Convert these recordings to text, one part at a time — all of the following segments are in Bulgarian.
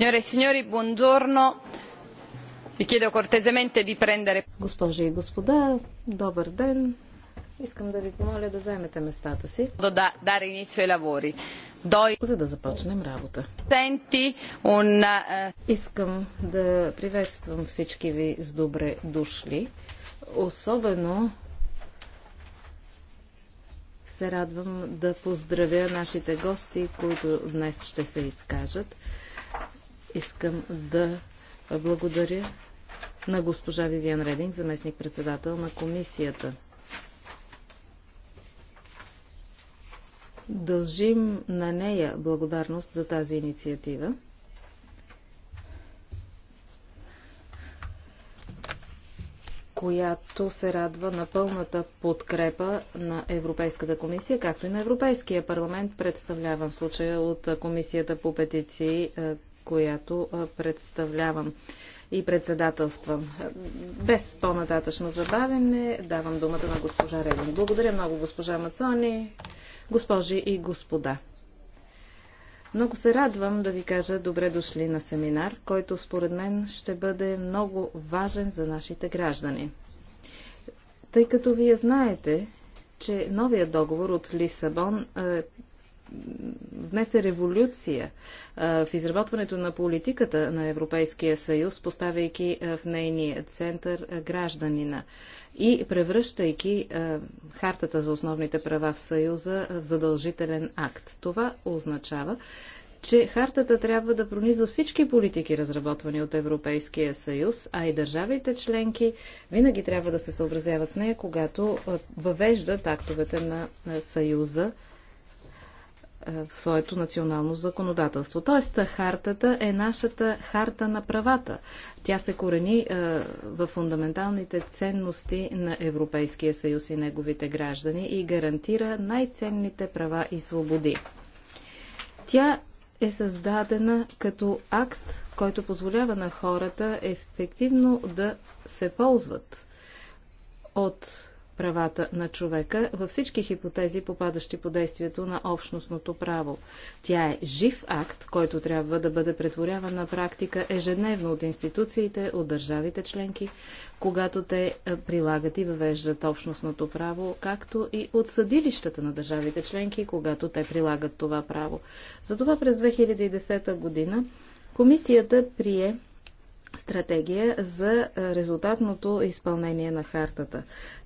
Signore e signori, buongiorno. Vi chiedo cortesemente di prendere... Госпожи и господа, добър ден. Искам да ви помоля да заемете местата си. Да, dare inizio ai lavori. Дой... За да започнем работа. Сенти, он. Е, Искам да приветствам всички ви с добре дошли. Особено се радвам да поздравя нашите гости, които днес ще се изкажат. Искам да благодаря на госпожа Вивиан Рединг, заместник-председател на комисията. Дължим на нея благодарност за тази инициатива. която се радва на пълната подкрепа на Европейската комисия, както и на Европейския парламент, представляван в случая от Комисията по петиции, която представлявам и председателствам. Без по-нататъчно забавене давам думата на госпожа Ревен. Благодаря много, госпожа Мацони, госпожи и господа. Много се радвам да ви кажа добре дошли на семинар, който според мен ще бъде много важен за нашите граждани. Тъй като вие знаете, че новия договор от Лисабон е, внесе революция в изработването на политиката на Европейския съюз, поставяйки в нейния център гражданина и превръщайки хартата за основните права в Съюза в задължителен акт. Това означава, че хартата трябва да пронизва всички политики, разработвани от Европейския съюз, а и държавите членки винаги трябва да се съобразяват с нея, когато въвеждат актовете на съюза е, в своето национално законодателство. Тоест, хартата е нашата харта на правата. Тя се корени е, в фундаменталните ценности на Европейския съюз и неговите граждани и гарантира най-ценните права и свободи. Тя е създадена като акт, който позволява на хората ефективно да се ползват от правата на човека във всички хипотези, попадащи по действието на общностното право. Тя е жив акт, който трябва да бъде претворяван на практика ежедневно от институциите, от държавите членки, когато те прилагат и въвеждат общностното право, както и от съдилищата на държавите членки, когато те прилагат това право. Затова през 2010 година комисията прие стратегия за резултатното изпълнение на хартата.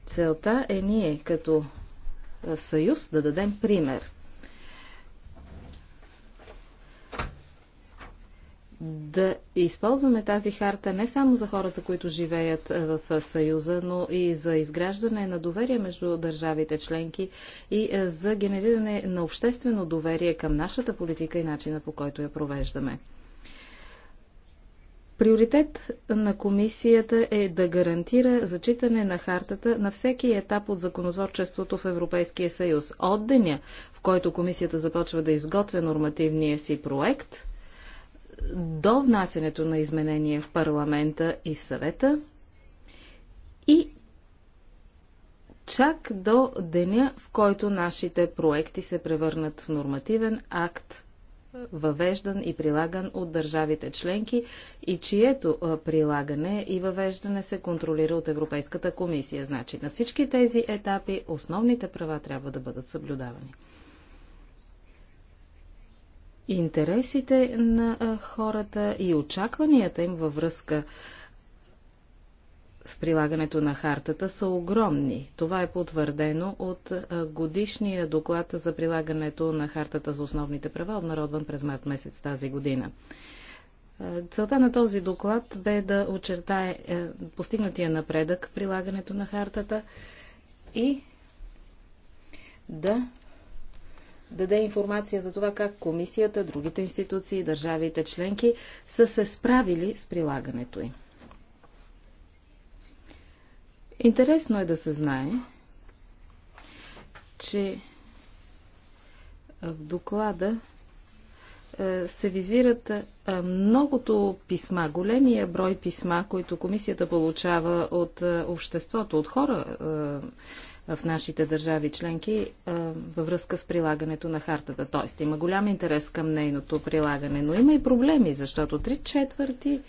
Целта е ние като съюз да дадем пример. Да използваме тази харта не само за хората, които живеят в Съюза, но и за изграждане на доверие между държавите членки и за генериране на обществено доверие към нашата политика и начина по който я провеждаме. Приоритет на комисията е да гарантира зачитане на хартата на всеки етап от законотворчеството в Европейския съюз. От деня, в който комисията започва да изготвя нормативния си проект, до внасянето на изменения в парламента и в съвета и чак до деня, в който нашите проекти се превърнат в нормативен акт въвеждан и прилаган от държавите членки и чието прилагане и въвеждане се контролира от Европейската комисия. Значи на всички тези етапи основните права трябва да бъдат съблюдавани. Интересите на хората и очакванията им във връзка с прилагането на хартата са огромни. Това е потвърдено от годишния доклад за прилагането на хартата за основните права, обнародван през март месец тази година. Целта на този доклад бе да очертае постигнатия напредък прилагането на хартата и да даде информация за това как комисията, другите институции държавите членки са се справили с прилагането им. Интересно е да се знае, че в доклада е, се визират е, многото писма, големия брой писма, които комисията получава от е, обществото, от хора в нашите държави членки във връзка с прилагането на хартата. Тоест има голям интерес към нейното прилагане, но има и проблеми, защото три четвърти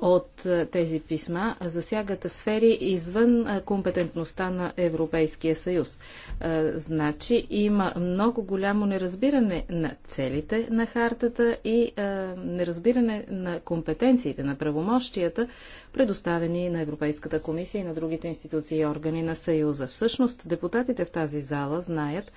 от е, тези писма засягат сфери извън е, компетентността на Европейския съюз. Е, значи има много голямо неразбиране на целите на хартата и неразбиране на компетенциите, на правомощията, предоставени на Европейската комисия и на другите институции и органи на Съюза. Всъщност, депутатите в тази зала знаят,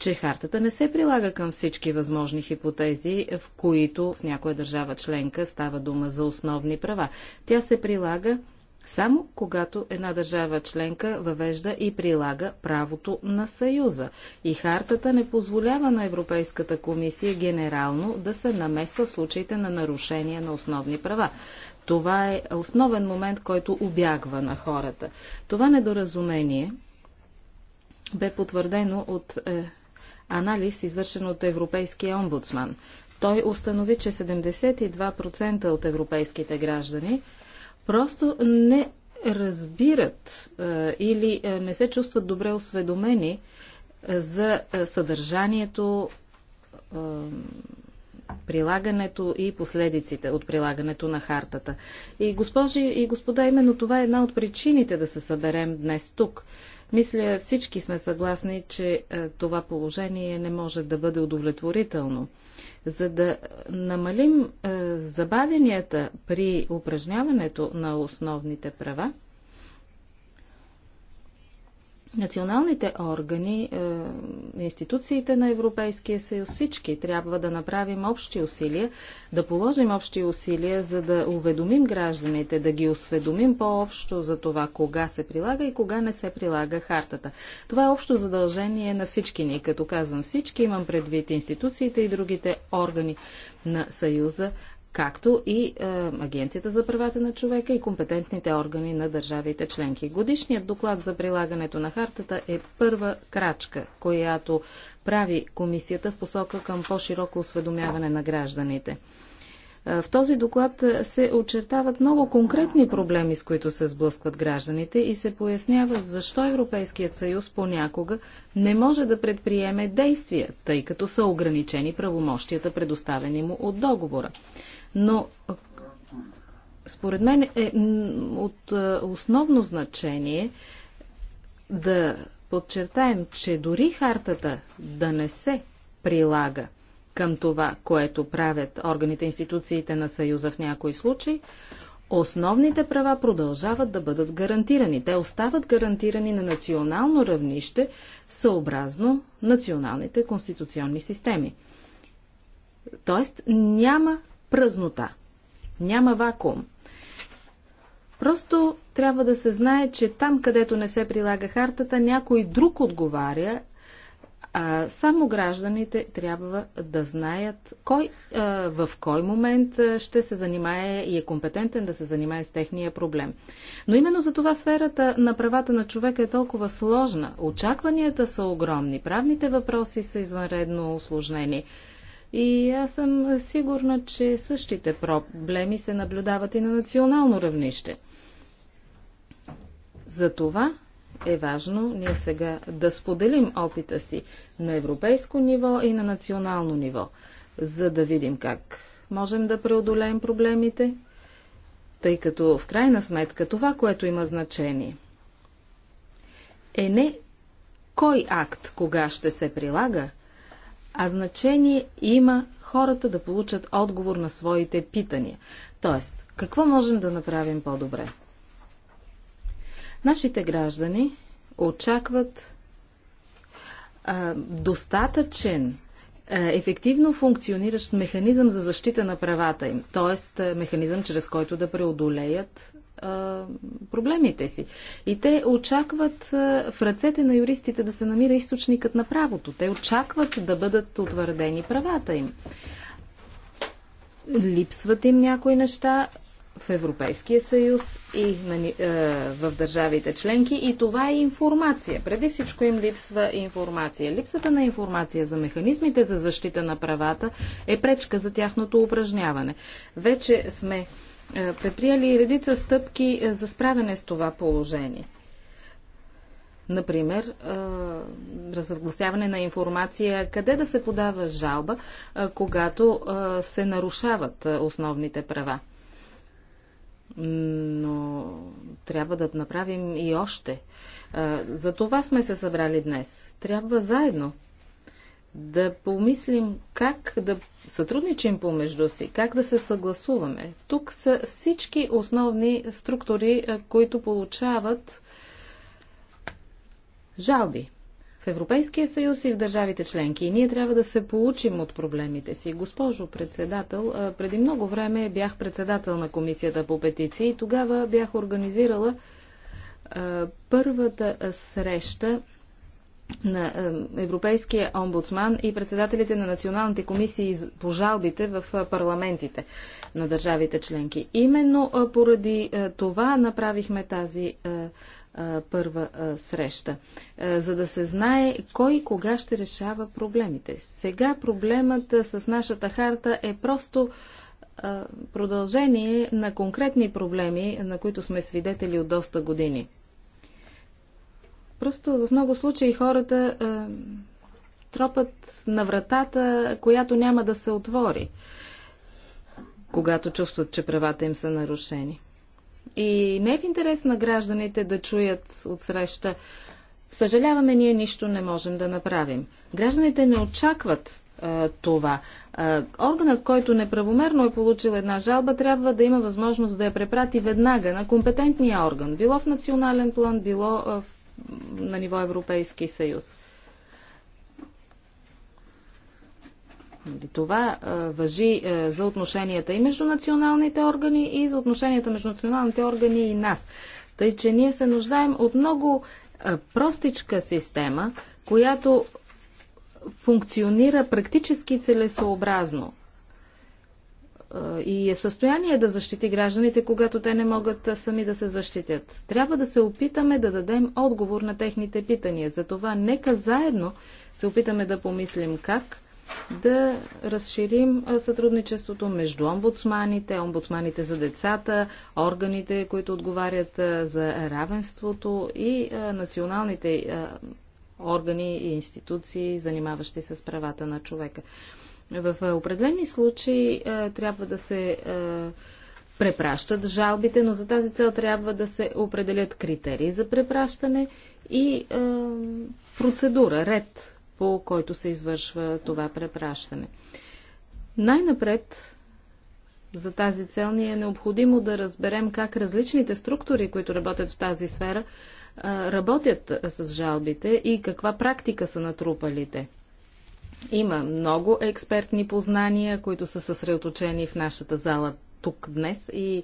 че хартата не се прилага към всички възможни хипотези, в които в някоя държава членка става дума за основни права. Тя се прилага само когато една държава членка въвежда и прилага правото на Съюза. И хартата не позволява на Европейската комисия генерално да се намесва в случаите на нарушения на основни права. Това е основен момент, който обягва на хората. Това недоразумение бе потвърдено от е, анализ, извършен от Европейския омбудсман. Той установи, че 72% от европейските граждани просто не разбират е, или е, не се чувстват добре осведомени е, за съдържанието, прилагането и последиците от прилагането на хартата. И госпожи и господа, именно това е една от причините да се съберем днес тук. Мисля, всички сме съгласни, че е, това положение не може да бъде удовлетворително. За да намалим е, забавенията при упражняването на основните права, Националните органи, е, институциите на Европейския съюз, всички трябва да направим общи усилия, да положим общи усилия, за да уведомим гражданите, да ги осведомим по-общо за това кога се прилага и кога не се прилага хартата. Това е общо задължение на всички ни. Като казвам всички, имам предвид институциите и другите органи на Съюза, както и е, Агенцията за правата на човека и компетентните органи на държавите членки. Годишният доклад за прилагането на хартата е първа крачка, която прави комисията в посока към по-широко осведомяване на гражданите. Е, в този доклад се очертават много конкретни проблеми, с които се сблъскват гражданите и се пояснява защо Европейският съюз понякога не може да предприеме действия, тъй като са ограничени правомощията, предоставени му от договора. Но според мен е от основно значение да подчертаем, че дори хартата да не се прилага към това, което правят органите, институциите на Съюза в някои случаи, Основните права продължават да бъдат гарантирани. Те остават гарантирани на национално равнище, съобразно националните конституционни системи. Тоест няма пръзнота. Няма вакуум. Просто трябва да се знае, че там, където не се прилага хартата, някой друг отговаря, а само гражданите трябва да знаят кой а, в кой момент ще се занимае и е компетентен да се занимае с техния проблем. Но именно за това сферата на правата на човека е толкова сложна. Очакванията са огромни, правните въпроси са извънредно осложнени. И аз съм сигурна, че същите проблеми се наблюдават и на национално равнище. За това е важно ние сега да споделим опита си на европейско ниво и на национално ниво, за да видим как можем да преодолеем проблемите, тъй като в крайна сметка това, което има значение, е не кой акт кога ще се прилага, а значение има хората да получат отговор на своите питания. Тоест, какво можем да направим по-добре? Нашите граждани очакват а, достатъчен ефективно функциониращ механизъм за защита на правата им, т.е. механизъм, чрез който да преодолеят а, проблемите си. И те очакват а, в ръцете на юристите да се намира източникът на правото. Те очакват да бъдат утвърдени правата им. Липсват им някои неща в Европейския съюз и на, е, в държавите членки и това е информация. Преди всичко им липсва информация. Липсата на информация за механизмите за защита на правата е пречка за тяхното упражняване. Вече сме е, предприели редица стъпки е, за справяне с това положение. Например, е, разгласяване на информация къде да се подава жалба, когато се нарушават основните права. Но трябва да направим и още. За това сме се събрали днес. Трябва заедно да помислим как да сътрудничим помежду си, как да се съгласуваме. Тук са всички основни структури, които получават жалби в Европейския съюз и в държавите членки. И ние трябва да се получим от проблемите си. Госпожо председател, преди много време бях председател на Комисията по петиции и тогава бях организирала първата среща на е, Европейския омбудсман и председателите на националните комисии по жалбите в е, парламентите на държавите членки. Именно е, поради това направихме тази първа среща, за да се знае кой кога ще решава проблемите. Сега проблемът с нашата харта е просто продължение на конкретни проблеми, на които сме свидетели от доста години. Просто в много случаи хората е, тропат на вратата, която няма да се отвори, когато чувстват, че правата им са нарушени. И не е в интерес на гражданите да чуят от среща Съжаляваме, ние нищо не можем да направим. Гражданите не очакват а, е, това. А, е, органът, който неправомерно е получил една жалба, трябва да има възможност да я препрати веднага на компетентния орган. Било в национален план, било а, е, в на ниво Европейски съюз. Нали, това а, въжи а, за отношенията и между националните органи, и за отношенията между националните органи и нас. Тъй, че ние се нуждаем от много а, простичка система, която функционира практически целесообразно и е в състояние да защити гражданите, когато те не могат сами да се защитят. Трябва да се опитаме да дадем отговор на техните питания. Затова нека заедно се опитаме да помислим как да разширим сътрудничеството между омбудсманите, омбудсманите за децата, органите, които отговарят за равенството и националните органи и институции, занимаващи се с правата на човека. В е, определени случаи е, трябва да се е, препращат жалбите, но за тази цел трябва да се определят критерии за препращане и процедура, ред, по който се извършва това препращане. Най-напред за тази цел ни е необходимо да разберем как различните структури, които работят в тази сфера, работят с жалбите и каква практика са натрупалите. Има много експертни познания, които са съсредоточени в нашата зала тук днес и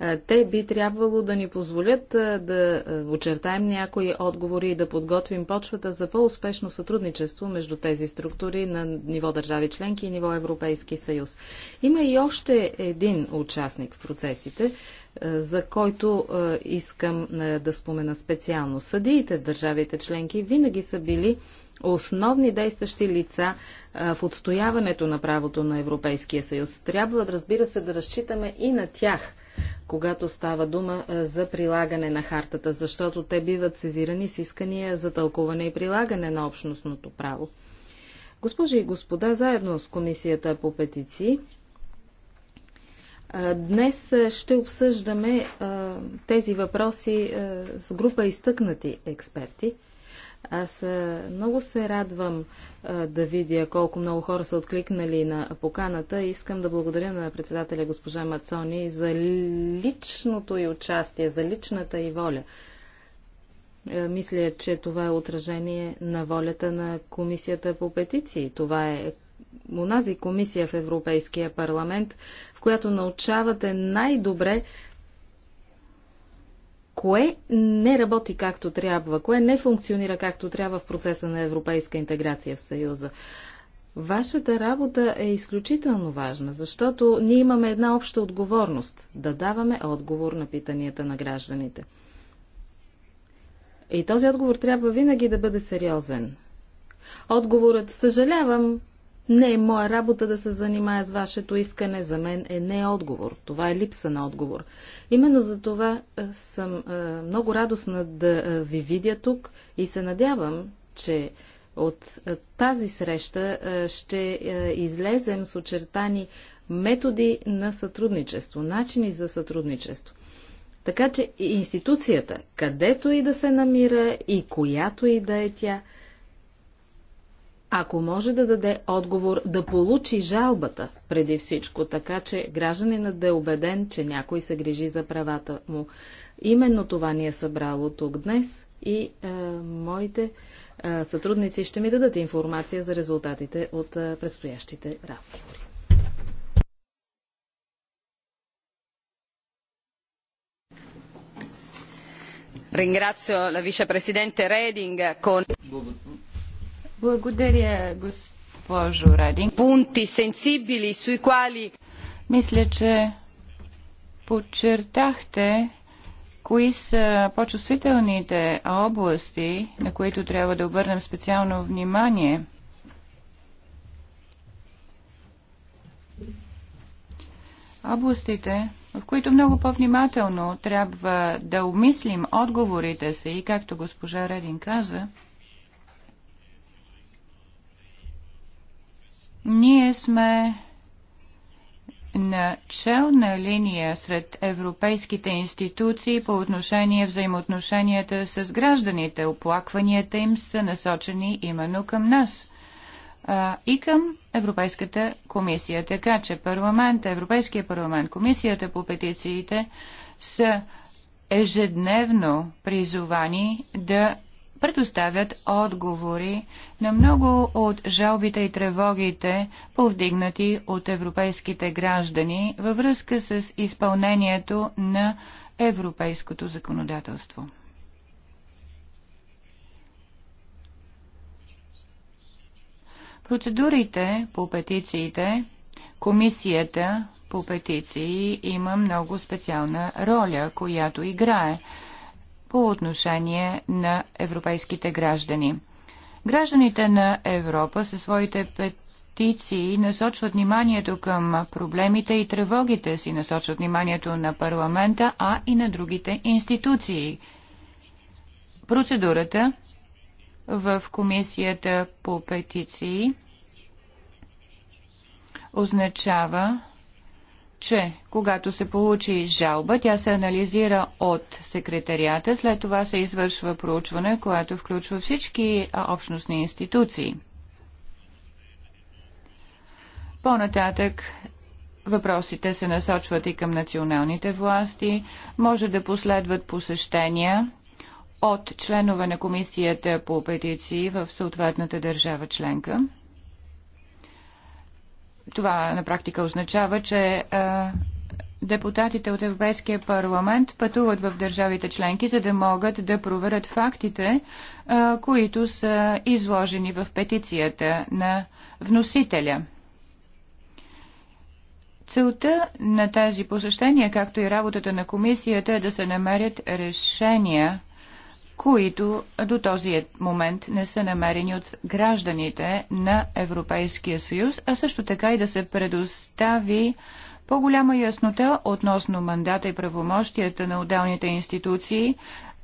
а, те би трябвало да ни позволят а, да очертаем някои отговори и да подготвим почвата за по-успешно сътрудничество между тези структури на ниво държави членки и ниво Европейски съюз. Има и още един участник в процесите, а, за който искам да спомена специално. Съдиите в държавите членки винаги са били основни действащи лица в отстояването на правото на Европейския съюз. Трябва, разбира се, да разчитаме и на тях, когато става дума за прилагане на хартата, защото те биват сезирани с искания за тълкуване и прилагане на общностното право. Госпожи и господа, заедно с Комисията по петиции, Днес ще обсъждаме тези въпроси с група изтъкнати експерти – аз много се радвам да видя колко много хора са откликнали на поканата. Искам да благодаря на председателя госпожа Мацони за личното и участие, за личната и воля. мисля, че това е отражение на волята на комисията по петиции. Това е унази комисия в Европейския парламент, в която научавате най-добре кое не работи както трябва, кое не функционира както трябва в процеса на европейска интеграция в Съюза. Вашата работа е изключително важна, защото ние имаме една обща отговорност да даваме отговор на питанията на гражданите. И този отговор трябва винаги да бъде сериозен. Отговорът съжалявам, не е моя работа да се занимая с вашето искане. За мен е не отговор. Това е липса на отговор. Именно за това е, съм е, много радостна да е, ви видя тук и се надявам, че от тази среща ще излезем с очертани методи на сътрудничество, начини за сътрудничество. Така че институцията, където и да се намира и която и да е тя, ако може да даде отговор, да получи жалбата преди всичко, така че гражданинът да е убеден, че някой се грижи за правата му. Именно това ни е събрало тук днес и е, моите е, сътрудници ще ми дадат информация за резултатите от е, предстоящите разговори. Ringrazio la vicepresidente Reding con... Благодаря, госпожо Радин. Пункти сенсибили, суи куали... Мисля, че подчертахте кои са по-чувствителните области, на които трябва да обърнем специално внимание. Областите, в които много по-внимателно трябва да умислим отговорите си и, както госпожа Редин каза, Ние сме на челна линия сред европейските институции по отношение взаимоотношенията с гражданите. Оплакванията им са насочени именно към нас а, и към Европейската комисия. Така че парламент, Европейския парламент, комисията по петициите са ежедневно призовани да предоставят отговори на много от жалбите и тревогите, повдигнати от европейските граждани във връзка с изпълнението на европейското законодателство. Процедурите по петициите, комисията по петиции има много специална роля, която играе – по отношение на европейските граждани. Гражданите на Европа със своите петиции насочват вниманието към проблемите и тревогите си, насочват вниманието на парламента, а и на другите институции. Процедурата в комисията по петиции означава че когато се получи жалба, тя се анализира от секретарията, след това се извършва проучване, което включва всички общностни институции. По-нататък въпросите се насочват и към националните власти, може да последват посещения от членове на комисията по петиции в съответната държава членка. Това на практика означава, че депутатите от Европейския парламент пътуват в държавите членки, за да могат да проверят фактите, които са изложени в петицията на вносителя. Целта на тези посещения, както и работата на комисията, е да се намерят решения които до този момент не са намерени от гражданите на Европейския съюз, а също така и да се предостави по-голяма яснота относно мандата и правомощията на отделните институции,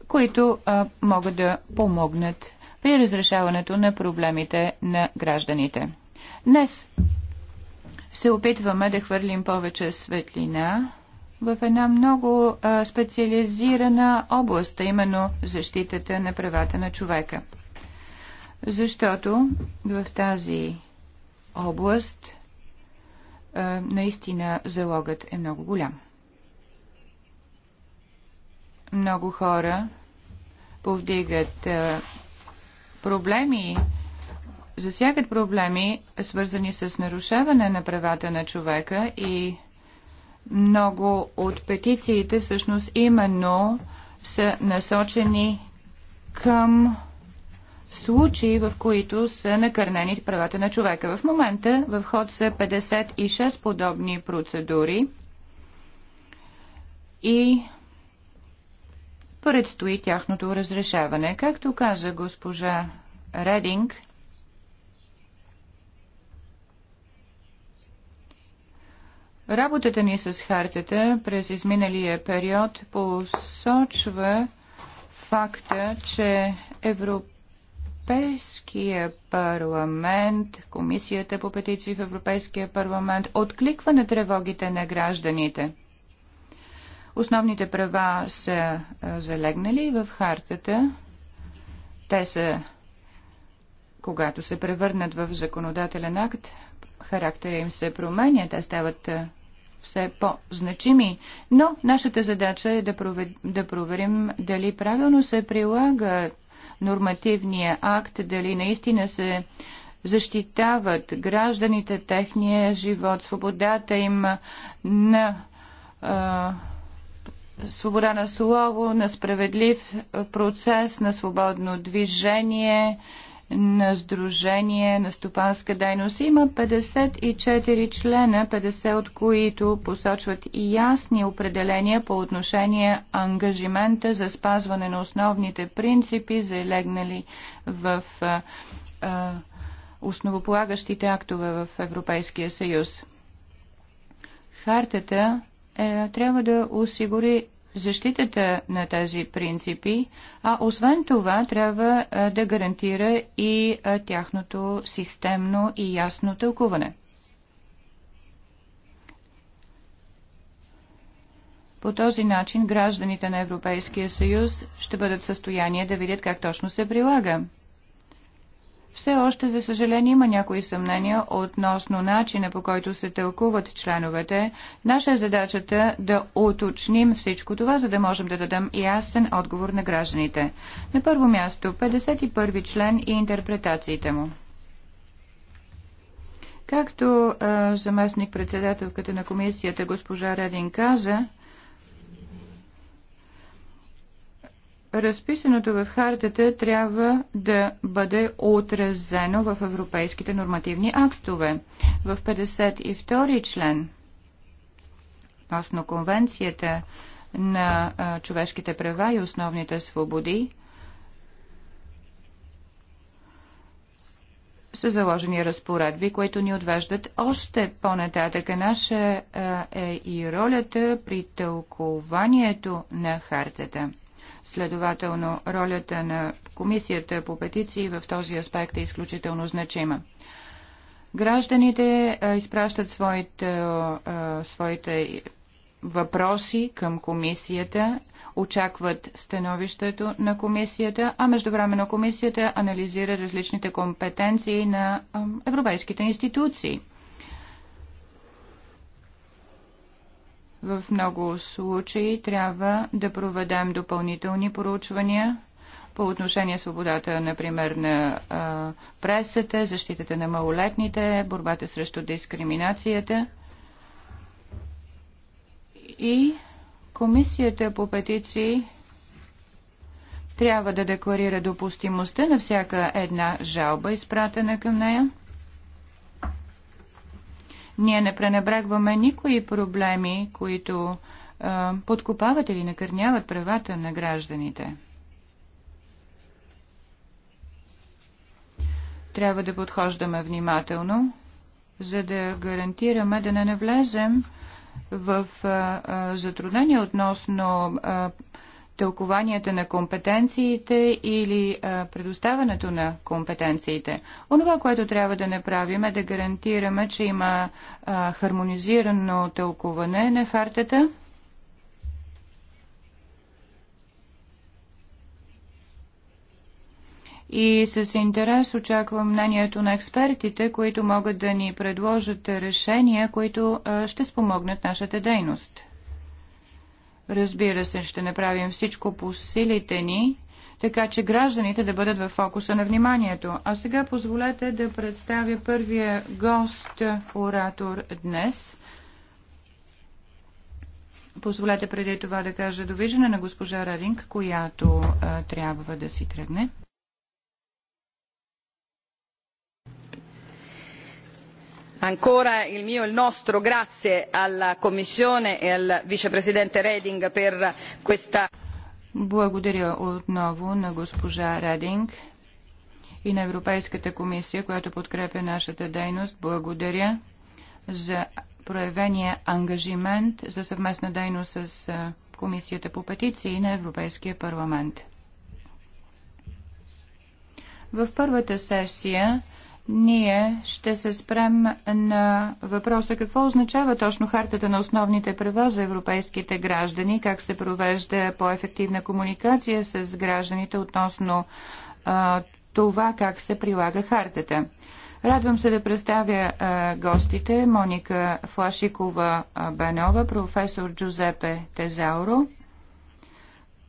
които а, могат да помогнат при разрешаването на проблемите на гражданите. Днес се опитваме да хвърлим повече светлина в една много специализирана област, а именно защитата на правата на човека. Защото в тази област наистина залогът е много голям. Много хора повдигат проблеми, засягат проблеми, свързани с нарушаване на правата на човека и много от петициите всъщност именно са насочени към случаи, в които са накърнени правата на човека. В момента в ход са 56 подобни процедури и предстои тяхното разрешаване. Както каза госпожа Рединг, Работата ни с хартата през изминалия период посочва факта, че Европейския парламент, Комисията по петиции в Европейския парламент откликва на тревогите на гражданите. Основните права са залегнали в хартата. Те са, когато се превърнат в законодателен акт, характера им се променя, те стават е, все по-значими, но нашата задача е да, провед... да проверим дали правилно се прилага нормативния акт, дали наистина се защитават гражданите, техния живот, свободата им на а, свобода на слово, на справедлив процес, на свободно движение, на Сдружение на стопанска дейност. Има 54 члена, 50 от които посочват и ясни определения по отношение ангажимента за спазване на основните принципи, залегнали в а, а, основополагащите актове в Европейския съюз. Хартата е, трябва да осигури защитата на тези принципи, а освен това трябва да гарантира и тяхното системно и ясно тълкуване. По този начин гражданите на Европейския съюз ще бъдат в състояние да видят как точно се прилага все още, за съжаление, има някои съмнения относно начина по който се тълкуват членовете. Наша е задачата да уточним всичко това, за да можем да дадем ясен отговор на гражданите. На първо място, 51 член и интерпретациите му. Както заместник-председателката на комисията госпожа Редин каза, разписаното в хартата трябва да бъде отразено в европейските нормативни актове. В 52 член относно конвенцията на човешките права и основните свободи са заложени разпоредби, които ни отвеждат още по-нататък. Наша е и ролята при тълкованието на хартата. Следователно, ролята на Комисията по петиции в този аспект е изключително значима. Гражданите изпращат своите, своите въпроси към комисията, очакват становището на комисията, а междувременно комисията анализира различните компетенции на европейските институции – В много случаи трябва да проведем допълнителни поручвания по отношение свободата, например, на а, пресата, защитата на малолетните, борбата срещу дискриминацията. И Комисията по петиции трябва да декларира допустимостта на всяка една жалба, изпратена към нея. Ние не пренебрегваме никои проблеми, които е, подкопават или накърняват правата на гражданите. Трябва да подхождаме внимателно, за да гарантираме да не навлезем в е, е, затруднение относно е, тълкованията на компетенциите или а, предоставането на компетенциите. Онова, което трябва да направим е да гарантираме, че има а, хармонизирано тълкуване на хартата. И с интерес очаквам мнението на експертите, които могат да ни предложат решения, които а, ще спомогнат нашата дейност. Разбира се, ще направим всичко по силите ни, така че гражданите да бъдат в фокуса на вниманието. А сега позволете да представя първия гост-оратор днес. Позволете преди това да кажа довиждане на госпожа Радинг, която а, трябва да си тръгне. ancora il mio e il nostro grazie alla Commissione e al vicepresidente Reding per questa. Благодаря отново на госпожа Рединг и на Европейската комисия, която подкрепя нашата дейност. Благодаря за проявения ангажимент за съвместна дейност с Комисията по петиции на Европейския парламент. В първата сесия ние ще се спрем на въпроса какво означава точно хартата на основните права за европейските граждани, как се провежда по-ефективна комуникация с гражданите относно а, това как се прилага хартата. Радвам се да представя а, гостите Моника Флашикова Банова, професор Джузепе Тезауро,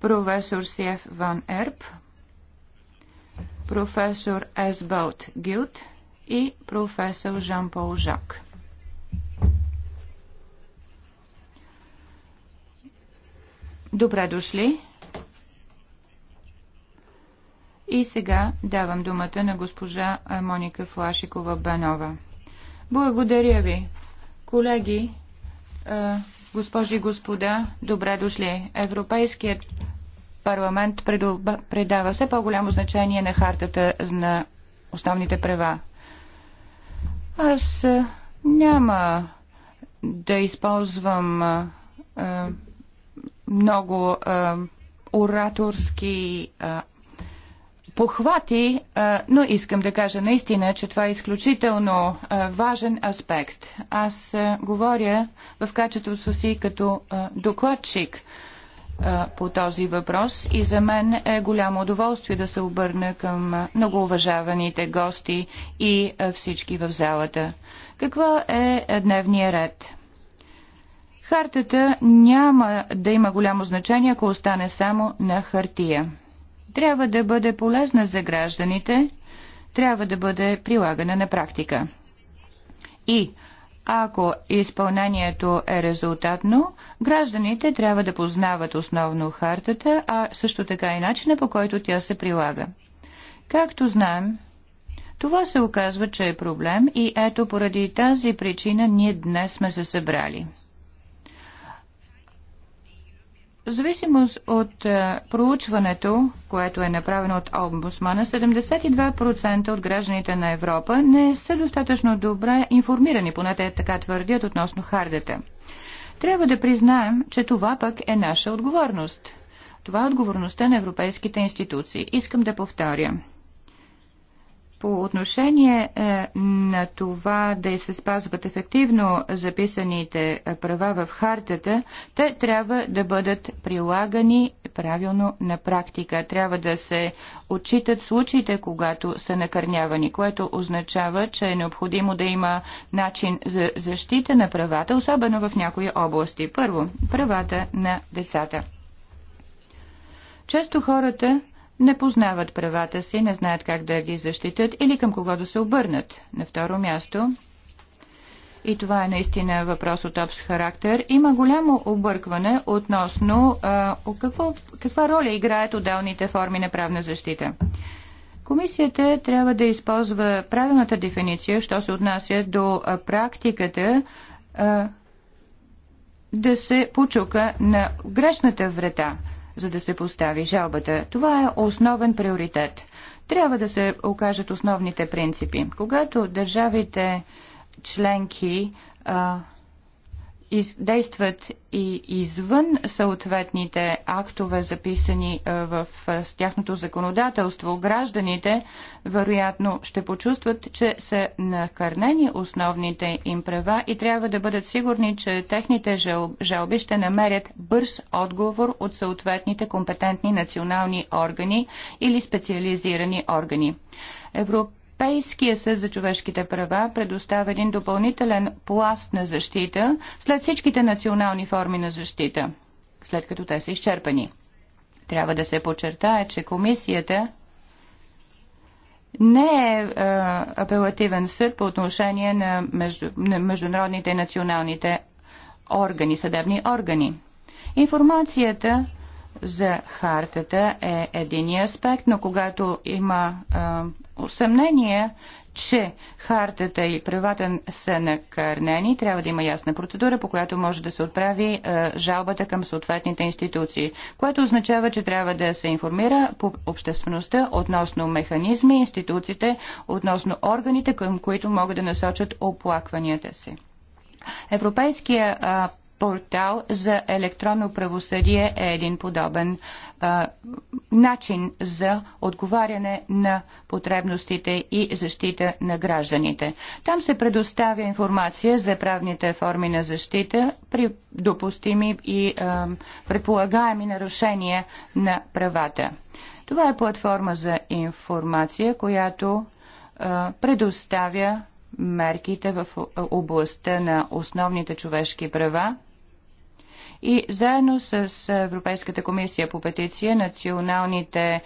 професор Сиев Ван Ерб, професор Есбалт Гилт и професор Жан-Пол Жак. Добре дошли! И сега давам думата на госпожа Моника Флашикова-Банова. Благодаря ви, колеги, госпожи и господа, добре дошли. Европейският парламент придава все по-голямо значение на хартата на основните права. Аз няма да използвам а, много а, ораторски а, похвати, но искам да кажа наистина, че това е изключително важен аспект. Аз говоря в качеството си като докладчик – по този въпрос и за мен е голямо удоволствие да се обърна към многоуважаваните гости и всички в залата. Какво е дневния ред? Хартата няма да има голямо значение, ако остане само на хартия. Трябва да бъде полезна за гражданите, трябва да бъде прилагана на практика. И ако изпълнението е резултатно, гражданите трябва да познават основно хартата, а също така и начина по който тя се прилага. Както знаем, това се оказва, че е проблем и ето поради тази причина ние днес сме се събрали – в зависимост от е, проучването, което е направено от омбусмана, 72% от гражданите на Европа не са достатъчно добре информирани, поне те така твърдят относно хардата. Трябва да признаем, че това пък е наша отговорност. Това е отговорността на европейските институции. Искам да повторя по отношение е, на това да се спазват ефективно записаните е, права в хартата, те трябва да бъдат прилагани правилно на практика. Трябва да се отчитат случаите, когато са накърнявани, което означава, че е необходимо да има начин за защита на правата, особено в някои области. Първо, правата на децата. Често хората не познават правата си, не знаят как да ги защитят или към кого да се обърнат. На второ място, и това е наистина въпрос от общ характер, има голямо объркване относно а, какво, каква роля играят отделните форми на правна защита. Комисията трябва да използва правилната дефиниция, що се отнася до практиката а, да се почука на грешната врата – за да се постави жалбата. Това е основен приоритет. Трябва да се окажат основните принципи. Когато държавите членки а, действат и извън съответните актове, записани в тяхното законодателство, гражданите вероятно ще почувстват, че са накърнени основните им права и трябва да бъдат сигурни, че техните жалби ще намерят бърз отговор от съответните компетентни национални органи или специализирани органи. Европ... Европейския съд за човешките права предоставя един допълнителен пласт на защита след всичките национални форми на защита, след като те са изчерпани. Трябва да се подчертае, че комисията не е, е апелативен съд по отношение на, между, на международните и националните органи, съдебни органи. Информацията за хартата е един аспект, но когато има е, съмнение, че хартата и правата са накърнени, трябва да има ясна процедура, по която може да се отправи е, жалбата към съответните институции, което означава, че трябва да се информира по обществеността относно механизми, институциите, относно органите, към които могат да насочат оплакванията си. Европейския а, портал за електронно правосъдие е един подобен а, начин за отговаряне на потребностите и защита на гражданите. Там се предоставя информация за правните форми на защита при допустими и а, предполагаеми нарушения на правата. Това е платформа за информация, която а, предоставя мерките в областта на основните човешки права и заедно с Европейската комисия по петиция, националните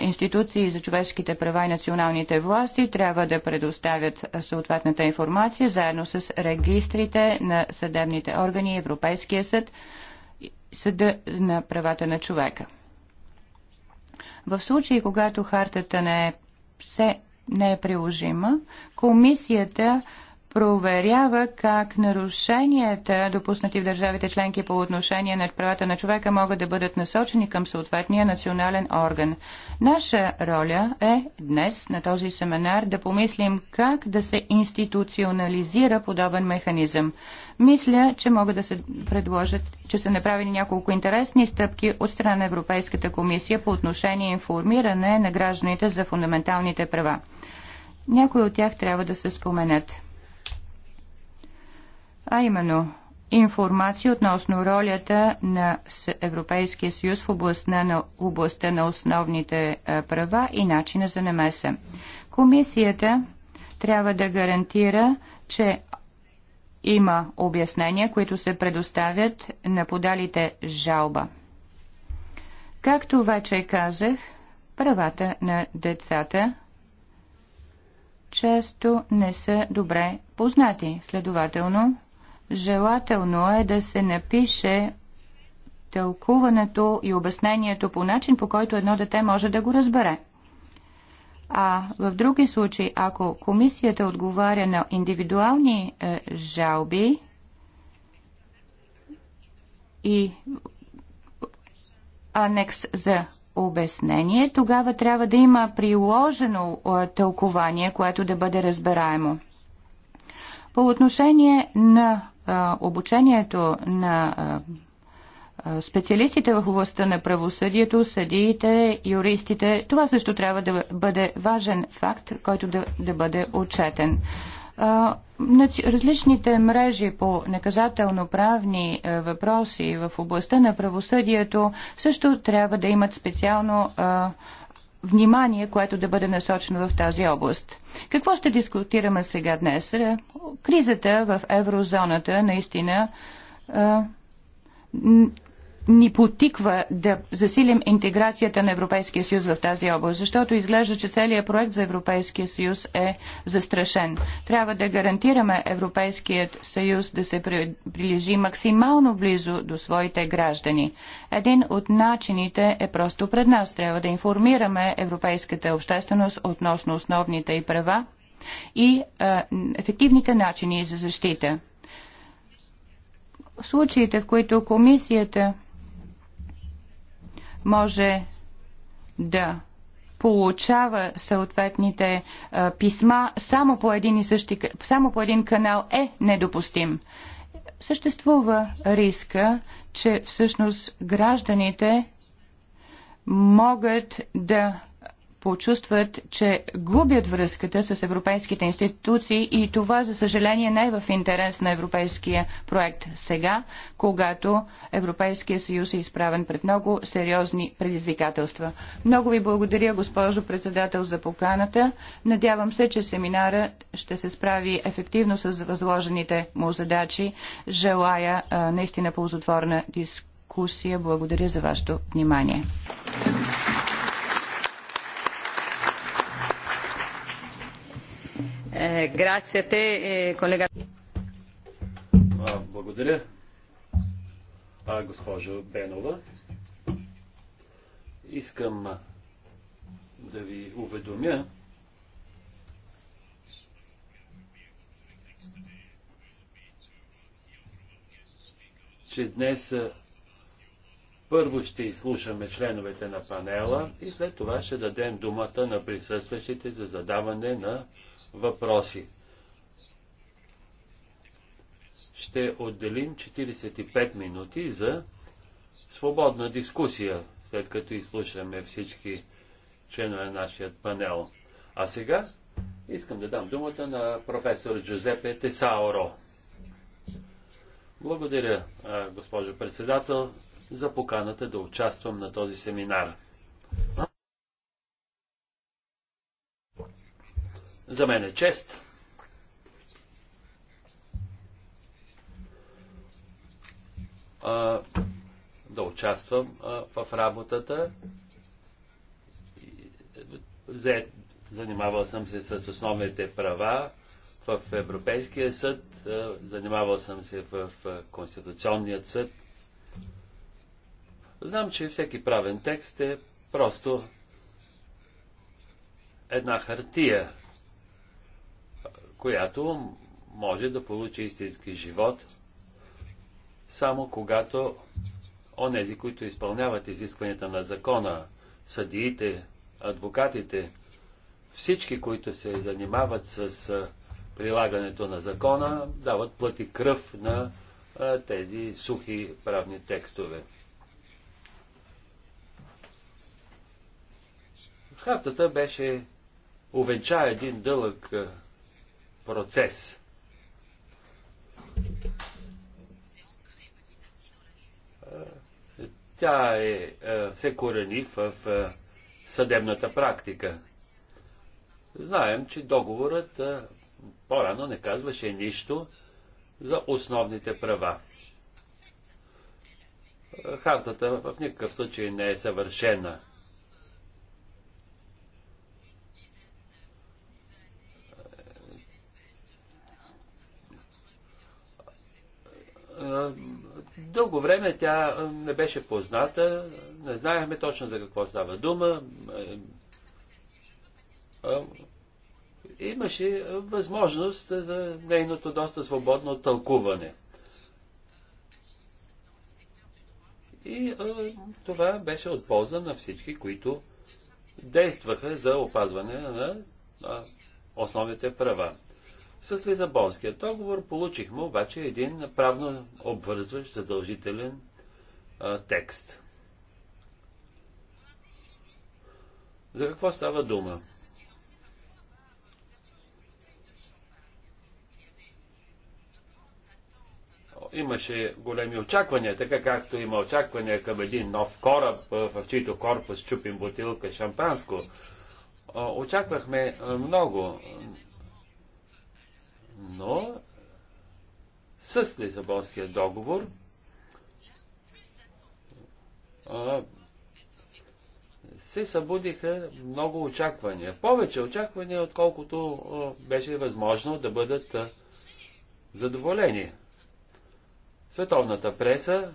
институции за човешките права и националните власти трябва да предоставят съответната информация, заедно с регистрите на съдебните органи Европейския съд, Съда на правата на човека. В случай, когато хартата не е, се, не е приложима, комисията проверява как нарушенията, допуснати в държавите членки по отношение на правата на човека, могат да бъдат насочени към съответния национален орган. Наша роля е днес на този семинар да помислим как да се институционализира подобен механизъм. Мисля, че могат да се предложат, че са направени няколко интересни стъпки от страна на Европейската комисия по отношение информиране на гражданите за фундаменталните права. Някои от тях трябва да се споменят а именно информация относно ролята на Европейския съюз в областта на, областта на основните права и начина за намеса. Комисията трябва да гарантира, че има обяснения, които се предоставят на подалите жалба. Както вече казах, правата на децата често не са добре познати. Следователно, Желателно е да се напише тълкуването и обяснението по начин, по който едно дете може да го разбере. А в други случаи, ако комисията отговаря на индивидуални е, жалби и анекс за обяснение, тогава трябва да има приложено е, тълкование, което да бъде разбираемо. По отношение на обучението на специалистите в областта на правосъдието, съдиите, юристите. Това също трябва да бъде важен факт, който да, да бъде отчетен. Различните мрежи по наказателно-правни въпроси в областта на правосъдието също трябва да имат специално внимание, което да бъде насочено в тази област. Какво ще дискутираме сега днес? Е, кризата в еврозоната наистина е, ни потиква да засилим интеграцията на Европейския съюз в тази област, защото изглежда, че целият проект за Европейския съюз е застрашен. Трябва да гарантираме Европейският съюз да се приближи максимално близо до своите граждани. Един от начините е просто пред нас. Трябва да информираме европейската общественост относно основните и права и е, ефективните начини за защита В случаите, в които комисията може да получава съответните а, писма само по, един и същи, само по един канал е недопустим. Съществува риска, че всъщност гражданите могат да почувстват, че губят връзката с европейските институции и това, за съжаление, не е в интерес на европейския проект сега, когато Европейския съюз е изправен пред много сериозни предизвикателства. Много ви благодаря, госпожо председател, за поканата. Надявам се, че семинара ще се справи ефективно с възложените му задачи. Желая а, наистина ползотворна дискусия. Благодаря за вашето внимание. Грация те, колега. Благодаря. А, госпожо Бенова, искам да ви уведомя, че днес първо ще изслушаме членовете на панела и след това ще дадем думата на присъстващите за задаване на въпроси. Ще отделим 45 минути за свободна дискусия, след като изслушаме всички членове на нашия панел. А сега искам да дам думата на професор Джузепе Тесауро. Благодаря, госпожо председател, за поканата да участвам на този семинар. За мен е чест. А, да участвам а, в работата. занимавал съм се с основните права в Европейския съд, а, занимавал съм се в Конституционният съд. Знам, че всеки правен текст е просто една хартия, която може да получи истински живот само когато онези, които изпълняват изискванията на закона, съдиите, адвокатите, всички, които се занимават с прилагането на закона, дават плати кръв на тези сухи правни текстове. Хартата беше увенча един дълъг процес. Тя е, е, се корени в е, съдебната практика. Знаем, че договорът е, по-рано не казваше нищо за основните права. Хартата в никакъв случай не е съвършена. Е, дълго време тя е, не беше позната, не знаехме точно за какво става дума. Е, имаше възможност за нейното доста свободно тълкуване. И това беше от полза на всички, които действаха за опазване на основните права. С Лизабонския договор получихме обаче един правно обвързващ задължителен а, текст. За какво става дума? Имаше големи очаквания, така както има очаквания към един нов кораб, в чийто корпус чупим бутилка шампанско. Очаквахме много, но с Лисабонския договор а, се събудиха много очаквания. Повече очаквания, отколкото а, беше възможно да бъдат а, задоволени. Световната преса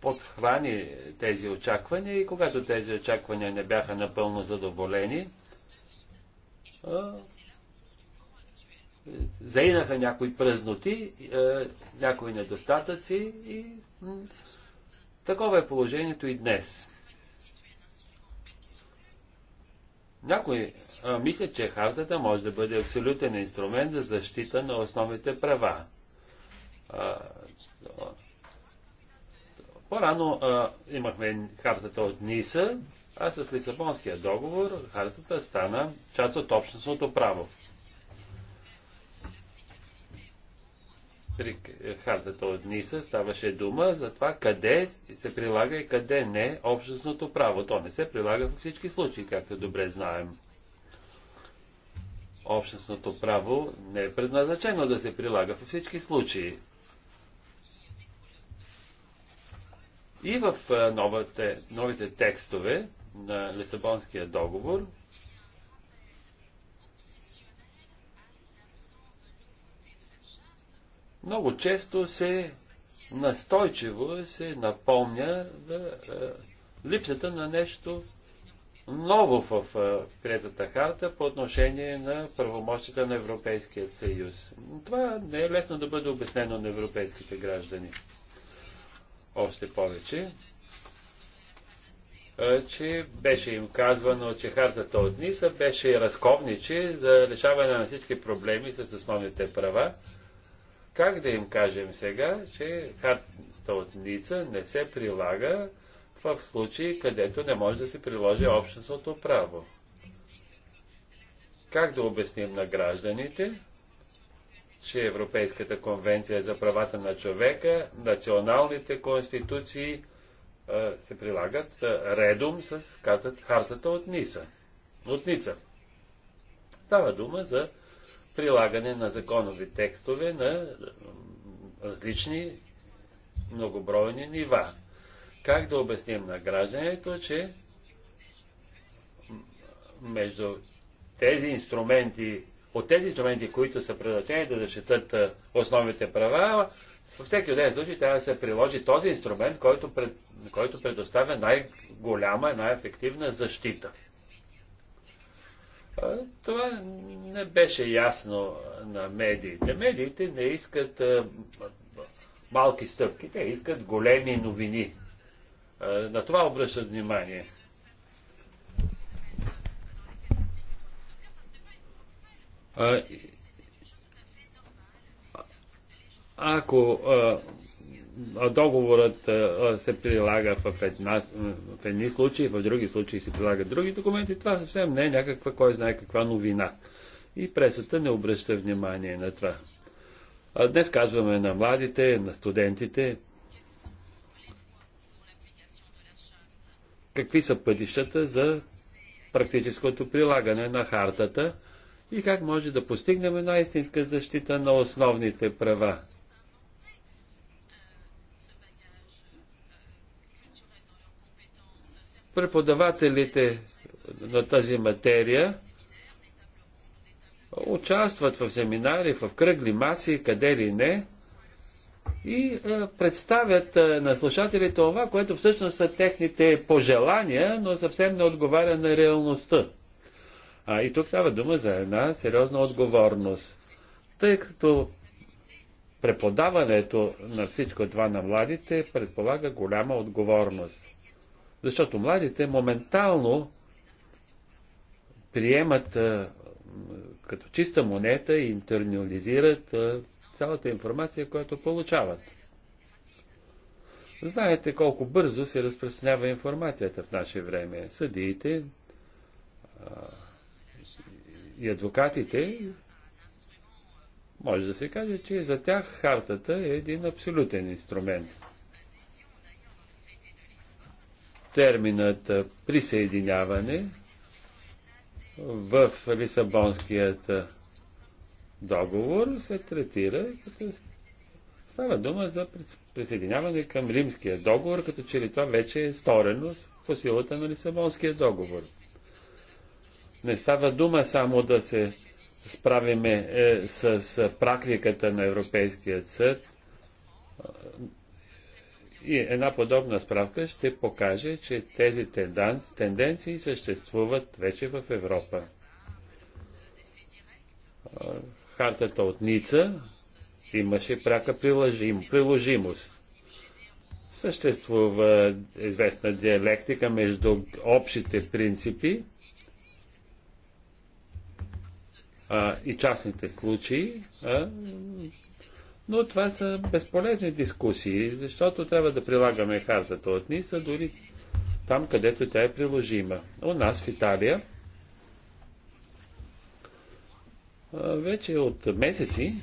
подхвани тези очаквания и когато тези очаквания не бяха напълно задоволени, заинаха някои празноти, е, някои недостатъци и такова е положението и днес. Някои а, мислят, че хартата може да бъде абсолютен инструмент за защита на основните права. по-рано имахме хартата от Ниса, а с Лисабонския договор хартата стана част от общностното право. при хартата от Ниса ставаше дума за това къде се прилага и къде не общностното право. То не се прилага във всички случаи, както добре знаем. Общностното право не е предназначено да се прилага във всички случаи. И в новите, новите текстове на Лисабонския договор много често се настойчиво се напомня да, е, липсата на нещо ново в е, приятата харта по отношение на правомощите на Европейския съюз. Това не е лесно да бъде обяснено на европейските граждани. Още повече, е, че беше им казвано, че хартата от Ниса беше разковниче за решаване на всички проблеми с основните права как да им кажем сега, че хартата от Ница не се прилага в случаи, където не може да се приложи общностното право? Как да обясним на гражданите, че Европейската конвенция за правата на човека, националните конституции се прилагат редом с картата, хартата от Ниса. От Ница. Става дума за прилагане на законови текстове на различни многобройни нива. Как да обясним на гражданите, че между тези инструменти, от тези инструменти, които са предназначени да защитат основните права, във всеки отделен случай трябва да се приложи този инструмент, който, пред, който предоставя най-голяма, най-ефективна защита. Това не беше ясно на медиите. Медиите не искат малки стъпки, те искат големи новини. На това обръщат внимание. Ако договорът се прилага в, една, в едни случаи, в други случаи се прилагат други документи. Това съвсем не е някаква, кой знае каква новина. И пресата не обръща внимание на това. А днес казваме на младите, на студентите, какви са пътищата за практическото прилагане на хартата и как може да постигнем една истинска защита на основните права. преподавателите на тази материя участват в семинари, в кръгли маси, къде ли не, и представят на слушателите това, което всъщност са техните пожелания, но съвсем не отговаря на реалността. А и тук става дума за една сериозна отговорност. Тъй като преподаването на всичко това на младите предполага голяма отговорност. Защото младите моментално приемат а, като чиста монета и интернализират а, цялата информация, която получават. Знаете колко бързо се разпространява информацията в наше време. Съдиите а, и адвокатите, може да се каже, че за тях хартата е един абсолютен инструмент терминът присъединяване в Лисабонският договор се третира като става дума за присъединяване към Римския договор, като че ли това вече е сторено по силата на Лисабонския договор. Не става дума само да се справиме е, с практиката на Европейския съд, и една подобна справка ще покаже, че тези тенденции съществуват вече в Европа. Хартата от Ница имаше прака приложим, приложимост. Съществува известна диалектика между общите принципи а, и частните случаи, а, но това са безполезни дискусии, защото трябва да прилагаме хартата от Ниса дори там, където тя е приложима. У нас в Италия вече от месеци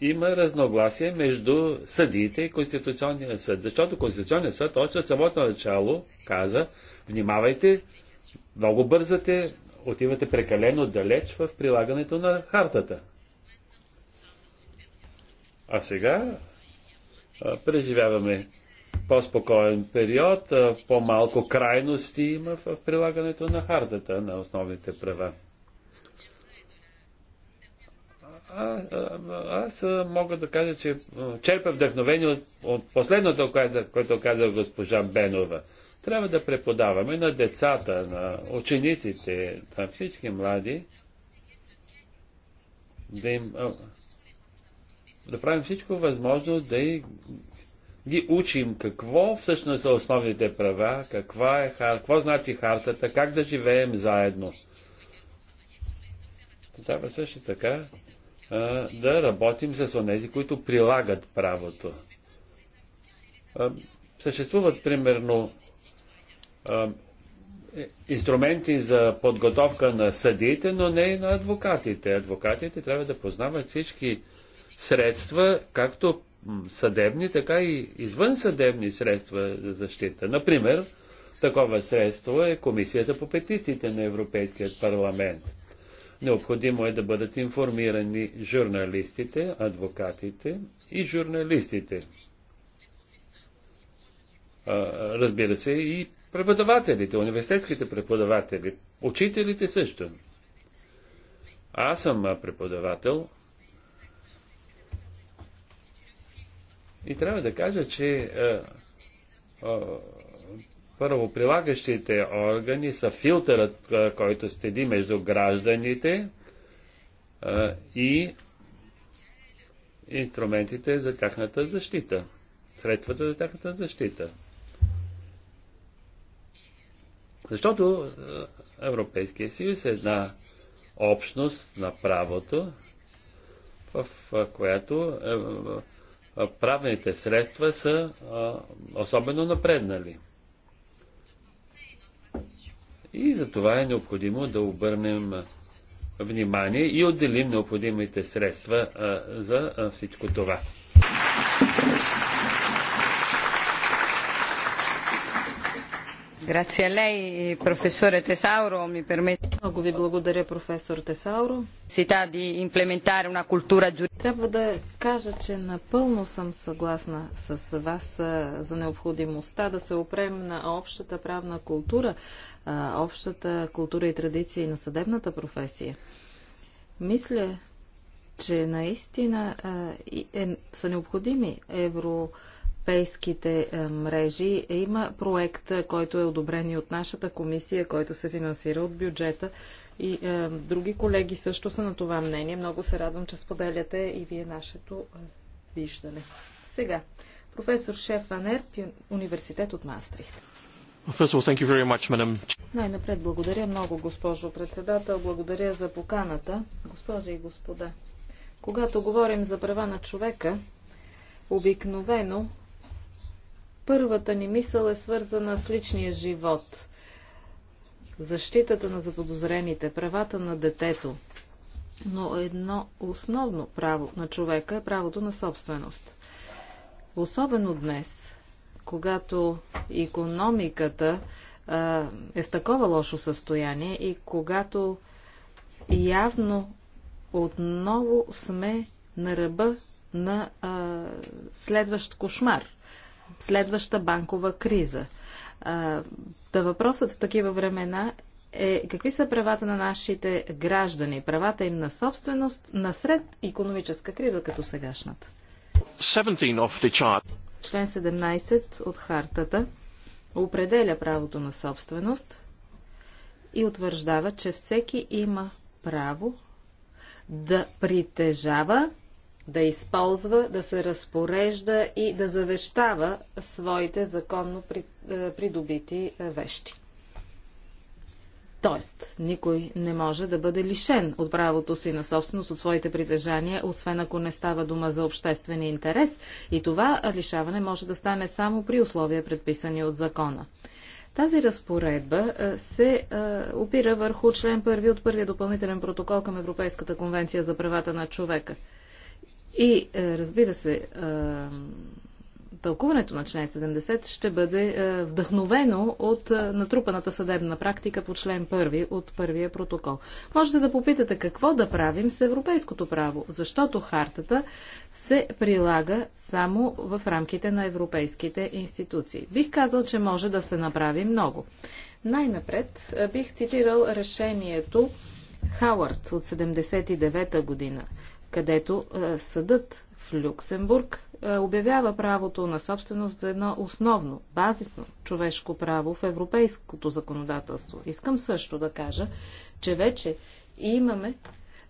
има разногласие между съдиите и Конституционния съд. Защото Конституционният съд още от самото начало каза, внимавайте, много бързате, отивате прекалено далеч в прилагането на хартата. А сега преживяваме по-спокоен период, по-малко крайности има в прилагането на хардата на основните права. А, а, аз мога да кажа, че черпя вдъхновение от, от последното, което каза госпожа Бенова. Трябва да преподаваме на децата, на учениците, на всички млади, да им да правим всичко възможно да и ги учим какво всъщност са основните права, каква е, какво значи хартата, как да живеем заедно. Трябва също така да работим с онези, които прилагат правото. съществуват примерно е, инструменти за подготовка на съдиите, но не и на адвокатите. Адвокатите трябва да познават всички средства, както съдебни, така и извънсъдебни средства за защита. Например, такова средство е Комисията по петициите на Европейския парламент. Необходимо е да бъдат информирани журналистите, адвокатите и журналистите. Разбира се, и преподавателите, университетските преподаватели, учителите също. Аз съм преподавател – И трябва да кажа, че е, е, първо прилагащите органи са филтърът, е, който стеди между гражданите е, и инструментите за тяхната защита, средствата за тяхната защита. Защото е, Европейския съюз е една общност на правото, в която правните средства са особено напреднали. И за това е необходимо да обърнем внимание и отделим необходимите средства за всичко това. лей, професоре Тесауро, ми пермете... Много ви благодаря, професор Тесауро. Сита имплементаре Трябва да кажа, че напълно съм съгласна с вас за необходимостта да се опрем на общата правна култура, общата култура и традиции на съдебната професия. Мисля, че наистина е, е, са необходими евро европейските е, мрежи. Има проект, е, който е одобрен и от нашата комисия, който се финансира от бюджета. И е, други колеги също са на това мнение. Много се радвам, че споделяте и вие нашето е, виждане. Сега, професор Шеф Анер, Университет от Мастрихт. Най-напред благодаря много, госпожо председател. Благодаря за поканата. Госпожи и господа, когато говорим за права на човека, обикновено Първата ни мисъл е свързана с личния живот, защитата на заподозрените, правата на детето. Но едно основно право на човека е правото на собственост. Особено днес, когато економиката а, е в такова лошо състояние и когато явно отново сме на ръба на а, следващ кошмар – следваща банкова криза. Та въпросът в такива времена е какви са правата на нашите граждани, правата им на собственост насред економическа криза като сегашната. 17 Член 17 от хартата определя правото на собственост и утвърждава, че всеки има право да притежава да използва, да се разпорежда и да завещава своите законно е, придобити е, вещи. Тоест, никой не може да бъде лишен от правото си на собственост, от своите притежания, освен ако не става дума за обществен интерес. И това лишаване може да стане само при условия, предписани от закона. Тази разпоредба е, се опира върху член 1 от първия допълнителен протокол към Европейската конвенция за правата на човека – и е, разбира се, е, тълкуването на член 70 ще бъде е, вдъхновено от натрупаната съдебна практика по член 1 от първия протокол. Можете да попитате какво да правим с европейското право, защото хартата се прилага само в рамките на европейските институции. Бих казал, че може да се направи много. Най-напред бих цитирал решението Хауърд от 79-та година където е, съдът в Люксембург е, обявява правото на собственост за едно основно, базисно човешко право в европейското законодателство. Искам също да кажа, че вече имаме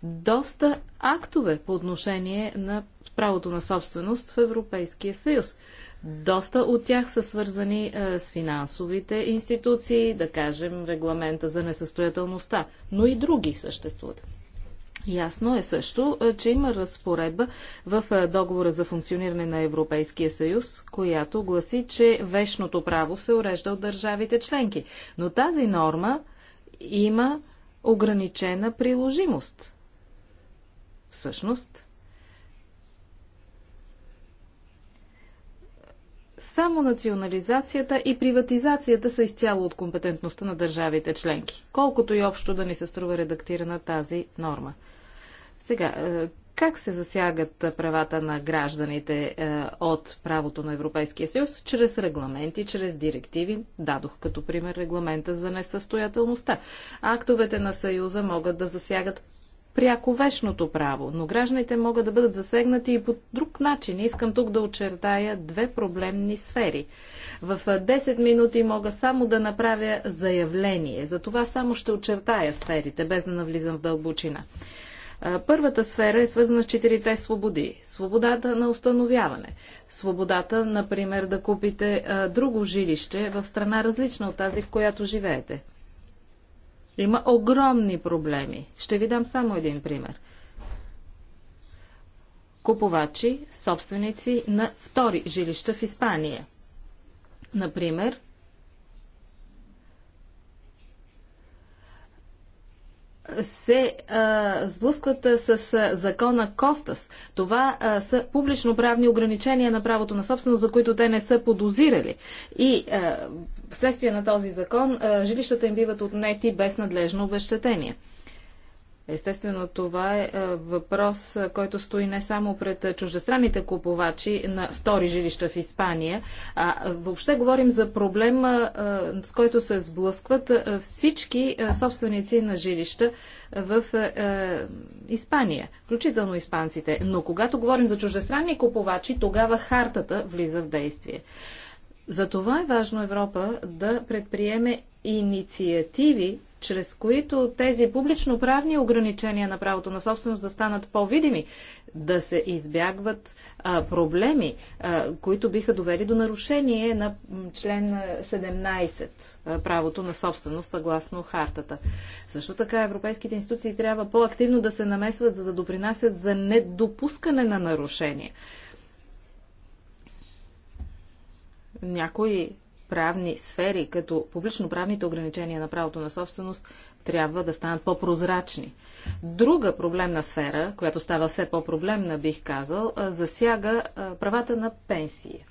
доста актове по отношение на правото на собственост в Европейския съюз. Доста от тях са свързани е, с финансовите институции, да кажем регламента за несъстоятелността, но и други съществуват. Ясно е също, че има разпоредба в договора за функциониране на Европейския съюз, която гласи, че вечното право се урежда от държавите членки. Но тази норма има ограничена приложимост. Всъщност, само национализацията и приватизацията са изцяло от компетентността на държавите членки, колкото и общо да ни се струва редактирана тази норма. Сега, е, как се засягат правата на гражданите е, от правото на Европейския съюз? Чрез регламенти, чрез директиви. Дадох като пример регламента за несъстоятелността. Актовете на Съюза могат да засягат пряко вечното право, но гражданите могат да бъдат засегнати и по друг начин. Искам тук да очертая две проблемни сфери. В 10 е, минути мога само да направя заявление. За това само ще очертая сферите, без да навлизам в дълбочина. Първата сфера е свързана с четирите свободи. Свободата на установяване. Свободата, например, да купите друго жилище в страна различна от тази, в която живеете. Има огромни проблеми. Ще ви дам само един пример. Купувачи, собственици на втори жилища в Испания. Например, се а, сблъскват с а, закона Костас. Това а, са публично-правни ограничения на правото на собственост, за които те не са подозирали. И а, вследствие на този закон а, жилищата им биват отнети без надлежно обещетение. Естествено, това е, е въпрос, е, който стои не само пред е, чуждестранните купувачи на втори жилища в Испания, а въобще говорим за проблем, с който се сблъскват всички собственици на жилища в Испания, включително испанците. Но когато говорим за чуждестранни купувачи, тогава хартата влиза в действие. Затова е важно Европа да предприеме инициативи чрез които тези публично-правни ограничения на правото на собственост да станат по-видими, да се избягват а, проблеми, а, които биха довели до нарушение на член 17, а, правото на собственост съгласно хартата. Също така европейските институции трябва по-активно да се намесват, за да допринасят за недопускане на нарушения. Някои правни сфери, като публично-правните ограничения на правото на собственост, трябва да станат по-прозрачни. Друга проблемна сфера, която става все по-проблемна, бих казал, засяга правата на пенсии.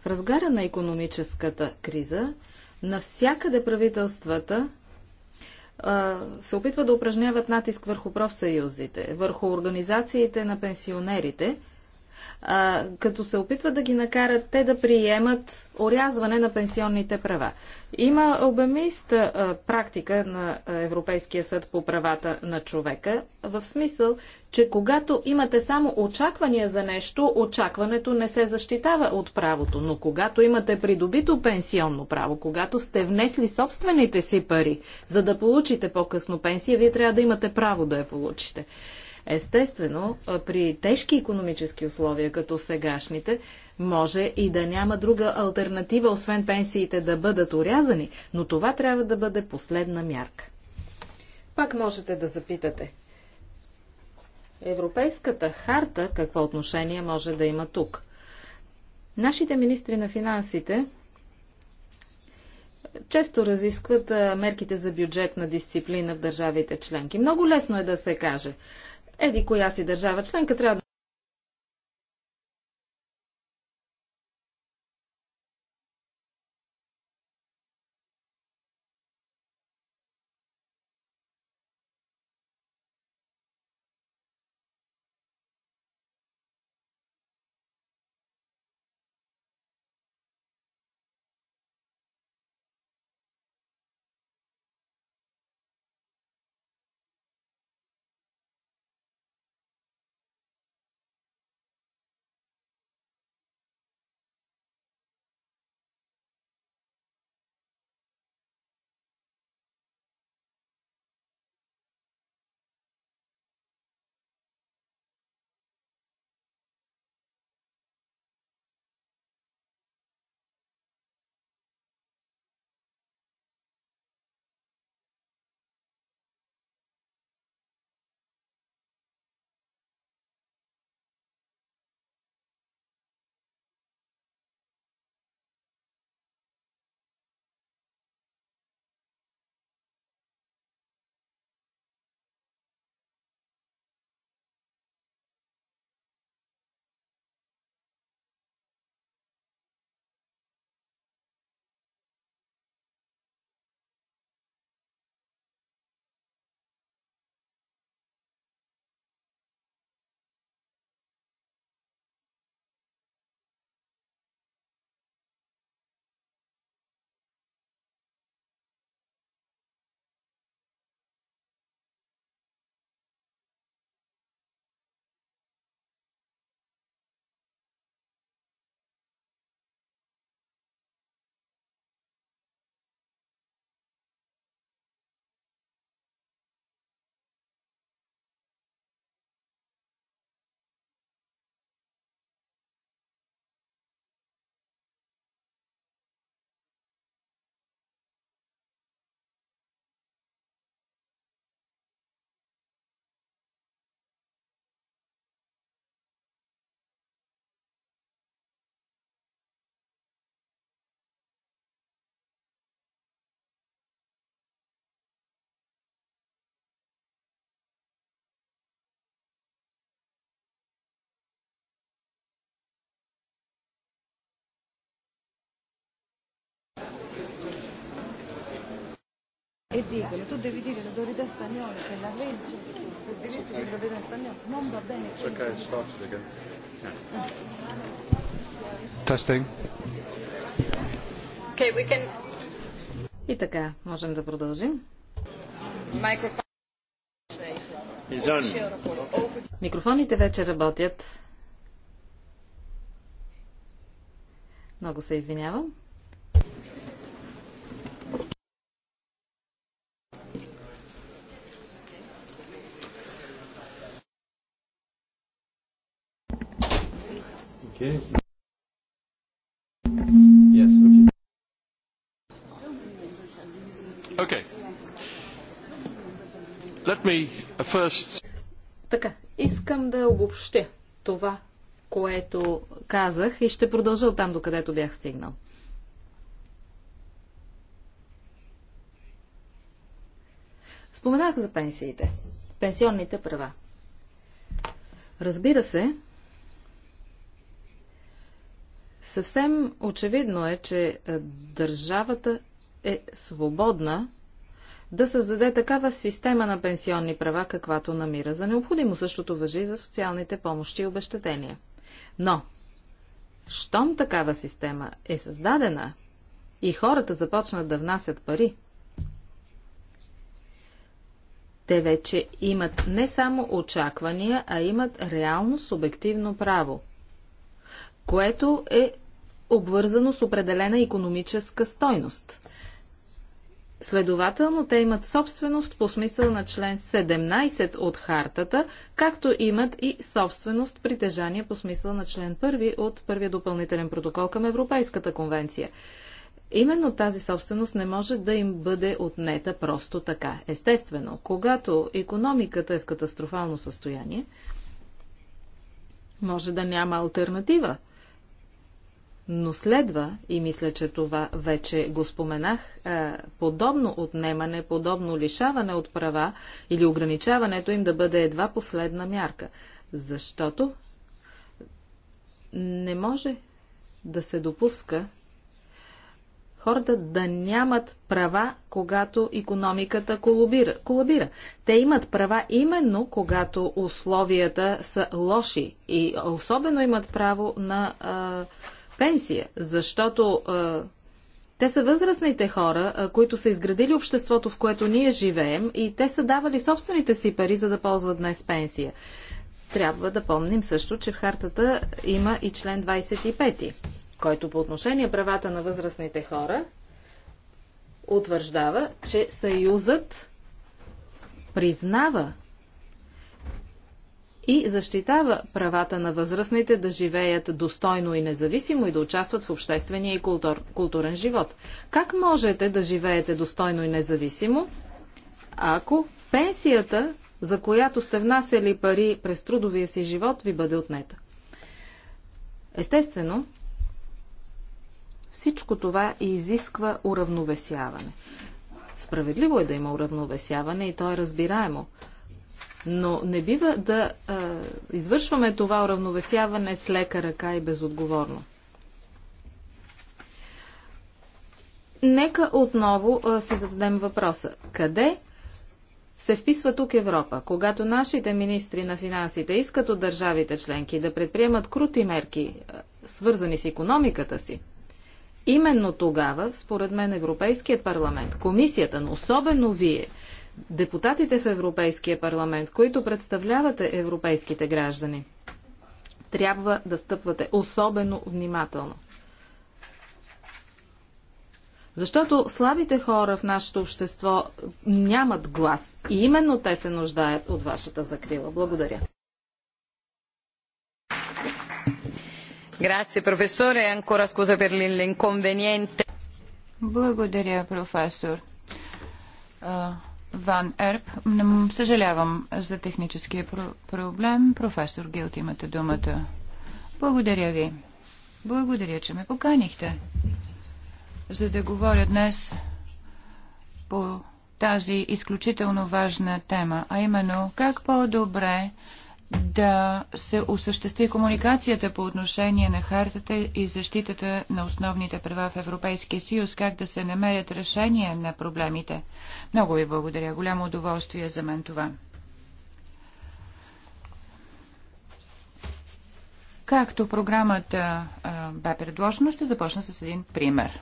В разгара на економическата криза, навсякъде правителствата се опитват да упражняват натиск върху профсъюзите, върху организациите на пенсионерите – а, като се опитват да ги накарат те да приемат орязване на пенсионните права. Има обемиста а, практика на Европейския съд по правата на човека, в смисъл, че когато имате само очаквания за нещо, очакването не се защитава от правото, но когато имате придобито пенсионно право, когато сте внесли собствените си пари, за да получите по-късно пенсия, вие трябва да имате право да я получите. Естествено, при тежки економически условия, като сегашните, може и да няма друга альтернатива, освен пенсиите да бъдат урязани, но това трябва да бъде последна мярка. Пак можете да запитате. Европейската харта какво отношение може да има тук? Нашите министри на финансите често разискват мерките за бюджетна дисциплина в държавите членки. Много лесно е да се каже еди коя си държава членка трябва да e dicono tu devi dire l'autorità spagnola che la legge se diritto di l'autorità spagnola non va bene Testing. ok we can... И така, можем да продължим. Микрофоните вече работят. Много се извинявам. Okay. Yes, okay. Okay. Let me first... Така, искам да обобщя това, което казах и ще продължа там, докъдето бях стигнал. Споменах за пенсиите, пенсионните права. Разбира се, Съвсем очевидно е, че е, държавата е свободна да създаде такава система на пенсионни права, каквато намира за необходимо. Същото въжи за социалните помощи и обещетения. Но, щом такава система е създадена и хората започнат да внасят пари, те вече имат не само очаквания, а имат реално субективно право което е обвързано с определена економическа стойност. Следователно, те имат собственост по смисъл на член 17 от хартата, както имат и собственост притежание по смисъл на член 1 от първия допълнителен протокол към Европейската конвенция. Именно тази собственост не може да им бъде отнета просто така. Естествено, когато економиката е в катастрофално състояние, може да няма альтернатива но следва, и мисля, че това вече го споменах, е, подобно отнемане, подобно лишаване от права или ограничаването им да бъде едва последна мярка. Защото не може да се допуска хората да нямат права, когато економиката колабира. колабира. Те имат права именно когато условията са лоши и особено имат право на а, е, пенсия, защото а, те са възрастните хора, а, които са изградили обществото, в което ние живеем и те са давали собствените си пари, за да ползват днес пенсия. Трябва да помним също, че в хартата има и член 25, който по отношение правата на възрастните хора утвърждава, че Съюзът признава и защитава правата на възрастните да живеят достойно и независимо и да участват в обществения и култур, културен живот. Как можете да живеете достойно и независимо, ако пенсията, за която сте внасяли пари през трудовия си живот, ви бъде отнета? Естествено, всичко това изисква уравновесяване. Справедливо е да има уравновесяване и то е разбираемо. Но не бива да а, извършваме това уравновесяване с лека ръка и безотговорно. Нека отново а, си зададем въпроса. Къде се вписва тук Европа, когато нашите министри на финансите искат от държавите членки да предприемат крути мерки, свързани с економиката си, именно тогава, според мен, Европейският парламент, комисията, но особено вие, депутатите в Европейския парламент, които представлявате европейските граждани, трябва да стъпвате особено внимателно. Защото слабите хора в нашето общество нямат глас и именно те се нуждаят от вашата закрила. Благодаря. Grazie professore, ancora scusa per l'inconveniente. Благодаря, професор. Ван Ерп. Съжалявам за техническия про- проблем. Професор Гилт, имате думата. Благодаря ви. Благодаря, че ме поканихте, за да говоря днес по тази изключително важна тема, а именно как по-добре да се осъществи комуникацията по отношение на хартата и защитата на основните права в Европейския съюз, как да се намерят решения на проблемите. Много ви благодаря. Голямо удоволствие за мен това. Както програмата а, бе предложена, ще започна с един пример.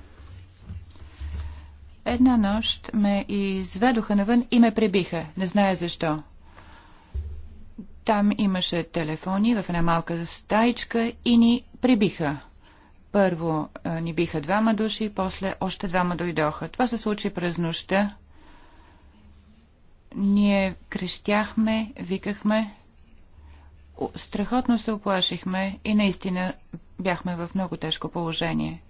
Една нощ ме изведоха навън и ме пребиха. Не зная защо. Там имаше телефони в една малка стаичка и ни прибиха. Първо а, ни биха двама души, после още двама дойдоха. Това се случи през нощта. Ние крещяхме, викахме, страхотно се оплашихме и наистина бяхме в много тежко положение.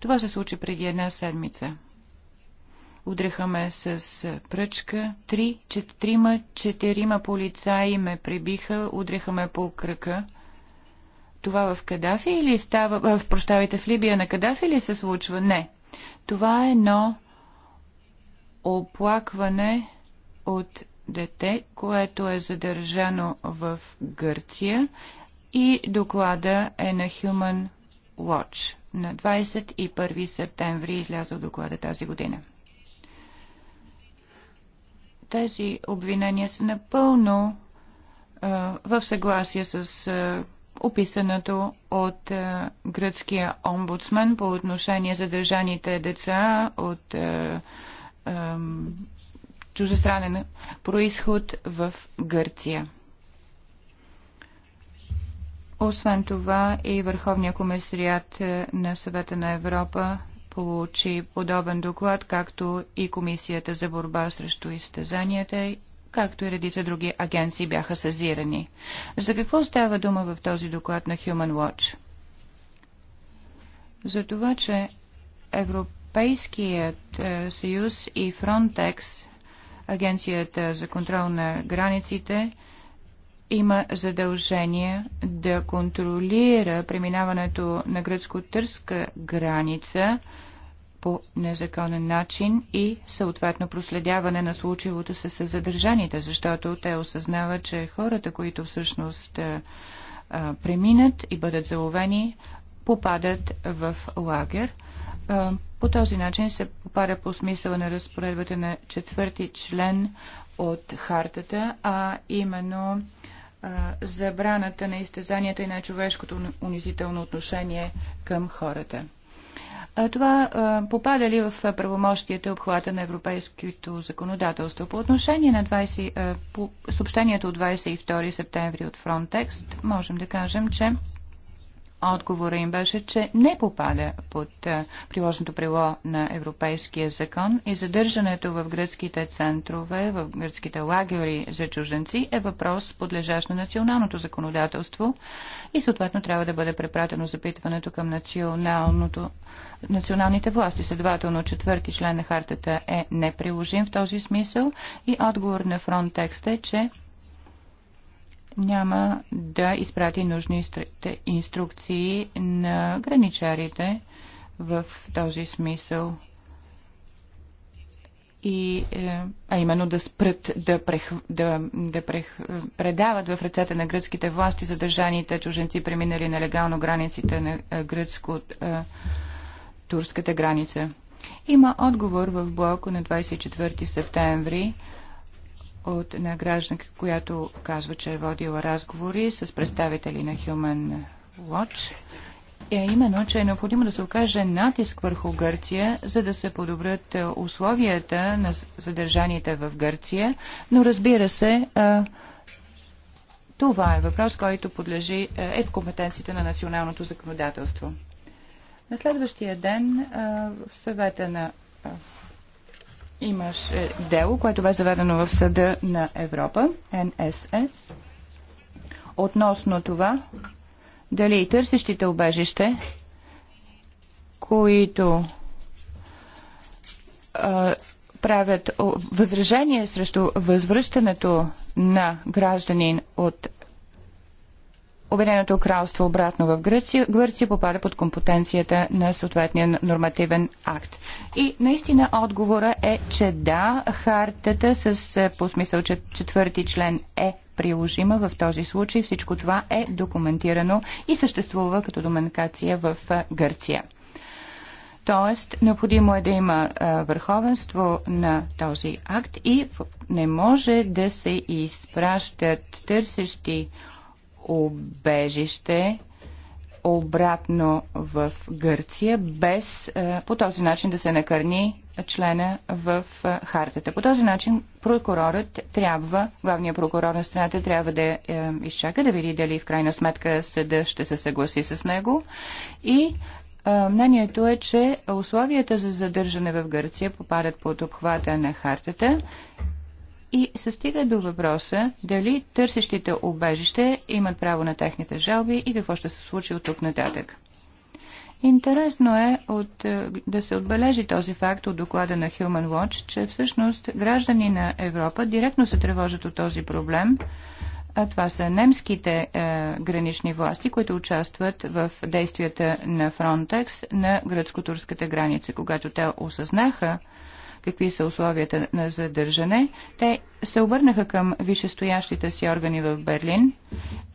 Това се случи преди една седмица. Удряхаме с пръчка. Три, чет, трима, четирима полицаи ме прибиха, удряхаме по кръка. Това в Кадафи или става... В, прощавайте, в Либия на Кадафи ли се случва? Не. Това е едно оплакване от дете, което е задържано в Гърция и доклада е на Human Watch. На 21 септември излязъл доклада тази година. Тези обвинения са напълно в съгласие с описаното от гръцкия омбудсмен по отношение задържаните деца от чужестранен происход в Гърция. Освен това и Върховния комисариат на Съвета на Европа получи подобен доклад, както и Комисията за борба срещу изтезанията, както и редица други агенции бяха сезирани. За какво става дума в този доклад на Human Watch? За това, че Европейският е, съюз и Frontex, агенцията за контрол на границите, има задължение да контролира преминаването на гръцко-търска граница по незаконен начин и съответно проследяване на случилото се с задържаните, защото те осъзнават, че хората, които всъщност е, е, преминат и бъдат заловени, попадат в лагер. Е, по този начин се попада по смисъла на разпоредбата на четвърти член от хартата, а именно забраната на изтезанията и на човешкото унизително отношение към хората това попада ли в правомощията и обхвата на европейското законодателство? По отношение на 20, по съобщението от 22 септември от Frontex, можем да кажем, че Отговора им беше, че не попада под приложното прило на Европейския закон и задържането в гръцките центрове, в гръцките лагери за чужденци е въпрос подлежащ на националното законодателство и съответно трябва да бъде препратено запитването към националното националните власти. Следователно, четвърти член на хартата е неприложим в този смисъл и отговор на Фронтекст е, че няма да изпрати нужните инструкции на граничарите в този смисъл. И, е, а именно да спрат да, прех, да, да прех, предават в ръцете на гръцките власти задържаните чуженци, преминали нелегално границите на е, гръцко-турската е, граница. Има отговор в блоко на 24 септември от една гражданка, която казва, че е водила разговори с представители на Human Watch е именно, че е необходимо да се окаже натиск върху Гърция, за да се подобрят е, условията на задържаните в Гърция. Но разбира се, е, това е въпрос, който подлежи, е, е в компетенциите на националното законодателство. На следващия ден в съвета на Имаше дело, което бе заведено в съда на Европа, НСС, относно това дали търсещите обежище, които а, правят възражение срещу възвръщането на гражданин от Обединеното кралство обратно в Гърция, Гърция попада под компетенцията на съответния нормативен акт. И наистина отговора е, че да, хартата с е, по смисъл, че четвърти член е приложима в този случай. Всичко това е документирано и съществува като доменкация в е, Гърция. Тоест, необходимо е да има а, е, върховенство на този акт и не може да се изпращат търсещи убежище обратно в Гърция, без е, по този начин да се накърни члена в е, хартата. По този начин прокурорът трябва, главният прокурор на страната трябва да е, изчака, да види дали в крайна сметка съда ще се съгласи с него и е, мнението е, че условията за задържане в Гърция попадат под обхвата на хартата и се стига до въпроса дали търсещите убежище имат право на техните жалби и какво ще се случи от тук нататък. Интересно е от, е, да се отбележи този факт от доклада на Human Watch, че всъщност граждани на Европа директно се тревожат от този проблем. А това са немските е, гранични власти, които участват в действията на Frontex на гръцко-турската граница. Когато те осъзнаха какви са условията на задържане. Те се обърнаха към висшестоящите си органи в Берлин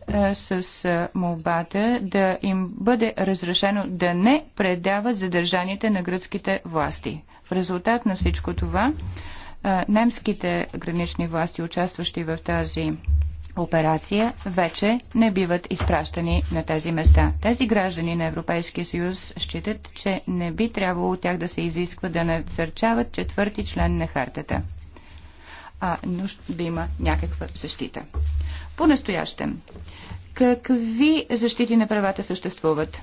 а, е, с е, молбата да им бъде разрешено да не предават задържаните на гръцките власти. В резултат на всичко това, е, немските гранични власти, участващи в тази операция вече не биват изпращани на тези места. Тези граждани на Европейския съюз считат, че не би трябвало от тях да се изисква да насърчават четвърти член на хартата, а нужда да има някаква защита. По-настоящем, какви защити на правата съществуват?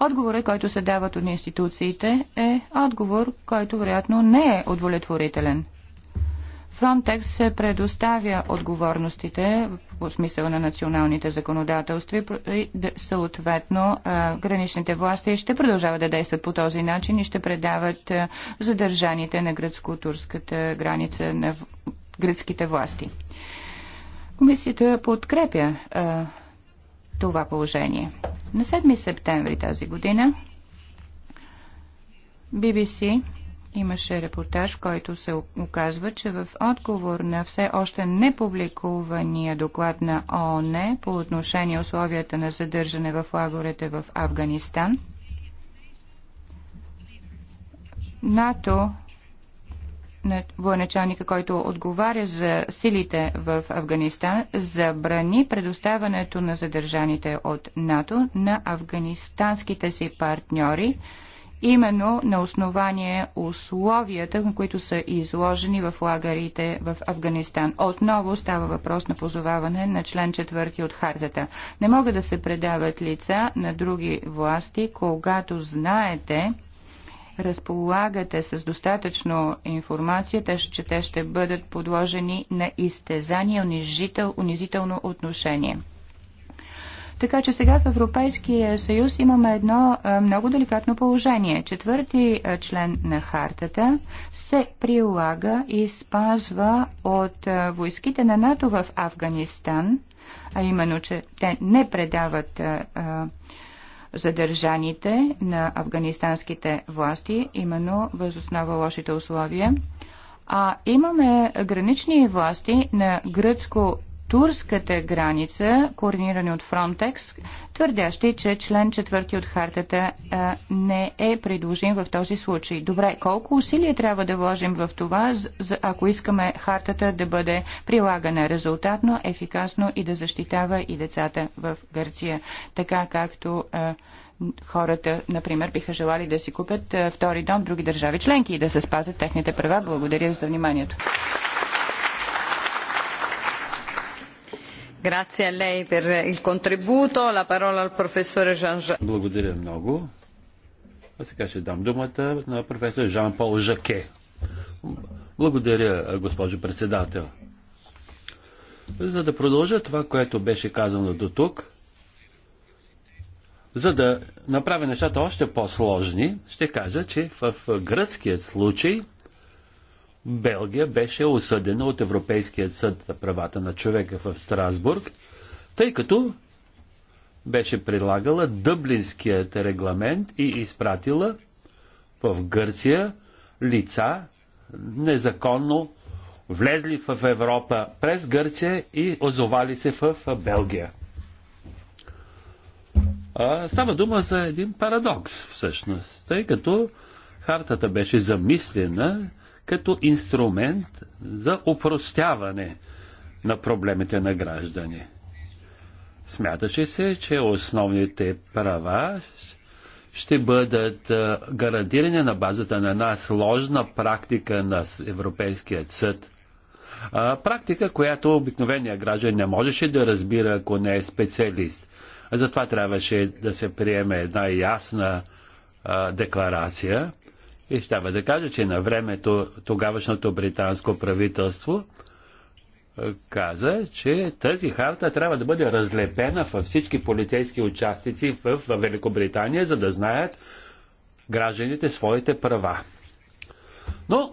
Отговорът, който се дават от институциите, е отговор, който вероятно не е удовлетворителен – Фронтекс се предоставя отговорностите по смисъл на националните законодателства и съответно граничните власти ще продължават да действат по този начин и ще предават задържаните на гръцко-турската граница на гръцките власти. Комисията подкрепя а, това положение. На 7 септември тази година BBC Имаше репортаж, в който се оказва, че в отговор на все още не публикувания доклад на ООН по отношение условията на задържане в лагорите в Афганистан, НАТО военачалника, който отговаря за силите в Афганистан, забрани предоставането на задържаните от НАТО на афганистанските си партньори, именно на основание условията, на които са изложени в лагерите в Афганистан. Отново става въпрос на позоваване на член 4 от хартата. Не могат да се предават лица на други власти, когато знаете, разполагате с достатъчно информация, те, че те ще бъдат подложени на изтезание, унизител, унизително отношение. Така че сега в Европейския съюз имаме едно е, много деликатно положение. Четвърти е, член на хартата се прилага и спазва от е, войските на НАТО в Афганистан, а именно, че те не предават задържаните на афганистанските власти, именно възоснова лошите условия. А имаме гранични власти на гръцко турската граница, координирани от Frontex, твърдящи, че член четвърти от хартата а, не е предложен в този случай. Добре, колко усилия трябва да вложим в това, за, ако искаме хартата да бъде прилагана резултатно, ефикасно и да защитава и децата в Гърция, така както а, хората, например, биха желали да си купят а, втори дом в други държави членки и да се спазят техните права. Благодаря за вниманието. Grazie a lei per il contributo. La parola al professore Jean Благодаря много. А сега ще дам думата на професор Жан-Пол Жаке. Благодаря, госпожо председател. За да продължа това, което беше казано до тук, за да направя нещата още по-сложни, ще кажа, че в гръцкият случай – Белгия беше осъдена от Европейският съд за правата на човека в Страсбург, тъй като беше прилагала Дъблинският регламент и изпратила в Гърция лица незаконно влезли в Европа през Гърция и озовали се в Белгия. А, става дума за един парадокс всъщност, тъй като хартата беше замислена като инструмент за упростяване на проблемите на граждани. Смяташе се, че основните права ще бъдат гарантирани на базата на една сложна практика на Европейският съд. Практика, която обикновения граждан не можеше да разбира, ако не е специалист. Затова трябваше да се приеме една ясна декларация, и ще да кажа, че на времето тогавашното британско правителство е, каза, че тази харта трябва да бъде разлепена във всички полицейски участници в Великобритания, за да знаят гражданите своите права. Но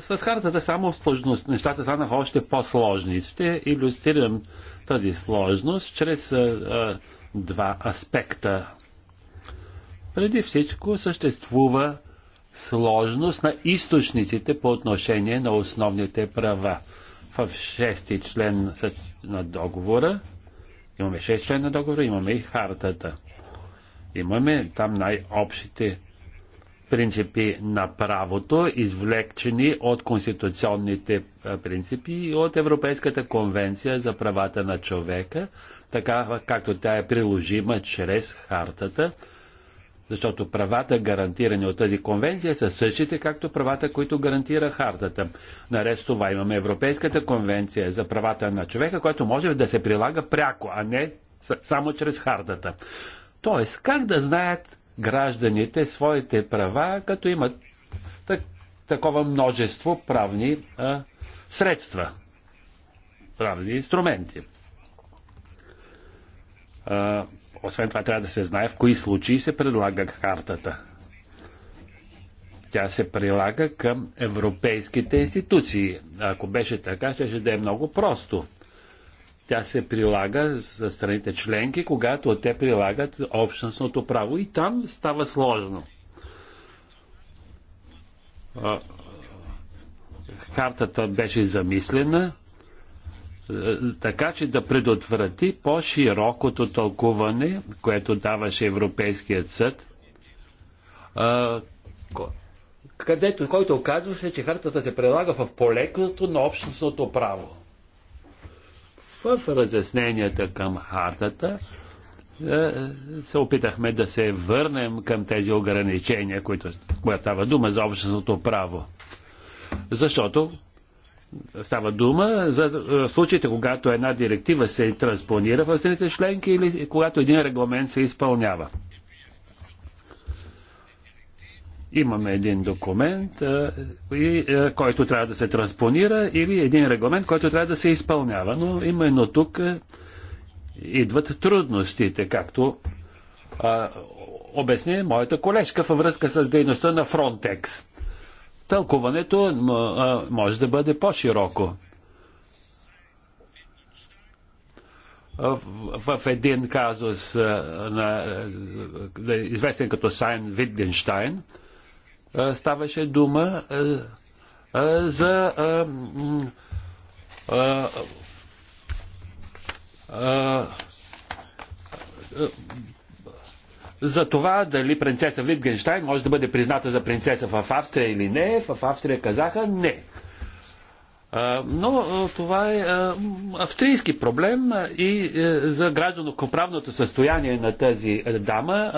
с хартата само сложност, нещата станаха още по-сложни. Ще иллюстрирам тази сложност чрез а, е, а, е, два аспекта. Преди всичко съществува сложност на източниците по отношение на основните права. В шести член на договора, имаме 6 член на договора, имаме и хартата. Имаме там най-общите принципи на правото, извлечени от конституционните принципи и от Европейската конвенция за правата на човека, така както тя е приложима чрез хартата защото правата, гарантирани от тази конвенция, са същите, както правата, които гарантира хартата. Наред с това имаме Европейската конвенция за правата на човека, която може да се прилага пряко, а не само чрез хартата. Тоест, как да знаят гражданите своите права, като имат так, такова множество правни а, средства, правни инструменти? А, освен това трябва да се знае в кои случаи се предлага картата. Тя се прилага към европейските институции. Ако беше така, ще, ще да е много просто. Тя се прилага за страните членки, когато те прилагат общностното право и там става сложно. Картата беше замислена така че да предотврати по-широкото тълкуване, което даваше Европейският съд, където, който оказваше, че хартата се прилага в полекото на общностното право. В разясненията към хартата е, се опитахме да се върнем към тези ограничения, които, която става дума за общностното право. Защото Става дума за е, случаите, когато една директива се транспонира в страните членки или когато един регламент се изпълнява. Имаме един документ, е, е, който трябва да се транспонира или един регламент, който трябва да се изпълнява. Но именно тук идват трудностите, както обясни моята колежка във връзка с дейността на Фронтекс тълкуването може да бъде по-широко. в един казус на, известен като Сайн Витгенштайн, ставаше дума за а, а, а, за това дали принцеса Витгенштайн Литгенштайн може да бъде призната за принцеса в Австрия или не. В Австрия казаха не. Но това е австрийски проблем и е, за гражданокоправното състояние на тази дама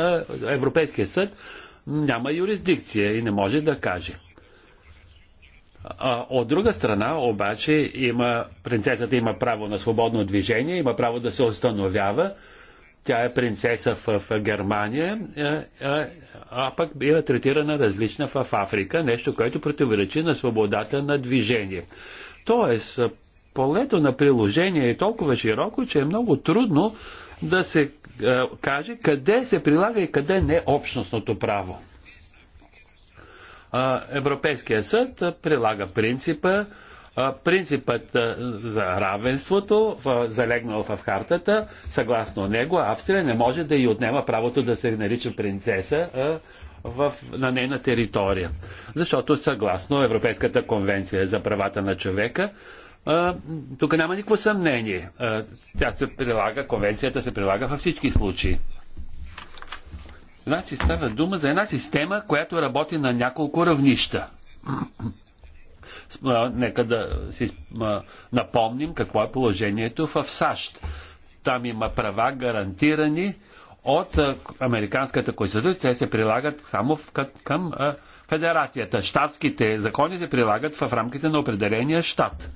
Европейския съд няма юрисдикция и не може да каже. От друга страна, обаче, има, принцесата има право на свободно движение, има право да се установява, тя е принцеса в Германия, е, е, а пък бива третирана различна в Африка, нещо, което противоречи на свободата на движение. Тоест, полето на приложение е толкова широко, че е много трудно да се е, каже къде се прилага и къде не общностното право. Европейския съд прилага принципа принципът за равенството, залегнал в хартата, съгласно него, Австрия не може да й отнема правото да се нарича принцеса в, на нейна територия. Защото съгласно Европейската конвенция за правата на човека, тук няма никакво съмнение. Тя се прилага, конвенцията се прилага във всички случаи. Значи става дума за една система, която работи на няколко равнища. Нека да си напомним какво е положението в САЩ. Там има права гарантирани от Американската конституция. Те се прилагат само към федерацията. Штатските закони се прилагат в рамките на определения щат.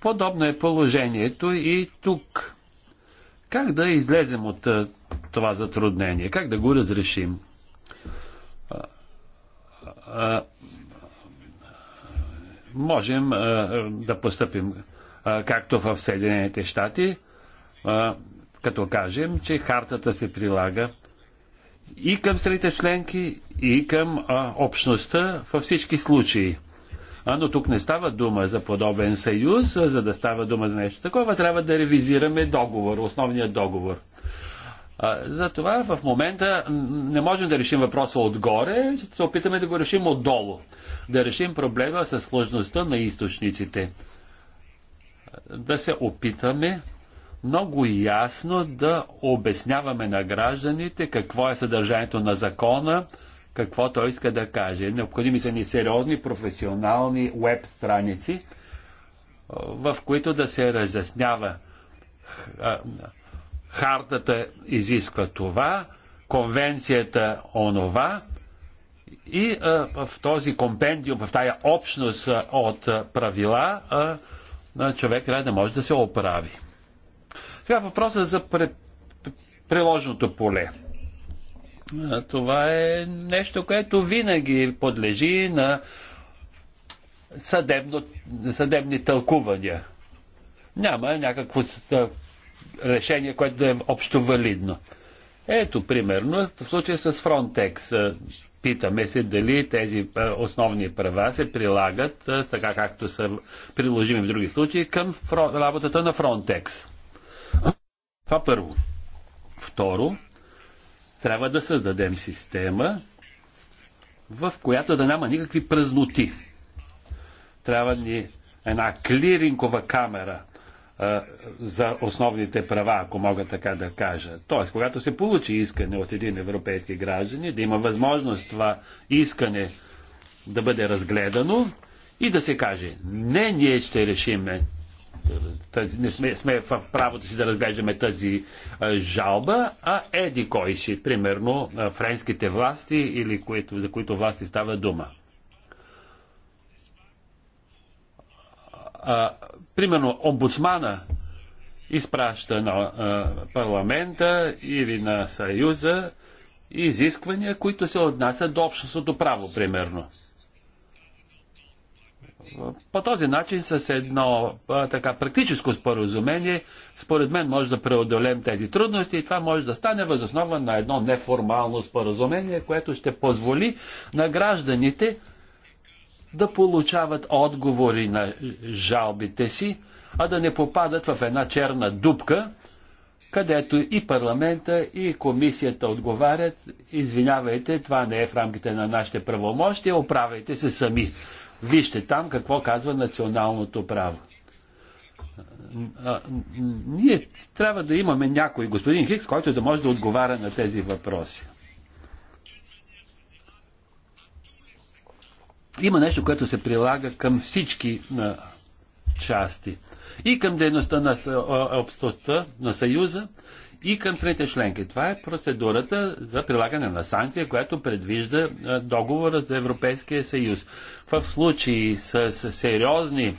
Подобно е положението и тук. Как да излезем от това затруднение? Как да го разрешим? можем да поступим както в Съединените щати, като кажем, че хартата се прилага и към страните членки, и към а, общността във всички случаи. А, но тук не става дума за подобен съюз, за да става дума за нещо такова, трябва да ревизираме договор, основният договор. Затова в момента не можем да решим въпроса отгоре, ще се опитаме да го решим отдолу. Да решим проблема с сложността на източниците. Да се опитаме много ясно да обясняваме на гражданите какво е съдържанието на закона, какво той иска да каже. Необходими са ни сериозни професионални веб страници, в които да се разяснява Хартата изисква това, конвенцията онова и а, в този компендиум, в тази общност а, от а, правила, а, а, човек трябва да може да се оправи. Сега въпросът за пре, приложното поле. А, това е нещо, което винаги подлежи на съдебно, съдебни тълкувания. Няма някакво решение, което да е общо валидно. Ето, примерно, в случая с Фронтекс. Питаме се дали тези основни права се прилагат, така както са приложими в други случаи, към работата на Фронтекс. Това първо. Второ, трябва да създадем система, в която да няма никакви празноти. Трябва ни една клирингова камера, за основните права, ако мога така да кажа. Тоест, когато се получи искане от един европейски гражданин, да има възможност това искане да бъде разгледано и да се каже, не ние ще решиме, тази, не сме, сме в правото си да разглеждаме тази а, жалба, а еди кой си, примерно а, френските власти или които, за които власти става дума. а, примерно омбудсмана изпраща на а, парламента или на Съюза изисквания, които се отнасят до общностното право, примерно. По този начин, с едно а, така практическо споразумение, според мен може да преодолем тези трудности и това може да стане възоснова на едно неформално споразумение, което ще позволи на гражданите да получават отговори на жалбите си, а да не попадат в една черна дупка, където и парламента, и комисията отговарят, извинявайте, това не е в рамките на нашите правомощия, оправяйте се сами. Вижте там какво казва националното право. Ние трябва да имаме някой господин Хикс, който да може да отговаря на тези въпроси. има нещо, което се прилага към всички а, части. И към дейността на общността, на Съюза, и към страните членки. Това е процедурата за прилагане на санкция, която предвижда а, договорът за Европейския съюз. В случаи с, с сериозни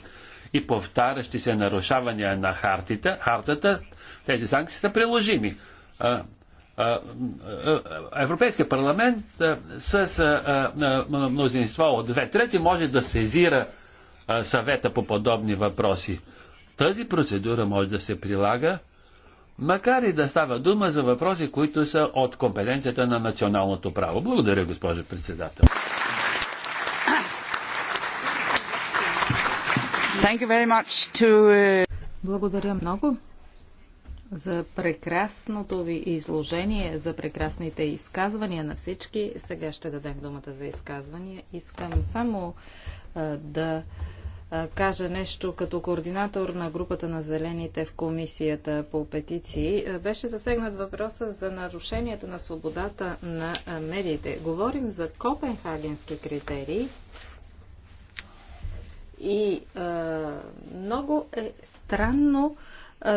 и повтарящи се нарушавания на хартите, хартата, тези санкции са приложими. А, Европейския парламент с мнозинство от две трети може да сезира съвета по подобни въпроси. Тази процедура може да се прилага, макар и да става дума за въпроси, които са от компетенцията на националното право. Благодаря, госпожо председател. Uh, Благодаря много за прекрасното ви изложение, за прекрасните изказвания на всички. Сега ще дадем думата за изказвания. Искам само а, да а, кажа нещо като координатор на групата на зелените в комисията по петиции. Беше засегнат въпроса за нарушенията на свободата на медиите. Говорим за копенхагенски критерии. И а, много е странно а,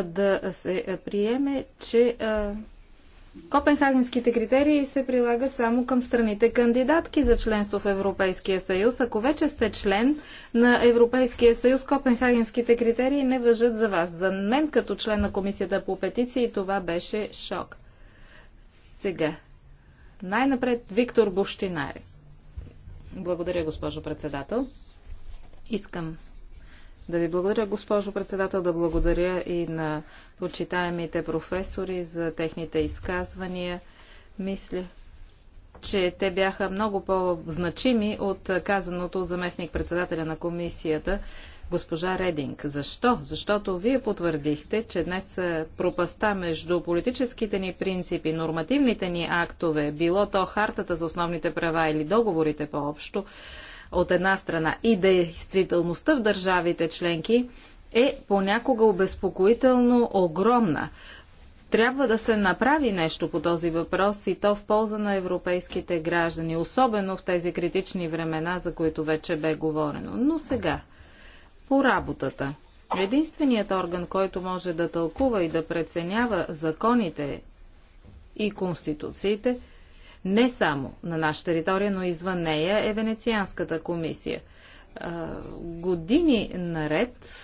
да се приеме, че Копенхагенските критерии се прилагат само към страните кандидатки за членство в Европейския съюз. Ако вече сте член на Европейския съюз, Копенхагенските критерии не въжат за вас. За мен като член на Комисията по петиции това беше шок. Сега. Най-напред Виктор Бущинари. Благодаря, госпожо председател. Искам да ви благодаря, госпожо председател, да благодаря и на почитаемите професори за техните изказвания. Мисля, че те бяха много по-значими от казаното от заместник-председателя на комисията, госпожа Рединг. Защо? Защото вие потвърдихте, че днес пропаста между политическите ни принципи, нормативните ни актове, било то хартата за основните права или договорите по-общо, от една страна и действителността в държавите членки е понякога обезпокоително огромна. Трябва да се направи нещо по този въпрос и то в полза на европейските граждани, особено в тези критични времена, за които вече бе говорено. Но сега, по работата. Единственият орган, който може да тълкува и да преценява законите и конституциите – не само на наша територия, но и извън нея е Венецианската комисия. Години наред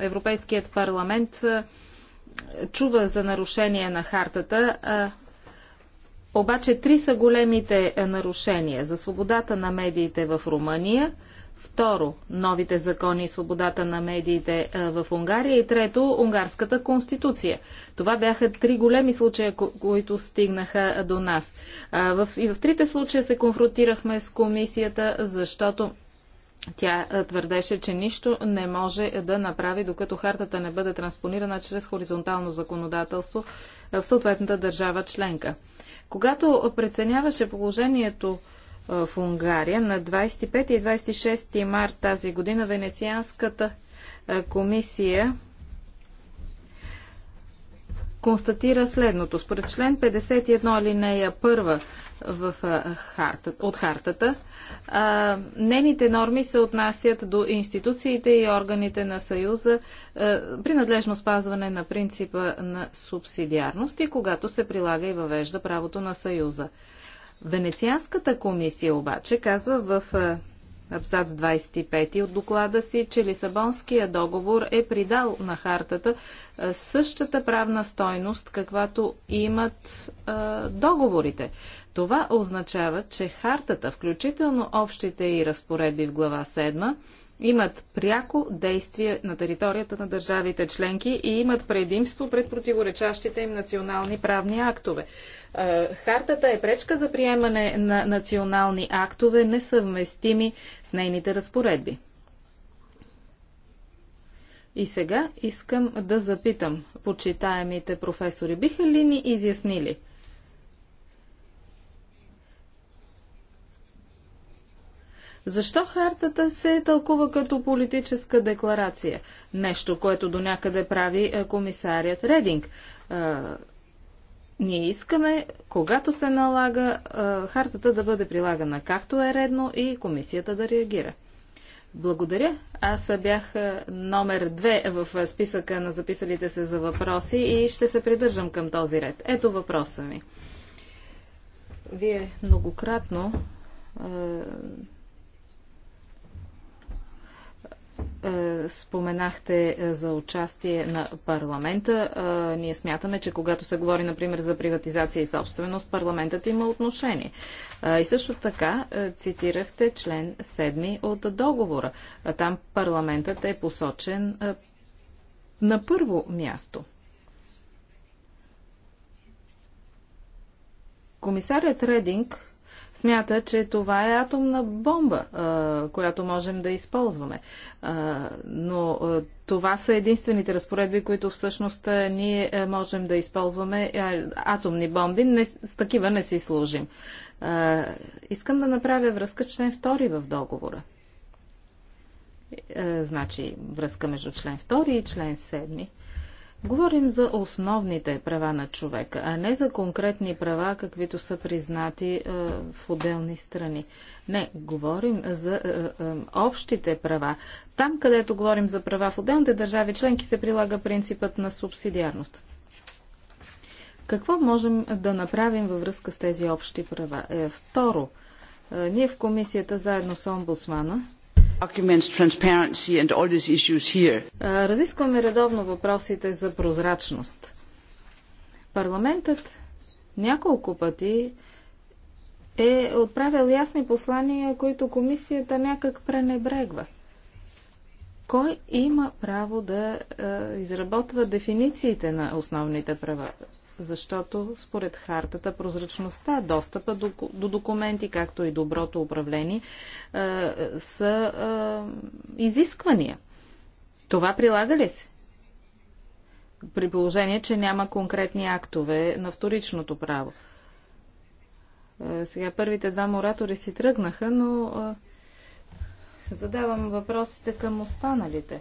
Европейският парламент чува за нарушение на хартата, обаче три са големите нарушения за свободата на медиите в Румъния – Второ, новите закони и свободата на медиите в Унгария. И трето, Унгарската конституция. Това бяха три големи случая, които стигнаха до нас. И в трите случая се конфронтирахме с комисията, защото тя твърдеше, че нищо не може да направи, докато хартата не бъде транспонирана чрез хоризонтално законодателство в съответната държава членка. Когато преценяваше положението в Унгария. На 25 и 26 март тази година Венецианската комисия констатира следното. Според член 51 алинея 1 в харта, от хартата, а, нените норми се отнасят до институциите и органите на Съюза а, при надлежно спазване на принципа на субсидиарност и когато се прилага и въвежда правото на Съюза. Венецианската комисия обаче казва в е, абзац 25 от доклада си, че Лисабонския договор е придал на хартата е, същата правна стойност, каквато имат е, договорите. Това означава, че хартата, включително общите и разпоредби в глава 7, имат пряко действие на територията на държавите членки и имат предимство пред противоречащите им национални правни актове. Е, хартата е пречка за приемане на национални актове, несъвместими с нейните разпоредби. И сега искам да запитам почитаемите професори, биха ли ни изяснили – Защо хартата се тълкува като политическа декларация? Нещо, което до някъде прави е, комисарият Рединг. Ние искаме, когато се налага, хартата да бъде прилагана както е редно и комисията да реагира. Благодаря. Аз бях номер две в списъка на записалите се за въпроси и ще се придържам към този ред. Ето въпроса ми. Вие многократно е, споменахте е, за участие на парламента. Е, ние смятаме, че когато се говори, например, за приватизация и собственост, парламентът има отношение. И също така цитирахте член 7 от договора. Там парламентът е посочен на първо място. Комисарят Рединг смята, че това е атомна бомба, която можем да използваме. Но това са единствените разпоредби, които всъщност ние можем да използваме. Атомни бомби, не, с такива не си служим. Искам да направя връзка член 2 в договора. Значи връзка между член 2 и член 7 Говорим за основните права на човека, а не за конкретни права, каквито са признати е, в отделни страни. Не, говорим за е, е, общите права. Там, където говорим за права в отделните държави членки, се прилага принципът на субсидиарност. Какво можем да направим във връзка с тези общи права? Е, второ, е, ние в комисията заедно с омбудсмана Разискваме редовно въпросите за прозрачност. Парламентът няколко пъти е отправил ясни послания, които комисията някак пренебрегва. Кой има право да изработва дефинициите на основните права? защото според хартата прозрачността, достъпа до, до документи, както и доброто управление е, са е, изисквания. Това прилага ли се? При положение, че няма конкретни актове на вторичното право. Е, сега първите два моратори си тръгнаха, но е, задавам въпросите към останалите.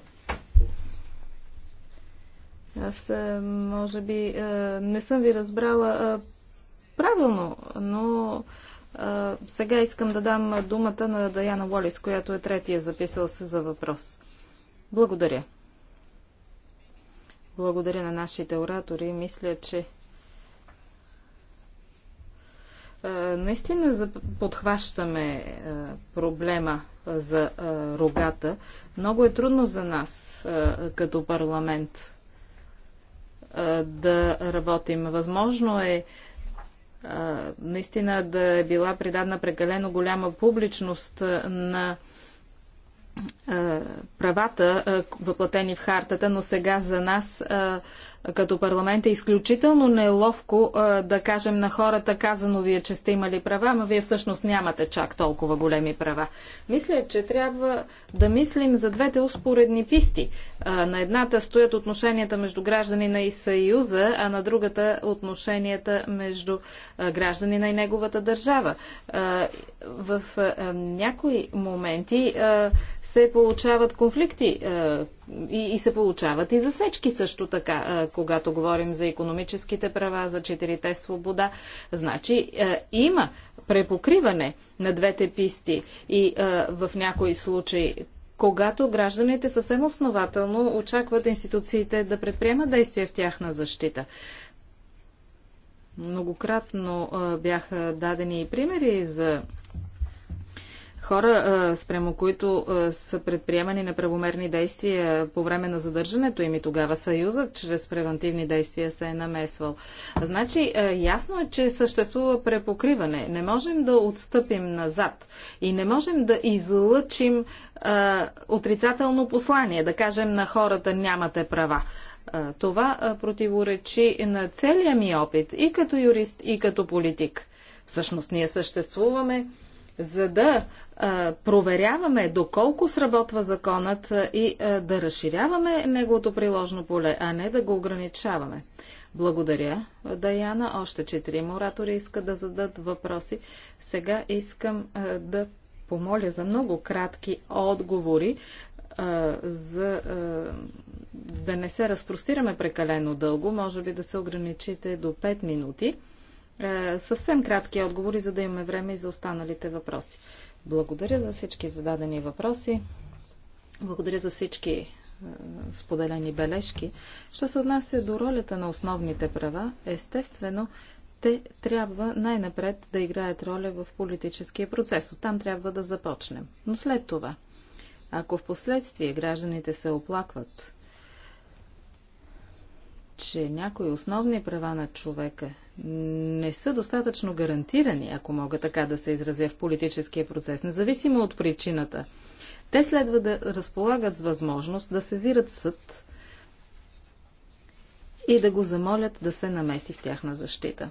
Аз е, може би е, не съм ви разбрала е, правилно, но сега искам да дам думата на Даяна Уолис, която е третия записал се за въпрос. Благодаря. Благодаря на нашите оратори. Мисля, че наистина подхващаме проблема за рогата. Много е трудно за нас като парламент да работим. Възможно е наистина да е била придадна прекалено голяма публичност на правата, въплатени в хартата, но сега за нас като парламент е изключително неловко да кажем на хората, казано вие, че сте имали права, но вие всъщност нямате чак толкова големи права. Мисля, че трябва да мислим за двете успоредни писти. На едната стоят отношенията между гражданина и Съюза, а на другата отношенията между гражданина и неговата държава. В някои моменти се получават конфликти е, и се получават и засечки също така, е, когато говорим за економическите права, за четирите свобода. Значи е, има препокриване на двете писти и в някои случаи когато гражданите съвсем основателно очакват институциите да предприемат действия в тяхна защита. Многократно бяха дадени и примери за хора, спрямо които са предприемани неправомерни действия по време на задържането им и тогава Съюзът чрез превентивни действия се е намесвал. Значи, ясно е, че съществува препокриване. Не можем да отстъпим назад и не можем да излъчим а, отрицателно послание, да кажем на хората нямате права. А, това а, противоречи на целия ми опит и като юрист, и като политик. Всъщност ние съществуваме за да а, проверяваме доколко сработва законът и а, да разширяваме неговото приложно поле, а не да го ограничаваме. Благодаря, Даяна. Още четири моратори искат да зададат въпроси. Сега искам а, да помоля за много кратки отговори, за да не се разпростираме прекалено дълго. Може би да се ограничите до 5 минути. Е, съвсем кратки отговори, за да имаме време и за останалите въпроси. Благодаря за всички зададени въпроси. Благодаря за всички е, споделени бележки. Що се отнася до ролята на основните права, естествено, те трябва най-напред да играят роля в политическия процес. Оттам трябва да започнем. Но след това, ако в последствие гражданите се оплакват, че някои основни права на човека не са достатъчно гарантирани, ако мога така да се изразя в политическия процес, независимо от причината. Те следва да разполагат с възможност да сезират съд и да го замолят да се намеси в тяхна защита.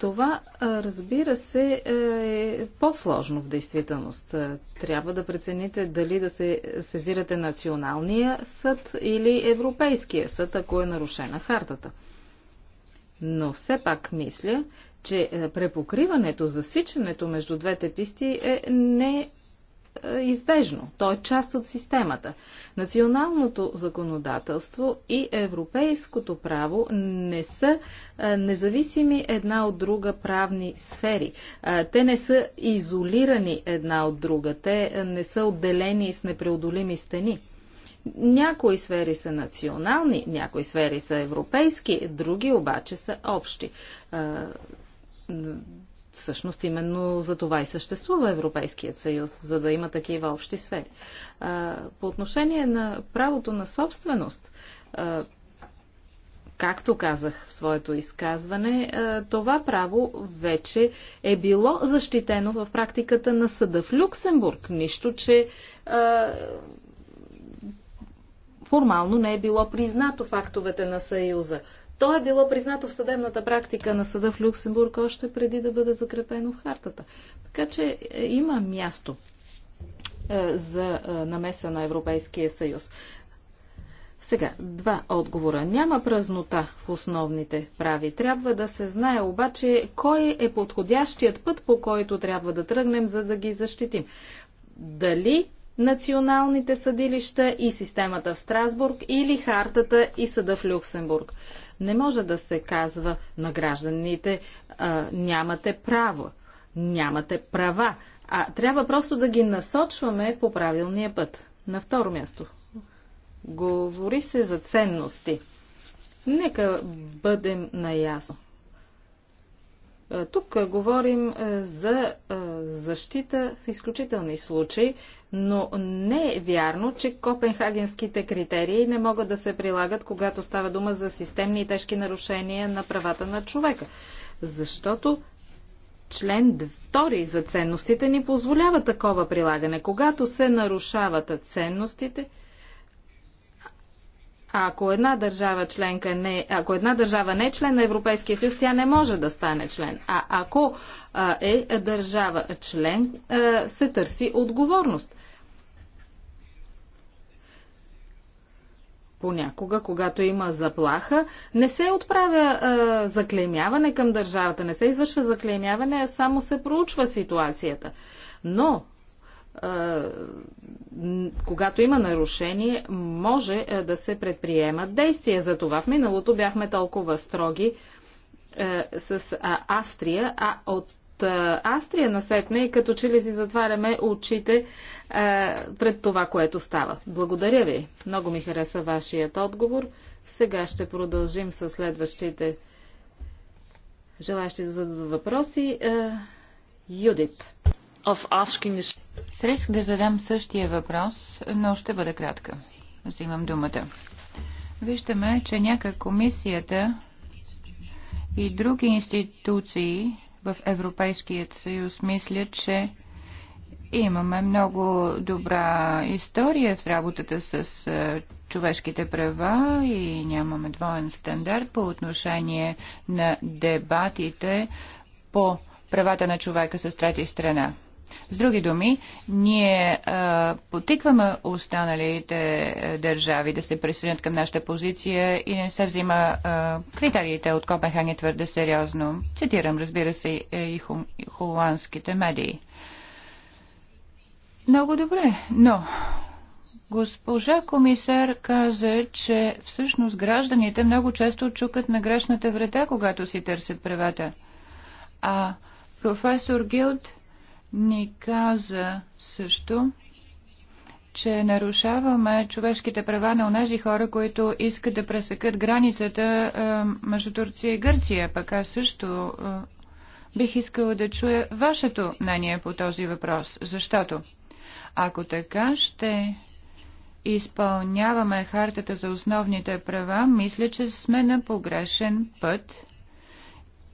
Това, разбира се, е, е по-сложно в действителност. Трябва да прецените дали да се сезирате националния съд или европейския съд, ако е нарушена хартата но все пак мисля, че е, препокриването, засичането между двете писти е не е, избежно. То е част от системата. Националното законодателство и европейското право не са е, независими една от друга правни сфери. Те не са изолирани една от друга. Те не са отделени с непреодолими стени. Някои сфери са национални, някои сфери са европейски, други обаче са общи. Всъщност именно за това и съществува Европейският съюз, за да има такива общи сфери. По отношение на правото на собственост, както казах в своето изказване, това право вече е било защитено в практиката на съда в Люксембург. Нищо, че формално не е било признато фактовете на Съюза. То е било признато в съдебната практика на съда в Люксембург още преди да бъде закрепено в хартата. Така че е, има място е, за е, намеса на Европейския съюз. Сега, два отговора. Няма празнота в основните прави. Трябва да се знае обаче кой е подходящият път, по който трябва да тръгнем, за да ги защитим. Дали националните съдилища и системата в Страсбург или хартата и съда в Люксембург. Не може да се казва на гражданите а, нямате право, нямате права, а трябва просто да ги насочваме по правилния път. На второ място. Говори се за ценности. Нека бъдем наясно. Тук говорим за защита в изключителни случаи но не е вярно, че копенхагенските критерии не могат да се прилагат, когато става дума за системни и тежки нарушения на правата на човека. Защото член 2 за ценностите ни позволява такова прилагане. Когато се нарушават ценностите, ако една държава членка не, ако една държава не е член на Европейския съюз, тя не може да стане член. А ако а, е държава член, а, се търси отговорност. Понякога, когато има заплаха, не се отправя а, заклеймяване към държавата, не се извършва заклеймяване, а само се проучва ситуацията. Но когато има нарушение, може е, да се предприемат действия. За това в миналото бяхме толкова строги е, с Австрия, а от е, Австрия насетне и като че ли си затваряме очите пред това, което става. Благодаря ви. Много ми хареса вашият отговор. Сега ще продължим с следващите желащи да зададат въпроси. Юдит. Of asking this с риск да задам същия въпрос, но ще бъда кратка. Взимам думата. Виждаме, че някак комисията и други институции в Европейският съюз мислят, че имаме много добра история в работата с човешките права и нямаме двоен стандарт по отношение на дебатите по правата на човека с трети страна. С други думи, ние а, потикваме останалите държави да се присъединят към нашата позиция и не се взима а, критериите от Копенхаген твърде сериозно. Цитирам, разбира се, е, и, и холандските медии. Много добре, но Госпожа комисар каза, че всъщност гражданите много често чукат на грешната врата, когато си търсят правата. А професор Гилд ни каза също, че нарушаваме човешките права на онези хора, които искат да пресекат границата е, между Турция и Гърция. Пък аз също е, бих искала да чуя вашето мнение по този въпрос, защото ако така ще изпълняваме хартата за основните права, мисля, че сме на погрешен път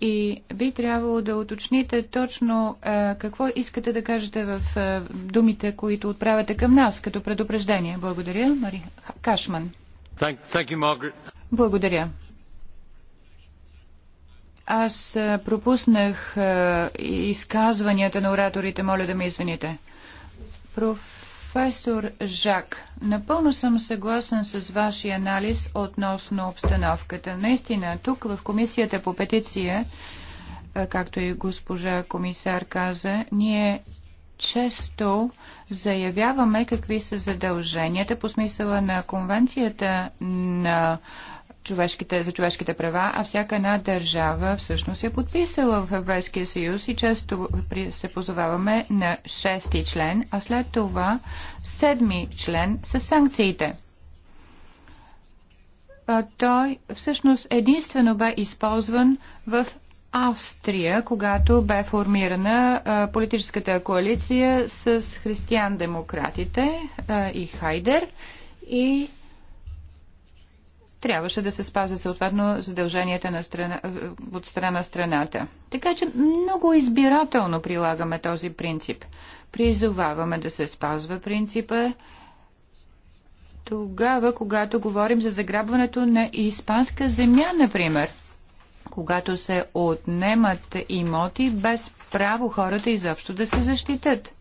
и би трябвало да уточните точно а, е, какво искате да кажете в а, е, думите, които отправяте към нас като предупреждение. Благодаря, Мари Кашман. Thank, thank you, Благодаря. Аз е, пропуснах а, изказванията на ораторите. Моля да ме извините. Проф професор Жак, напълно съм съгласен с вашия анализ относно обстановката. Наистина, тук в комисията по петиция, е, както и госпожа комисар каза, ние често заявяваме какви са задълженията по смисъла на конвенцията на човешките, за човешките права, а всяка една държава всъщност е подписала в Европейския съюз и често се позоваваме на шести член, а след това седми член с санкциите. Той всъщност единствено бе използван в Австрия, когато бе формирана а, политическата коалиция с християн-демократите и Хайдер и трябваше да се спазят съответно задълженията на страна, от страна на страната. Така че много избирателно прилагаме този принцип. Призоваваме да се спазва принципа тогава, когато говорим за заграбването на испанска земя, например. Когато се отнемат имоти без право хората изобщо да се защитат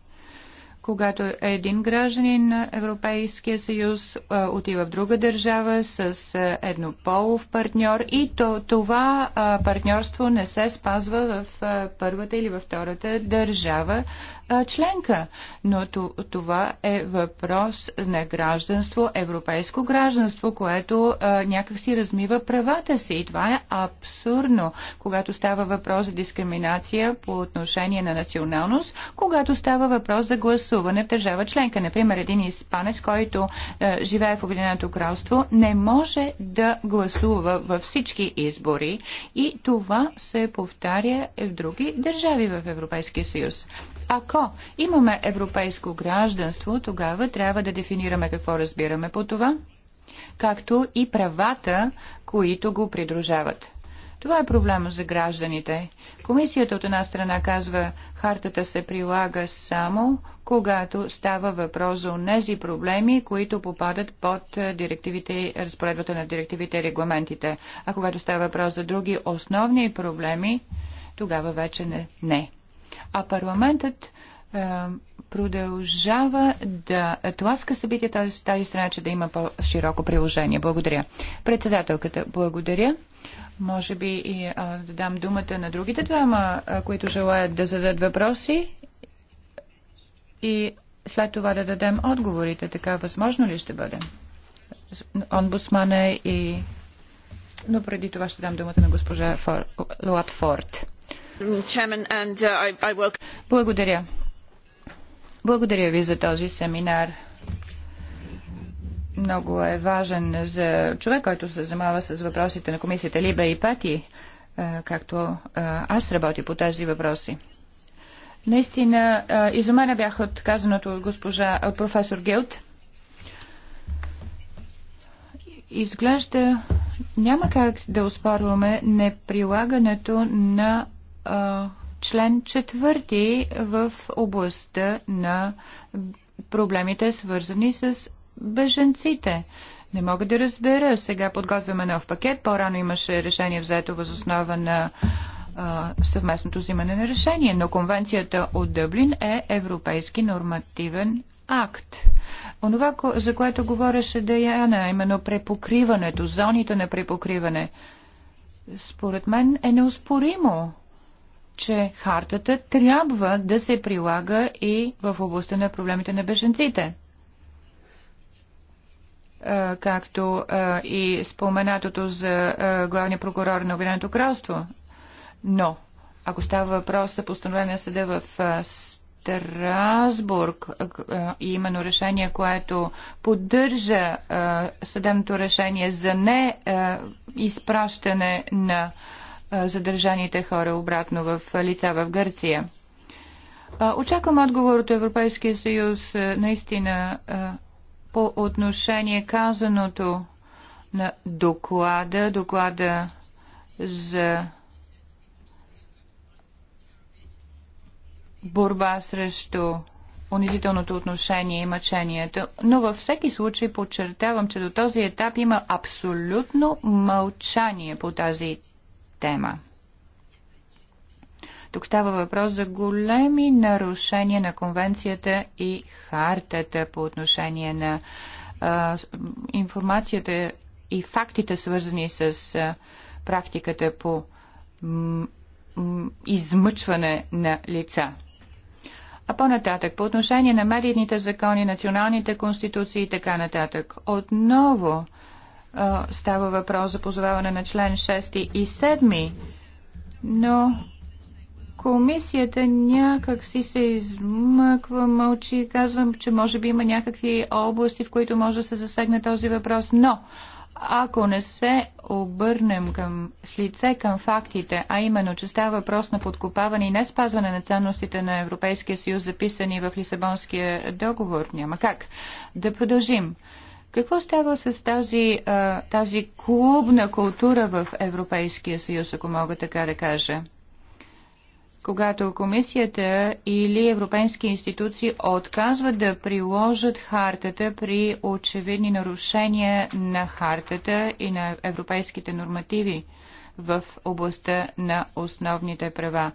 когато един гражданин на Европейския съюз а, отива в друга държава с а, еднополов партньор и то, това а, партньорство не се спазва в а, първата или във втората държава а, членка. Но това е въпрос на гражданство, европейско гражданство, което а, някакси размива правата си. И това е абсурдно, когато става въпрос за дискриминация по отношение на националност, когато става въпрос за гласуване гласуване в държава членка. Например, един испанец, който е, живее в Обединеното кралство, не може да гласува във всички избори и това се повтаря в други държави в Европейския съюз. Ако имаме европейско гражданство, тогава трябва да дефинираме какво разбираме по това, както и правата, които го придружават. Това е проблема за гражданите. Комисията от една страна казва, хартата се прилага само когато става въпрос за тези проблеми, които попадат под е, директивите, разпоредбата на директивите и регламентите. А когато става въпрос за други основни проблеми, тогава вече не. не. А парламентът е, продължава да тласка събития тази страна, че да има по-широко приложение. Благодаря. Председателката, благодаря. Може би и а, да дам думата на другите двама, а, които желаят да зададат въпроси и след това да дадем отговорите. Така възможно ли ще бъде? Онбусмане и... Но преди това ще дам думата на госпожа Фор... Латфорд. Uh, Благодаря. Благодаря ви за този семинар много е важен за човек, който се занимава с въпросите на комисията Либе и Пати, е, както е, аз работя по тези въпроси. Наистина, е, изумена бях от казаното от госпожа, от професор Гилт. Изглежда няма как да успорваме неприлагането на а, член четвърти в областта на проблемите, свързани с беженците. Не мога да разбера. Сега подготвяме нов пакет. По-рано имаше решение взето възоснова на а, съвместното взимане на решение, но конвенцията от Дъблин е европейски нормативен акт. Онова, за което говореше Даяна, именно препокриването, зоните на препокриване, според мен е неоспоримо, че хартата трябва да се прилага и в областта на проблемите на беженците както и споменатото за главния прокурор на Обединеното кралство. Но, ако става въпрос за постановление съда в Страсбург, и именно решение, което поддържа съдебното решение за не изпращане на задържаните хора обратно в лица в Гърция. Очаквам отговор от Европейския съюз. Наистина по отношение казаното на доклада, доклада за борба срещу унизителното отношение и мъчението. Но във всеки случай подчертавам, че до този етап има абсолютно мълчание по тази тема. Тук става въпрос за големи нарушения на конвенцията и хартата по отношение на а, информацията и фактите, свързани с а, практиката по измъчване на лица. А по-нататък, по отношение на медийните закони, националните конституции и така нататък, отново а, става въпрос за позоваване на член 6 и 7, но Комисията някак си се измъква, мълчи. Казвам, че може би има някакви области, в които може да се засегне този въпрос, но ако не се обърнем към, с лице към фактите, а именно, че става въпрос на подкопаване и не спазване на ценностите на Европейския съюз, записани в Лисабонския договор, няма как да продължим. Какво става с тази, тази клубна култура в Европейския съюз, ако мога така да кажа? когато комисията или европейски институции отказват да приложат хартата при очевидни нарушения на хартата и на европейските нормативи в областта на основните права.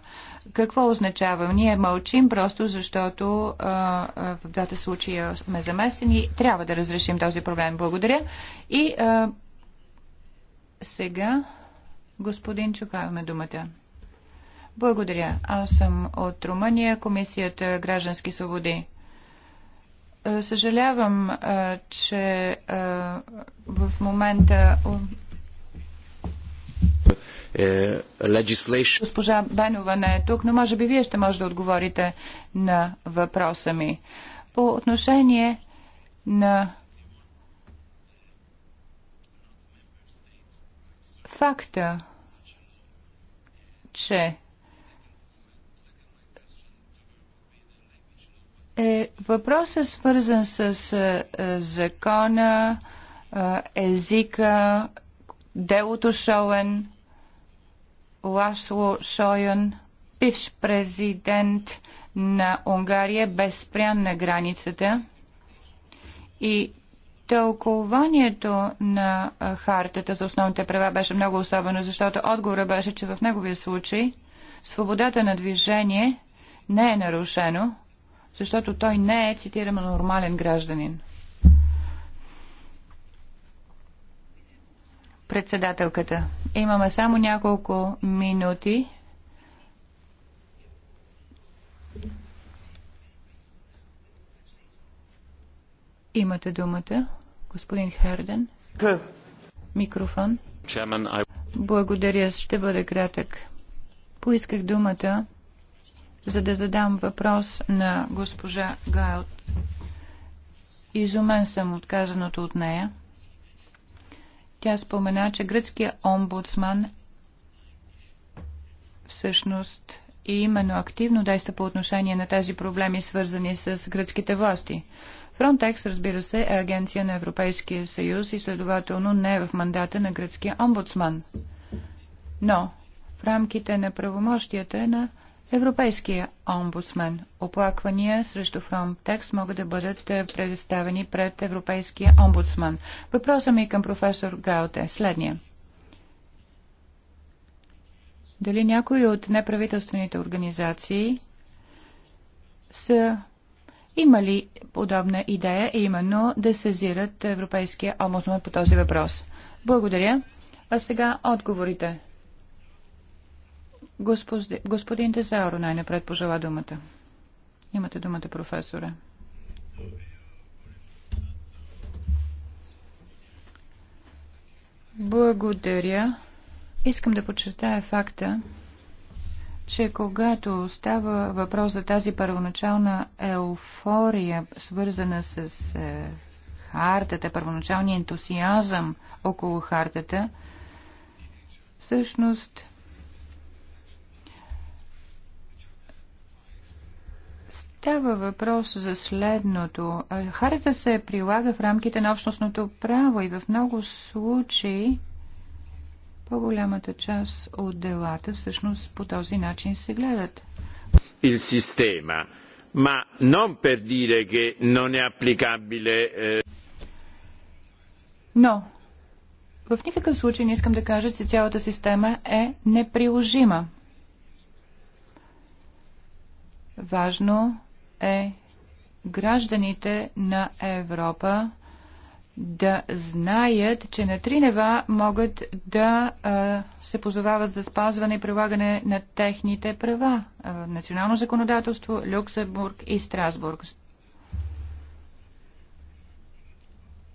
Какво означава? Ние мълчим просто защото а, в двата случая сме замесени. Трябва да разрешим този проблем. Благодаря. И а, сега господин Чукаваме думата. Благодаря. Аз съм от Румъния, Комисията граждански свободи. Е, съжалявам, е, че е, в момента Госпожа Бенова не е тук, но може би вие ще може да отговорите на въпроса ми. По отношение на факта, че е въпросът свързан с е, е, закона, е, езика, делото Шоен, Лашло Шоен, бивш президент на Унгария, без спрян на границата и тълкованието на хартата за основните права беше много особено, защото отговорът беше, че в неговия случай свободата на движение не е нарушено, защото той не е, цитирам, нормален гражданин. Председателката, имаме само няколко минути. Имате думата, господин Херден. Микрофон. Благодаря, ще бъде кратък. Поисках думата за да задам въпрос на госпожа Гайлт. Изумен съм отказаното от нея. Тя спомена, че гръцкия омбудсман всъщност и именно активно действа по отношение на тези проблеми, свързани с гръцките власти. Frontex, разбира се, е агенция на Европейския съюз и следователно не е в мандата на гръцкия омбудсман. Но в рамките на правомощията на Европейския омбудсмен. Оплаквания срещу Frontex могат да бъдат е, предоставени пред Европейския омбудсмен. Въпросът ми към професор Гаут е следния. Дали някои от неправителствените организации са имали подобна идея, именно да сезират Европейския омбудсмен по този въпрос? Благодаря. А сега отговорите. Господи... Господин Тезаро най-напред пожела думата. Имате думата, професора. Благодаря. Искам да подчертая факта, че когато става въпрос за тази първоначална еуфория, свързана с е, хартата, първоначалния ентусиазъм около хартата, всъщност Става въпрос за следното. Харата се прилага в рамките на общностното право и в много случаи по-голямата част от делата всъщност по този начин се гледат. Il sistema, ma non per dire che non è applicabile. Eh, Но в никакъв случай не искам да кажа, че цялата система е неприложима. Важно е гражданите на Европа да знаят, че на три нива могат да а, се позовават за спазване и прилагане на техните права. А, национално законодателство, Люксембург и Страсбург.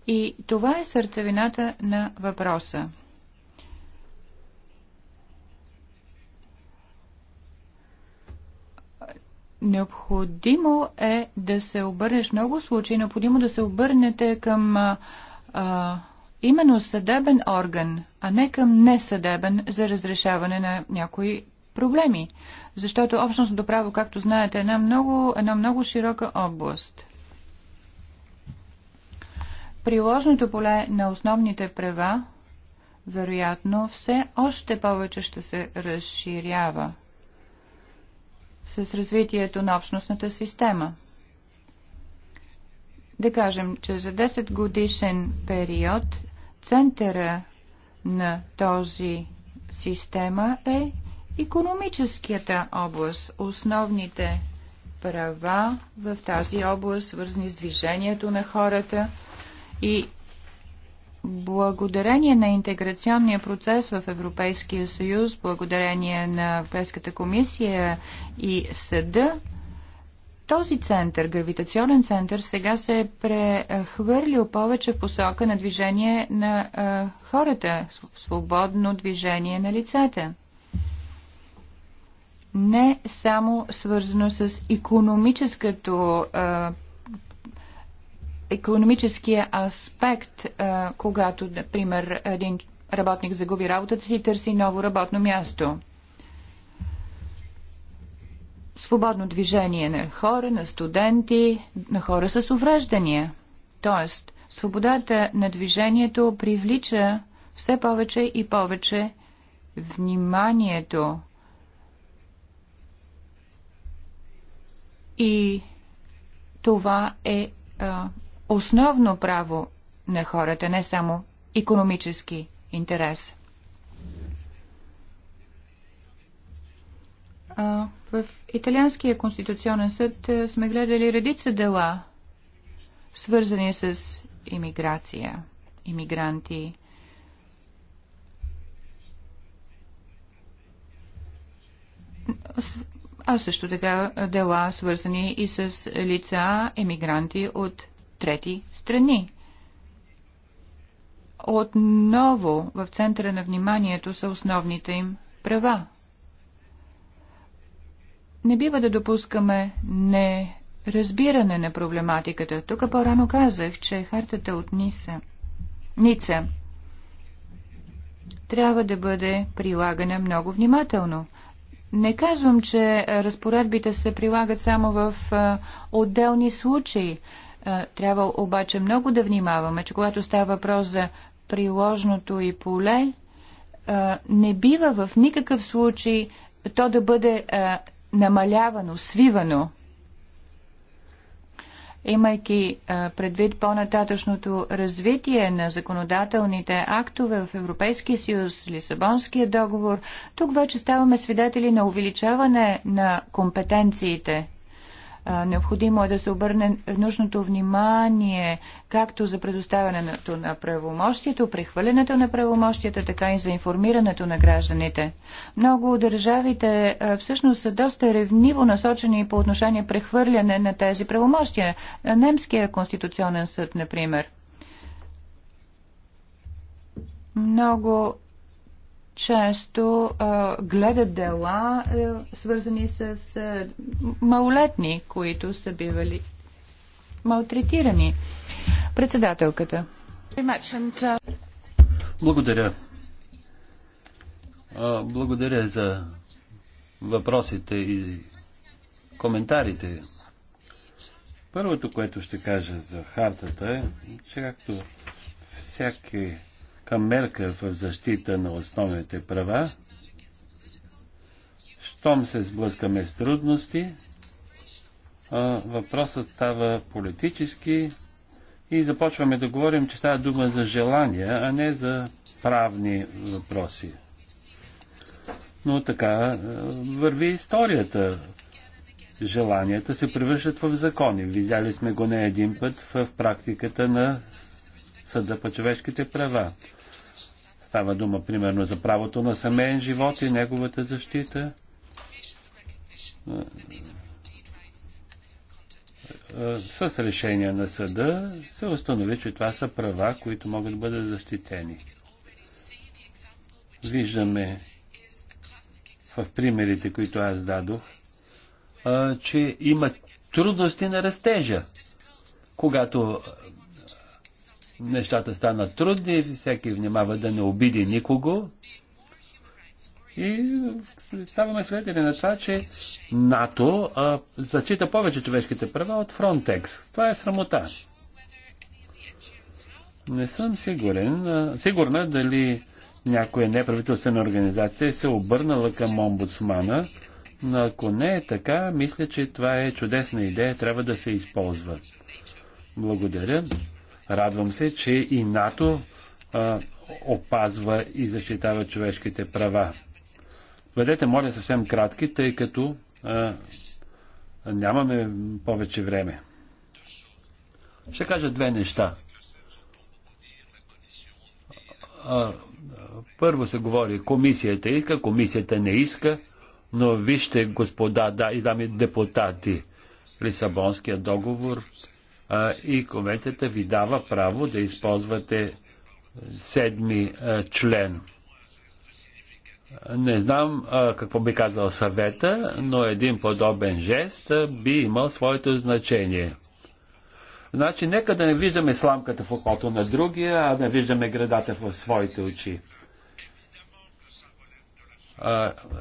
И това е сърцевината на въпроса. Необходимо е да се обърнеш много случаи, е необходимо да се обърнете към а, а, именно съдебен орган, а не към несъдебен за разрешаване на някои проблеми. Защото общностното право, както знаете, е една много, една много широка област. Приложното поле на основните права, вероятно, все още повече ще се разширява с развитието на общностната система. Да кажем, че за 10 годишен период центъра на този система е економическата област, основните права в тази област, свързани с движението на хората и Благодарение на интеграционния процес в Европейския съюз, благодарение на Европейската комисия и съда, този център, гравитационен център, сега се е прехвърлил повече в посока на движение на а, хората, свободно движение на лицата. Не само свързано с економическото а, економическия аспект, когато, например, един работник загуби работата си и търси ново работно място. Свободно движение на хора, на студенти, на хора с увреждания. Тоест, свободата на движението привлича все повече и повече вниманието и това е а, основно право на хората, не само економически интерес. В Италианския конституционен съд сме гледали редица дела, свързани с иммиграция, иммигранти. А също така дела, свързани и с лица, емигранти от трети страни. Отново в центъра на вниманието са основните им права. Не бива да допускаме неразбиране на проблематиката. Тук по-рано казах, че хартата от Ниса, Ница трябва да бъде прилагана много внимателно. Не казвам, че разпоредбите се прилагат само в отделни случаи. Трябва обаче много да внимаваме, че когато става въпрос за приложното и поле, не бива в никакъв случай то да бъде намалявано, свивано имайки предвид по-нататъчното развитие на законодателните актове в Европейския съюз, Лисабонския договор, тук вече ставаме свидетели на увеличаване на компетенциите. Необходимо е да се обърне нужното внимание както за предоставянето на правомощието, прехвърлянето на правомощията, така и за информирането на гражданите. Много от държавите всъщност са доста ревниво насочени по отношение прехвърляне на тези правомощия. Немския конституционен съд, например. Много често а, гледат дела, а, свързани с а, малолетни, които са бивали малтретирани. Председателката. Благодаря. Благодаря за въпросите и коментарите. Първото, което ще кажа за хартата е, че както всяки към мерка в защита на основните права, щом се сблъскаме с трудности, въпросът става политически и започваме да говорим, че става дума за желания, а не за правни въпроси. Но така върви историята. Желанията се превръщат в закони. Видяли сме го не един път в практиката на Съда по човешките права. Става дума примерно за правото на семейен живот и неговата защита. С решение на съда се установи, че това са права, които могат да бъдат защитени. Виждаме в примерите, които аз дадох, че има трудности на растежа, когато нещата станат трудни, всеки внимава да не обиди никого. И ставаме свидетели на това, че НАТО а, зачита повече човешките права от Фронтекс. Това е срамота. Не съм сигурен, а, сигурна дали някоя неправителствена организация се обърнала към омбудсмана, но ако не е така, мисля, че това е чудесна идея, трябва да се използва. Благодаря. Радвам се, че и НАТО а, опазва и защитава човешките права. Бъдете, моля, съвсем кратки, тъй като а, нямаме повече време. Ще кажа две неща. А, първо се говори, комисията иска, комисията не иска, но вижте, господа, да, и дами депутати, Лисабонския договор а, и конвенцията ви дава право да използвате седми а, член. Не знам а, какво би казал съвета, но един подобен жест а, би имал своето значение. Значи, нека да не виждаме сламката в окото на другия, а да виждаме градата в своите очи.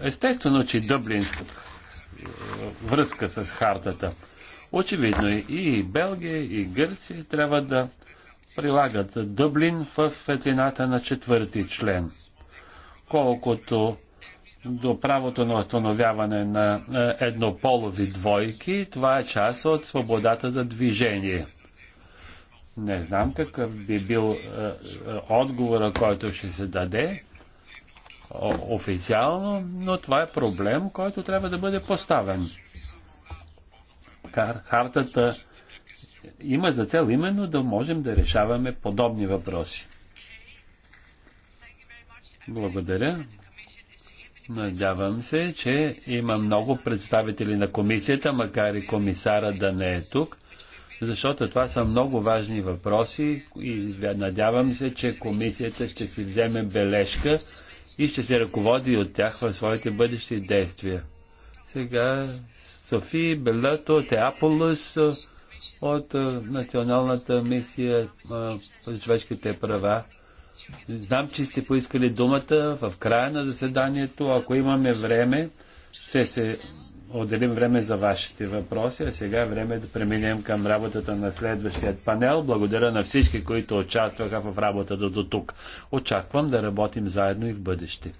Естествено, че Дъблинска връзка с хартата. Очевидно е, и Белгия, и Гърция трябва да прилагат Дъблин в светлината на четвърти член. Колкото до правото на установяване на еднополови двойки, това е част от свободата за движение. Не знам какъв би бил е, е, отговора, който ще се даде официално, но това е проблем, който трябва да бъде поставен хар, хартата има за цел именно да можем да решаваме подобни въпроси. Благодаря. Надявам се, че има много представители на комисията, макар и комисара да не е тук, защото това са много важни въпроси и надявам се, че комисията ще си вземе бележка и ще се ръководи от тях в своите бъдещи действия. Сега Софи, Белето, Теаполос от Националната мисия за човешките права. Знам, че сте поискали думата в края на заседанието. Ако имаме време, ще се отделим време за вашите въпроси, а сега е време да преминем към работата на следващия панел. Благодаря на всички, които участваха в работата до тук. Очаквам да работим заедно и в бъдеще.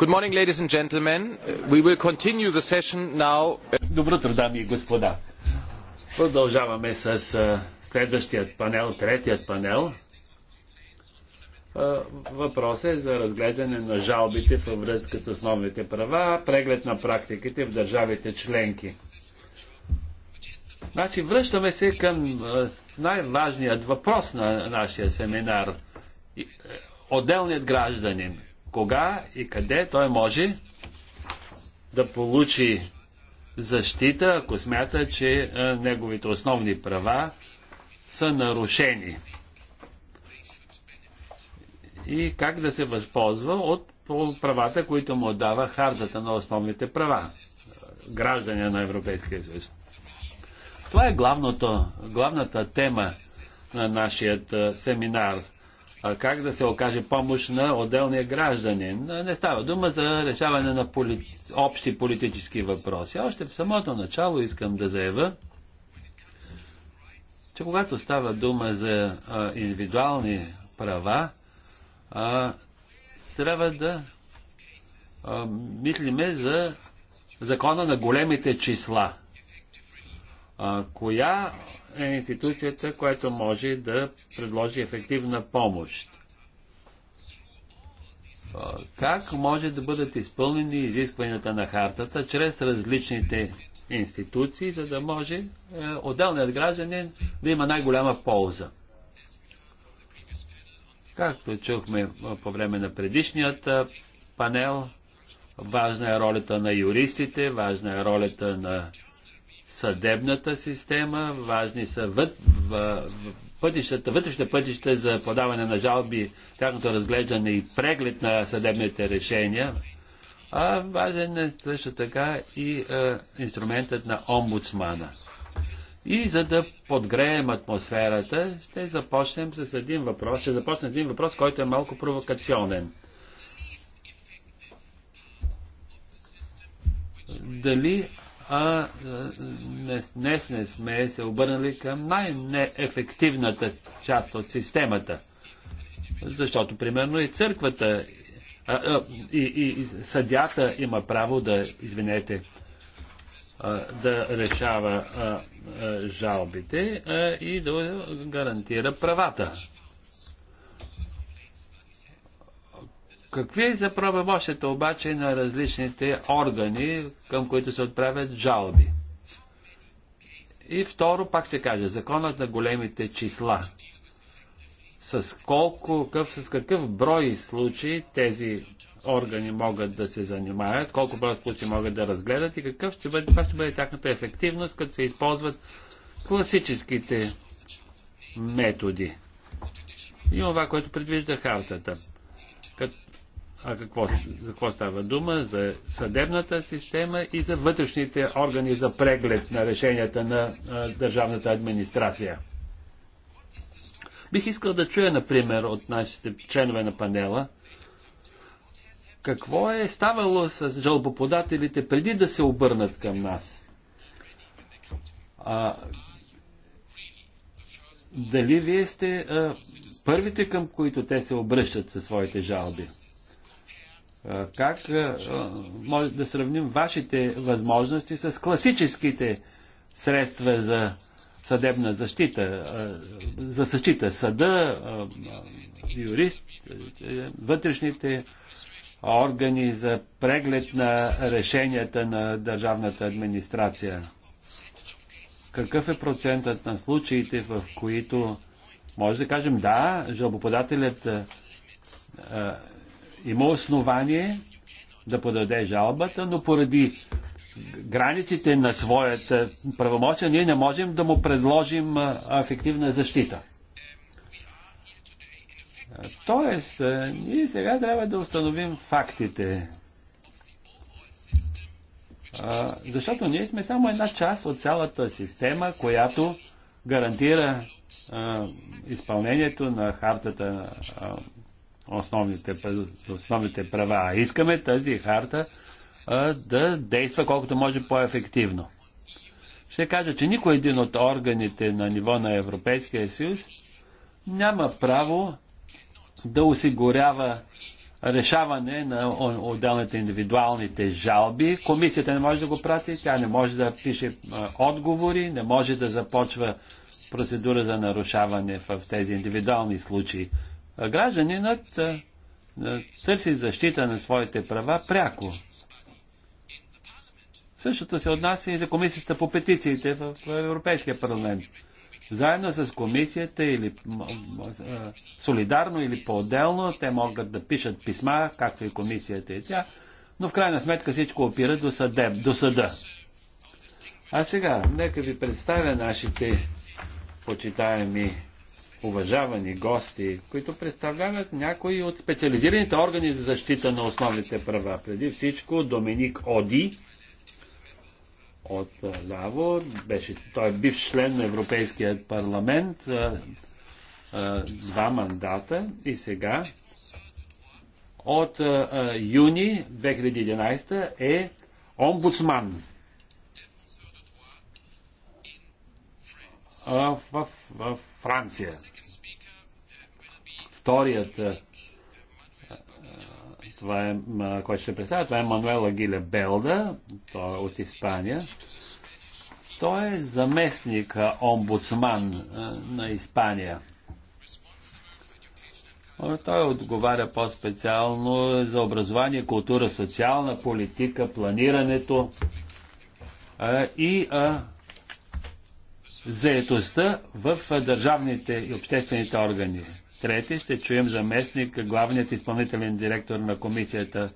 Добро утро, дами и господа. Продължаваме с следващият панел, третият панел. Въпрос е за разглеждане на жалбите във връзка с основните права, преглед на практиките в държавите членки. Значи връщаме се към най-важният въпрос на нашия семинар. Е, отделният гражданин кога и къде той може да получи защита, ако смята, че неговите основни права са нарушени. И как да се възползва от правата, които му дава хардата на основните права, граждане на Европейския съюз. Това е главното, главната тема на нашия семинар – как да се окаже помощ на отделния гражданин. Не става дума за решаване на поли... общи политически въпроси. Още в самото начало искам да заявя, че когато става дума за а, индивидуални права, а, трябва да а, мислиме за закона на големите числа. А, коя е институцията, която може да предложи ефективна помощ? как може да бъдат изпълнени изискванията на хартата чрез различните институции, за да може е, отделният гражданин да има най-голяма полза? Както чухме по време на предишният панел, важна е ролята на юристите, важна е ролята на съдебната система, важни са въд, в, в пътищата, вътрешни пътища за подаване на жалби, тяхното разглеждане и преглед на съдебните решения. А важен е също така и а, инструментът на омбудсмана. И за да подгреем атмосферата, ще започнем с един въпрос. Ще започнем с един въпрос, който е малко провокационен. Дали а днес не сме се обърнали към най-неефективната част от системата. Защото, примерно, и църквата, а, а, и, и съдята има право да, извинете, а, да решава а, а, жалбите а, и да гарантира правата Какви са правомощите обаче на различните органи, към които се отправят жалби? И второ, пак ще кажа, законът на големите числа. С колко, къв, с какъв брой случаи тези органи могат да се занимаят, колко брой случаи могат да разгледат и какъв ще бъде, каква ще бъде тяхната ефективност, като се използват класическите методи. И това, което предвижда хартата. Като а какво, за какво става дума? За съдебната система и за вътрешните органи за преглед на решенията на а, държавната администрация. Бих искал да чуя, например, от нашите членове на панела, какво е ставало с жалбоподателите преди да се обърнат към нас? А, дали вие сте а, първите, към които те се обръщат със своите жалби? Как може да сравним вашите възможности с класическите средства за съдебна защита, за защита съда, юрист, вътрешните органи за преглед на решенията на държавната администрация? Какъв е процентът на случаите, в които може да кажем да, жалбоподателят има основание да подаде жалбата, но поради границите на своята правомощия ние не можем да му предложим ефективна защита. Тоест, ние сега трябва да установим фактите. Защото ние сме само една част от цялата система, която гарантира изпълнението на хартата основните, основните права. А искаме тази харта а, да действа колкото може по-ефективно. Ще кажа, че никой един от органите на ниво на Европейския съюз няма право да осигурява решаване на отделните индивидуалните жалби. Комисията не може да го прати, тя не може да пише отговори, не може да започва процедура за нарушаване в тези индивидуални случаи гражданинът търси защита на своите права пряко. Същото се отнася и за комисията по петициите в Европейския парламент. Заедно с комисията или солидарно или по-отделно, те могат да пишат писма, както и комисията и тя, но в крайна сметка всичко опира до, съдеб, до съда. А сега, нека ви представя нашите почитаеми уважавани гости, които представляват някои от специализираните органи за защита на основните права. Преди всичко Доминик Оди от Ляво, беше, той е бив член на Европейския парламент, два мандата и сега от юни 2011 е омбудсман. в, в Франция вторият, това е, който ще представя, това е Мануела Гиле Белда, той е от Испания. Той е заместник омбудсман на Испания. Той отговаря по-специално за образование, култура, социална политика, планирането а, и а, заетостта в държавните и обществените органи трети ще чуем заместник, главният изпълнителен директор на комисията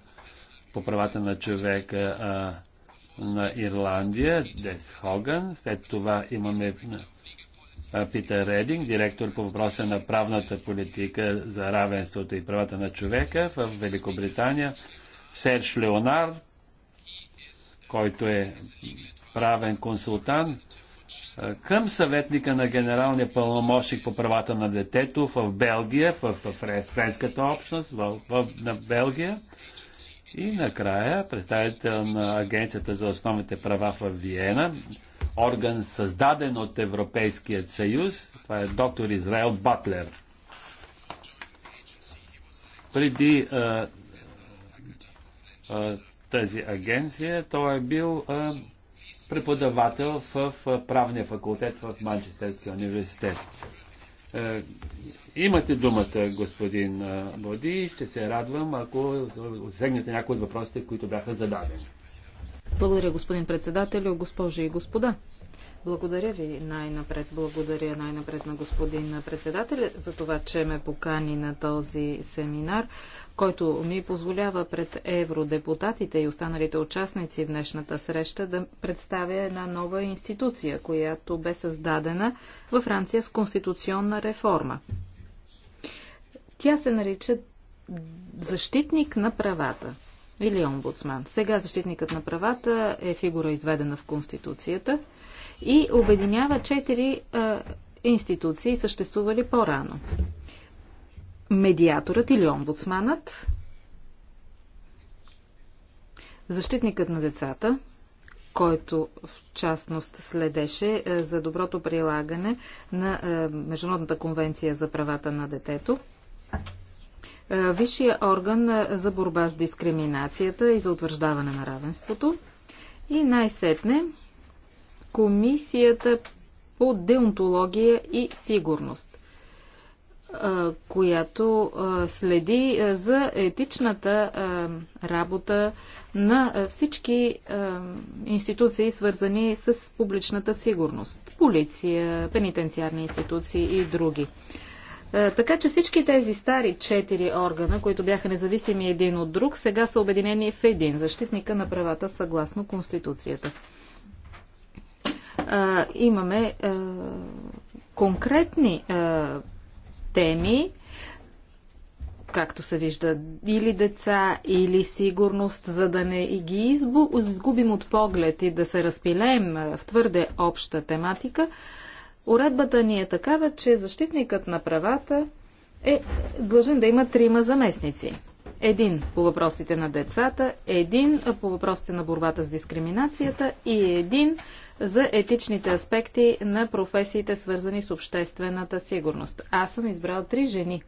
по правата на човека а, на Ирландия, Дес Хоган. След това имаме а, Питър Рединг, директор по въпроса на правната политика за равенството и правата на човека в Великобритания. Серж Леонард, който е правен консултант е, към съветника на генералния пълномощник по правата на детето в Белгия, в, в френската общност в, в, на Белгия и накрая представител на Агенцията за основните права в Виена, орган създаден от Европейският съюз. Това е доктор Израел Батлер. Преди а, е, а, е, тази агенция той е бил а, преподавател в правния факултет в Манчестерския университет. Е, имате думата, господин е, Боди. Ще се радвам, ако засегнете някои от въпросите, които бяха зададени. Благодаря, господин председател, госпожи и господа. Благодаря ви най-напред. Благодаря най-напред на господин председател за това, че ме покани на този семинар, който ми позволява пред евродепутатите и останалите участници в днешната среща да представя една нова институция, която бе създадена във Франция с конституционна реформа. Тя се нарича защитник на правата или омбудсман. Сега защитникът на правата е фигура изведена в Конституцията и обединява четири а, институции, съществували по-рано. Медиаторът или омбудсманът, защитникът на децата, който в частност следеше за доброто прилагане на Международната конвенция за правата на детето, е, висшия орган е, за борба с дискриминацията и за утвърждаване на равенството. И най-сетне Комисията по деонтология и сигурност, е, която следи за етичната работа на всички институции, свързани с публичната сигурност. Полиция, пенитенциарни институции и други. Е, така че всички тези стари четири органа, които бяха независими един от друг, сега са обединени в един защитника на правата съгласно Конституцията. Е, имаме е, конкретни теми, както се вижда, или деца, или сигурност, за да не и ги изгубим от поглед и да се разпилеем в твърде обща тематика, Уредбата ни е такава, че защитникът на правата е длъжен да има трима заместници. Един по въпросите на децата, един по въпросите на борбата с дискриминацията и един за етичните аспекти на професиите, свързани с обществената сигурност. Аз съм избрал три жени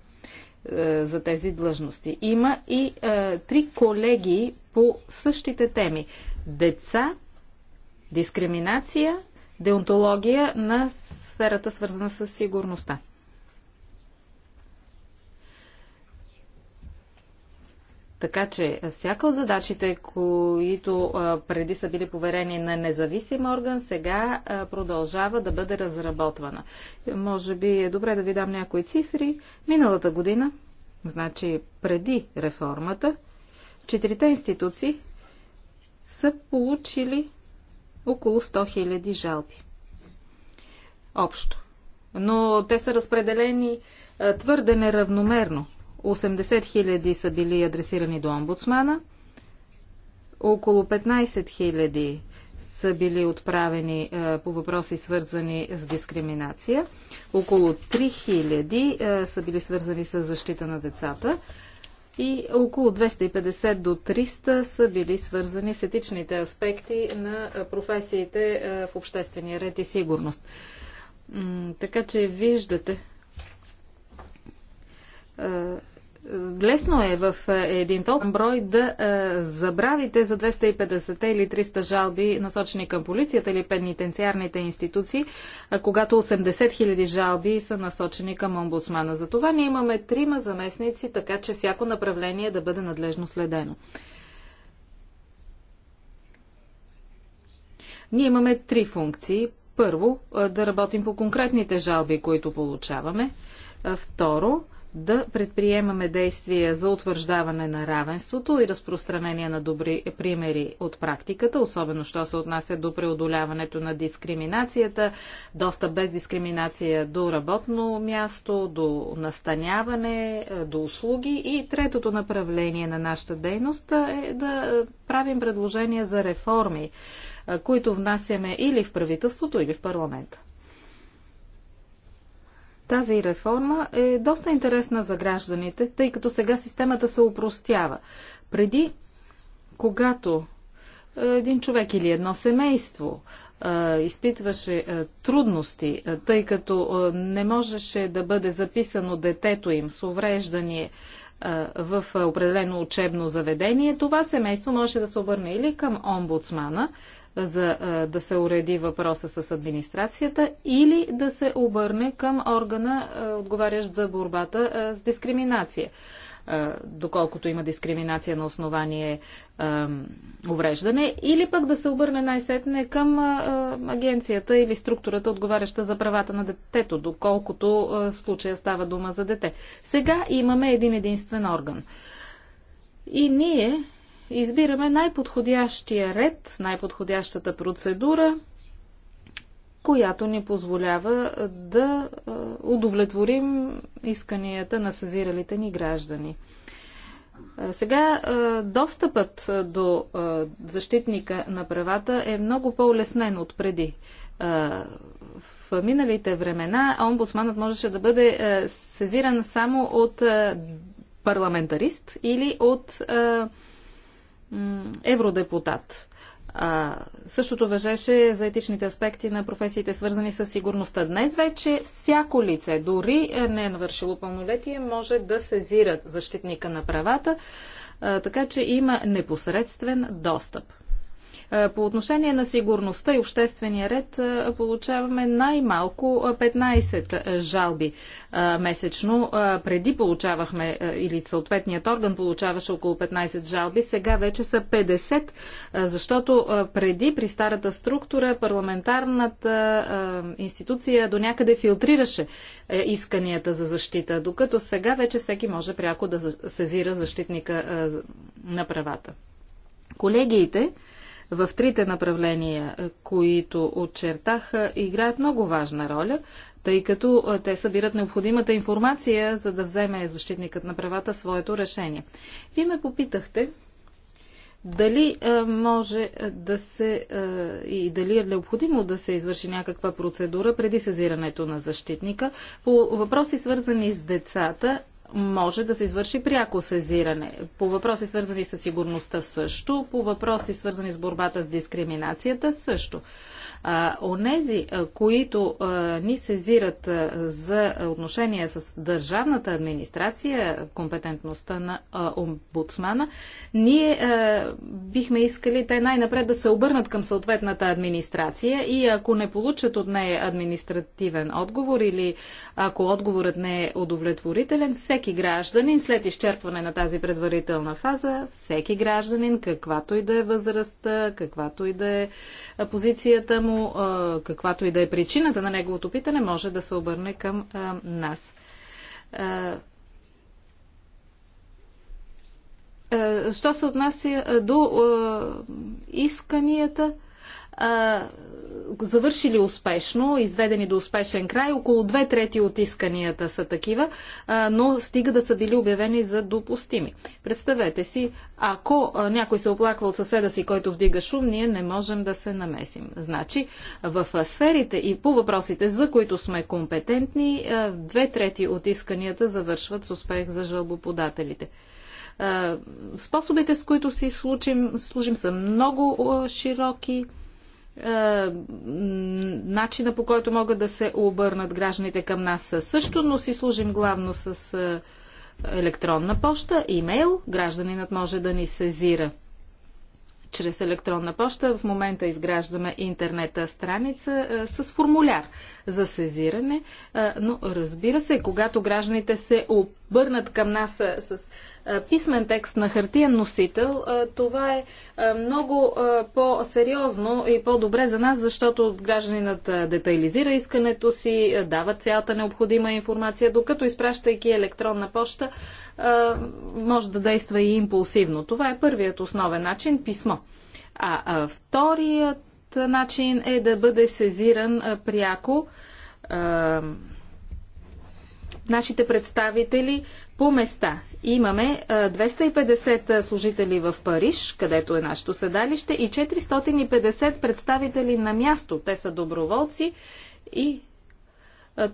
е, за тези длъжности. Има и е, три колеги по същите теми. Деца, дискриминация, деонтология на сферата, свързана с сигурността. Така че всяка от задачите, които преди са били поверени на независим орган, сега продължава да бъде разработвана. Може би е добре да ви дам някои цифри. Миналата година, значи преди реформата, четирите институции са получили около 100 000 жалби общо. Но те са разпределени е, твърде неравномерно. 80 хиляди са били адресирани до омбудсмана, около 15 хиляди са били отправени е, по въпроси свързани с дискриминация. Около 3000 е, са били свързани с защита на децата и около 250 до 300 са били свързани с етичните аспекти на е, професиите е, в обществения ред и сигурност така че виждате. Лесно е в един толкова брой да забравите за 250 или 300 жалби, насочени към полицията или пенитенциарните институции, когато 80 000 жалби са насочени към омбудсмана. За това ние имаме трима заместници, така че всяко направление да бъде надлежно следено. Ние имаме три функции. Първо, да работим по конкретните жалби, които получаваме. Второ, да предприемаме действия за утвърждаване на равенството и разпространение на добри примери от практиката, особено що се отнася до преодоляването на дискриминацията, доста без дискриминация до работно място, до настаняване, до услуги. И третото направление на нашата дейност е да правим предложения за реформи които внасяме или в правителството, или в парламента. Тази реформа е доста интересна за гражданите, тъй като сега системата се упростява. Преди, когато един човек или едно семейство изпитваше трудности, тъй като не можеше да бъде записано детето им с увреждане в определено учебно заведение, това семейство можеше да се обърне или към омбудсмана, за да се уреди въпроса с администрацията или да се обърне към органа, отговарящ за борбата с дискриминация доколкото има дискриминация на основание увреждане, или пък да се обърне най-сетне към агенцията или структурата, отговаряща за правата на детето, доколкото в случая става дума за дете. Сега имаме един единствен орган. И ние избираме най-подходящия ред, най-подходящата процедура, която ни позволява да удовлетворим исканията на съзиралите ни граждани. Сега достъпът до защитника на правата е много по-улеснен от преди. В миналите времена омбудсманът можеше да бъде сезиран само от парламентарист или от евродепутат. А, същото въжеше за етичните аспекти на професиите, свързани с сигурността. Днес вече всяко лице, дори е, не е навършило пълнолетие, може да сезира защитника на правата, а, така че има непосредствен достъп. Е, по отношение на сигурността и обществения ред е, получаваме най-малко 15 е, жалби месечно. Преди получавахме или съответният орган получаваше около 15 жалби, сега вече са 50, защото преди при старата структура парламентарната институция до някъде филтрираше исканията за защита, докато сега вече всеки може пряко да сезира защитника на правата. Колегиите в трите направления, е, които очертах, играят много важна роля, тъй като е, те събират необходимата информация, за да вземе защитникът на правата своето решение. Вие ме попитахте дали е, може да се и дали е необходимо да се извърши някаква процедура преди сезирането на защитника по въпроси свързани с децата може да се извърши пряко сезиране. По въпроси свързани с сигурността също, по въпроси свързани с борбата с дискриминацията също. А, онези, които а, ни сезират а, за отношения с държавната администрация, компетентността на а, омбудсмана, ние а, бихме искали те най-напред да се обърнат към съответната администрация и ако не получат от нея административен отговор или ако отговорът не е удовлетворителен, все всеки гражданин, след изчерпване на тази предварителна фаза, всеки гражданин, каквато и да е възрастта, каквато и да е позицията му, каквато и да е причината на неговото питане, може да се обърне към нас. Що се отнася до исканията, завършили успешно, изведени до успешен край. Около две трети от исканията са такива, но стига да са били обявени за допустими. Представете си, ако някой се оплаква от съседа си, който вдига шум, ние не можем да се намесим. Значи, в сферите и по въпросите, за които сме компетентни, две трети от исканията завършват с успех за жалбоподателите. Способите, с които си служим, служим са много широки. Е, начина по който могат да се обърнат гражданите към нас също, но си служим главно с е, електронна поща, имейл. Гражданинът може да ни сезира чрез електронна поща. В момента изграждаме интернета страница е, с формуляр за сезиране, но разбира се, когато гражданите се обърнат към нас с е, писмен текст на хартиен носител, е, това е, е много по-сериозно и по-добре за нас, защото гражданинът детайлизира искането си, дава цялата необходима информация, докато изпращайки електронна поща може да действа и импулсивно. Това е първият основен начин – писмо. А вторият начин е да бъде сезиран пряко нашите представители по места имаме 250 служители в Париж, където е нашето седалище, и 450 представители на място. Те са доброволци и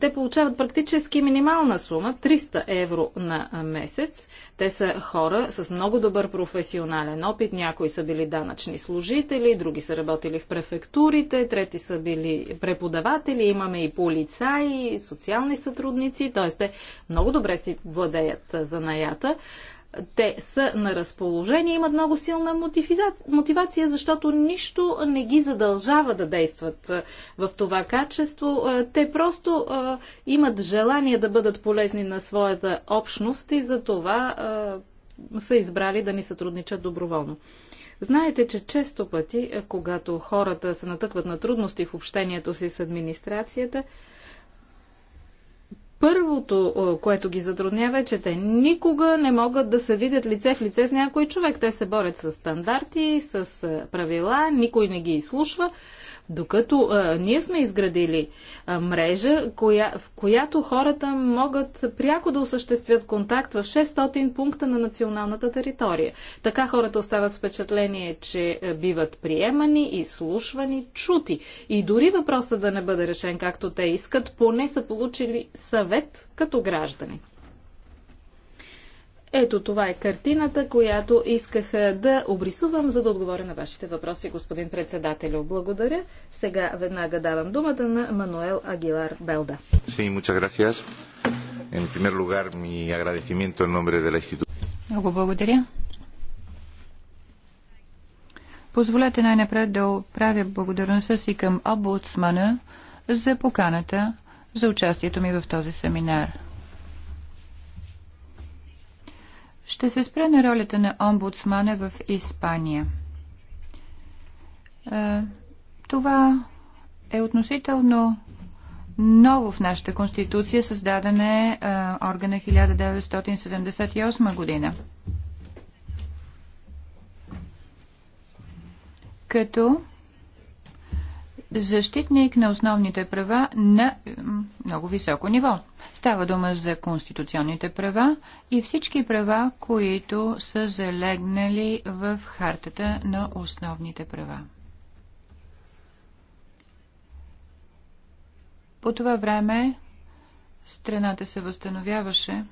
те получават практически минимална сума 300 евро на месец. Те са хора с много добър професионален опит. Някои са били данъчни служители, други са работили в префектурите, трети са били преподаватели. Имаме и полицаи, и социални сътрудници, т.е. те много добре си владеят занаята те са на разположение, имат много силна мотивация, защото нищо не ги задължава да действат в това качество. Те просто имат желание да бъдат полезни на своята общност и за това са избрали да ни сътрудничат доброволно. Знаете, че често пъти, когато хората се натъкват на трудности в общението си с администрацията, Първото, е, което ги затруднява е, че те никога не могат да се видят лице в лице с някой човек. Те се борят с стандарти, с е, правила, никой не ги изслушва. Докато а, ние сме изградили а, мрежа, коя, в която хората могат пряко да осъществят контакт в 600 пункта на националната територия. Така хората остават с впечатление, че а, биват приемани, изслушвани, чути. И дори въпросът да не бъде решен както те искат, поне са получили съвет като граждани. Ето това е картината, която исках да обрисувам, за да отговоря на вашите въпроси, господин председател. Благодаря. Сега веднага давам думата на Мануел Агилар Белда. Sí, muchas gracias. En primer lugar, mi agradecimiento en nombre de la Много благодаря. Позволете най-напред да отправя благодарността си към обудсмана за поканата за участието ми в този семинар. Ще се спре на ролята на омбудсмана в Испания. Е, това е относително ново в нашата конституция, създадена е, е органа 1978 година. Като защитник на основните права на много високо ниво. Става дума за конституционните права и всички права, които са залегнали в хартата на основните права. По това време страната се възстановяваше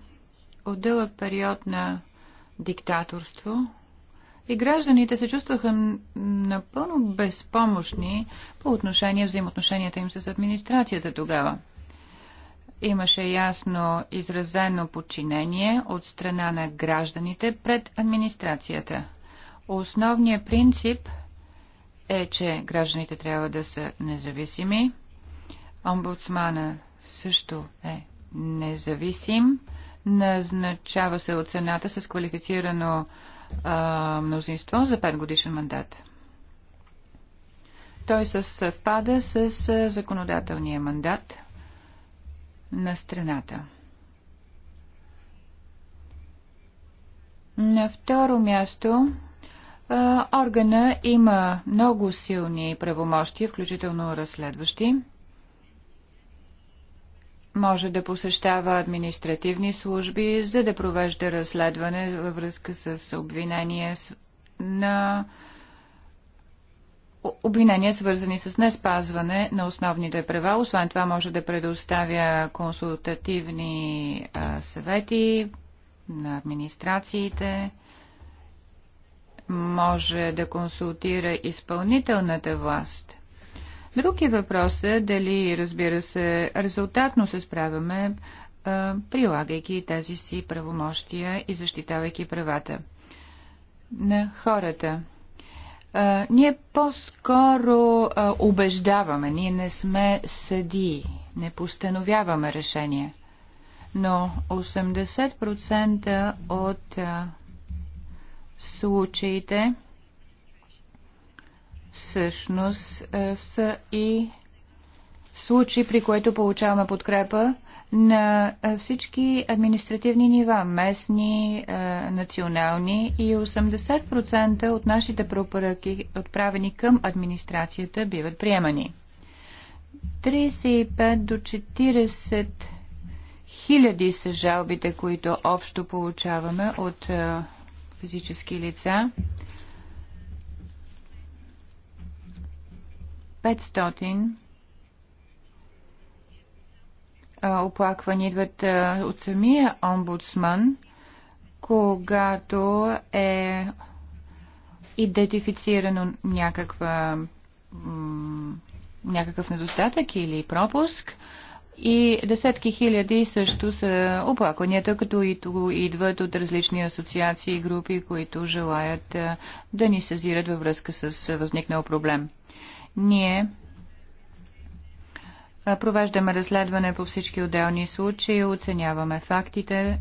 от дълъг период на диктаторство, и гражданите се чувстваха напълно безпомощни по отношение взаимоотношенията им с администрацията тогава. Имаше ясно изразено подчинение от страна на гражданите пред администрацията. Основният принцип е, че гражданите трябва да са независими. Омбудсмана също е независим назначава се от Сената с квалифицирано а, мнозинство за 5 годишен мандат. Той се съвпада с законодателния мандат на страната. На второ място органа има много силни правомощия, включително разследващи може да посещава административни служби, за да провежда разследване във връзка с обвинение на обвинения, свързани с неспазване на основните права. Освен това може да предоставя консултативни а, съвети на администрациите, може да консултира изпълнителната власт – Други въпрос е дали, разбира се, резултатно се справяме, прилагайки тези си правомощия и защитавайки правата на хората. ние по-скоро убеждаваме, ние не сме съдии, не постановяваме решения. Но 80% от случаите, всъщност е, са и случаи, при които получаваме подкрепа на е, всички административни нива, местни, е, национални и 80% от нашите препоръки, отправени към администрацията, биват приемани. 35 до 40 хиляди са жалбите, които общо получаваме от физически лица 500 оплаквания идват от самия омбудсман, когато е идентифицирано някаква, някакъв недостатък или пропуск. И десетки хиляди също са оплакванията, като и идват от различни асоциации и групи, които желаят да ни съзират във връзка с възникнал проблем. Ние провеждаме разследване по всички отделни случаи, оценяваме фактите,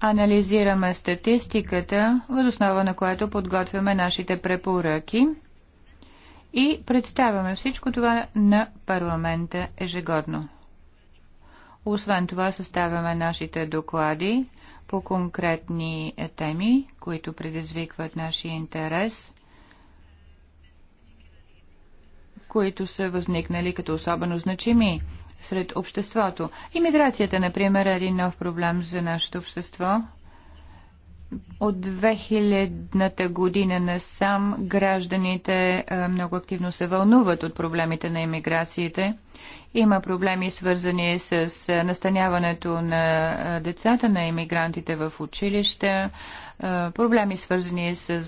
анализираме статистиката, възоснова на което подготвяме нашите препоръки и представяме всичко това на парламента ежегодно. Освен това съставяме нашите доклади по конкретни теми, които предизвикват нашия интерес. които са възникнали като особено значими сред обществото. Имиграцията, например, е един нов проблем за нашето общество. От 2000-та година насам гражданите е, много активно се вълнуват от проблемите на иммиграциите. Има проблеми свързани с е, настаняването на е, децата на иммигрантите в училища, проблеми свързани с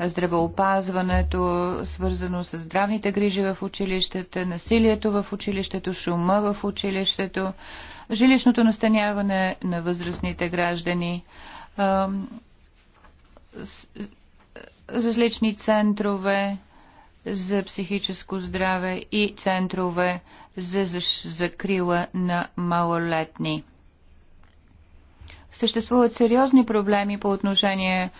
здравеопазването, свързано с здравните грижи в училищата, насилието в училището, шума в училището, жилищното настаняване на възрастните граждани, различни центрове за психическо здраве и центрове за закрила на малолетни. Съществуват сериозни проблеми по отношение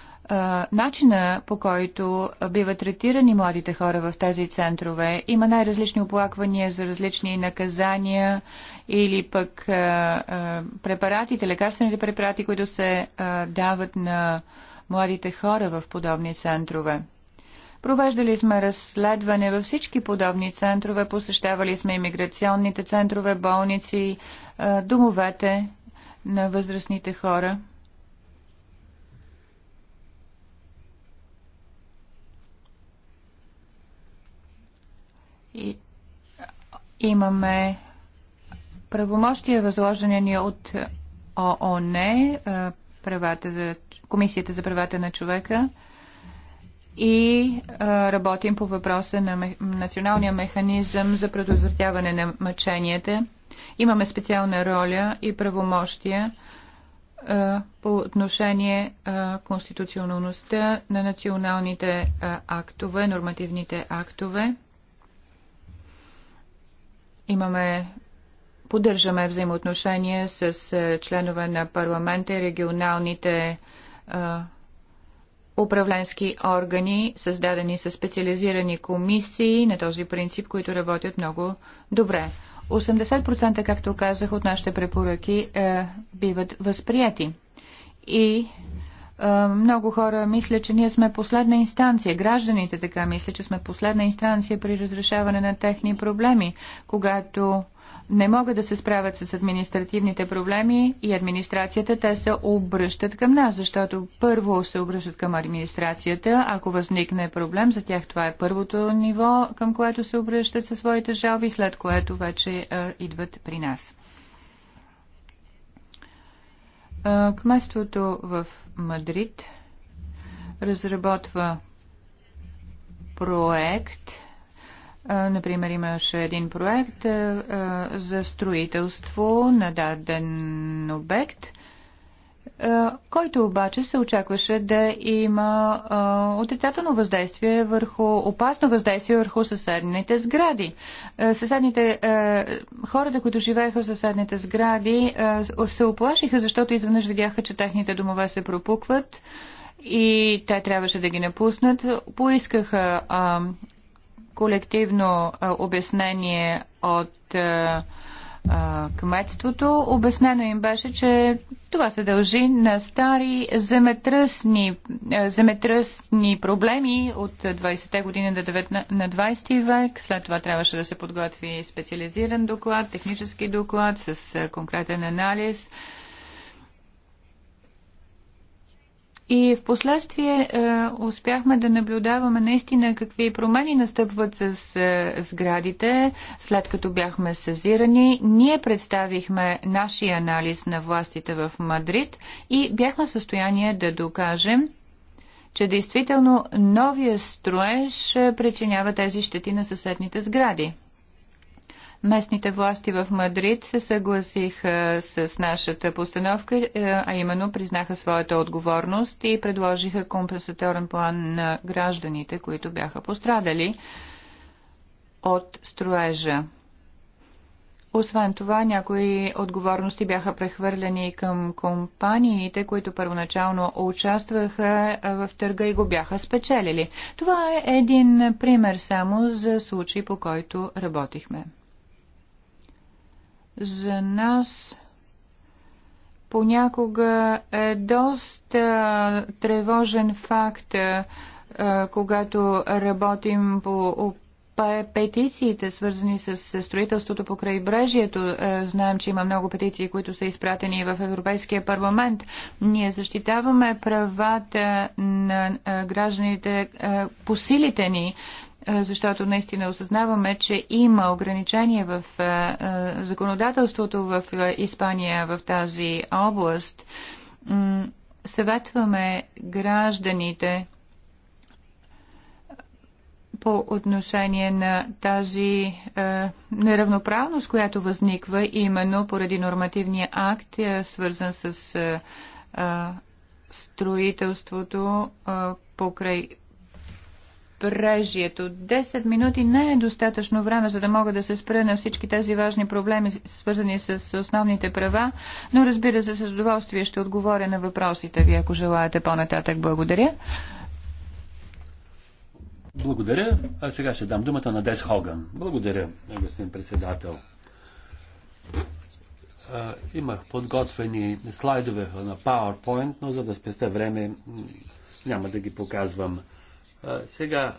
начина по който биват третирани младите хора в тези центрове. Има най-различни оплаквания за различни наказания или пък препаратите, лекарствените препарати, които се дават на младите хора в подобни центрове. Провеждали сме разследване във всички подобни центрове, посещавали сме иммиграционните центрове, болници, домовете на възрастните хора – И имаме правомощия, възложени ни от ООН, е, правата за, Комисията за правата на човека и е, работим по въпроса на националния механизъм за предотвратяване на мъченията. Имаме специална роля и правомощия е, по отношение а, конституционалността на националните актове, нормативните актове. Имаме поддържаме взаимоотношения с е, членове на парламента и регионалните а, е, управленски органи, създадени с специализирани комисии на този принцип, които работят много добре. 80%, както казах, от нашите препоръки а, е, биват възприяти. И много хора мислят, че ние сме последна инстанция. Гражданите така мислят, че сме последна инстанция при разрешаване на техни проблеми, когато не могат да се справят с административните проблеми и администрацията, те се обръщат към нас, защото първо се обръщат към администрацията. Ако възникне проблем, за тях това е първото ниво, към което се обръщат със своите жалби, след което вече а, идват при нас. кместото в Мадрид разработва проект. Например, имаше един проект за строителство на даден обект е, който обаче се очакваше да има е, отрицателно въздействие върху, опасно въздействие върху съседните сгради. Е, съседните, хората, които живееха в съседните сгради, се оплашиха, защото изведнъж видяха, че техните домове се пропукват и те трябваше да ги напуснат. Поискаха колективно обяснение от а, кметството. Обяснено им беше, че това се дължи на стари земетръсни, земетръсни проблеми от 20-те години на 20 век. След това трябваше да се подготви специализиран доклад, технически доклад с конкретен анализ И в последствие е, успяхме да наблюдаваме наистина какви промени настъпват с е, сградите, след като бяхме сезирани. Ние представихме нашия анализ на властите в Мадрид и бяхме в състояние да докажем, че действително новия строеж е, причинява тези щети на съседните сгради. Местните власти в Мадрид се съгласиха с нашата постановка, е, а именно признаха своята отговорност и предложиха компенсаторен план на гражданите, които бяха пострадали от строежа. Освен това, някои отговорности бяха прехвърлени към компаниите, които първоначално участваха в търга и го бяха спечелили. Това е един пример само за случай, по който работихме за нас понякога е доста тревожен факт, когато работим по петициите, свързани с строителството по крайбрежието. Е, знаем, че има много петиции, които са изпратени в Европейския парламент. Ние защитаваме правата на гражданите по силите ни, защото наистина осъзнаваме, че има ограничения в законодателството в Испания в тази област. Съветваме гражданите по отношение на тази е, неравноправност, която възниква именно поради нормативния акт, е, свързан с е, строителството е, покрай крайбрежието. 10 минути не е достатъчно време, за да мога да се спра на всички тези важни проблеми, свързани с основните права, но разбира се, с удоволствие ще отговоря на въпросите ви, ако желаете по-нататък. Благодаря. Благодаря. А сега ще дам думата на Дес Хоган. Благодаря, господин председател. А, имах подготвени слайдове на PowerPoint, но за да спеста време няма да ги показвам. Сега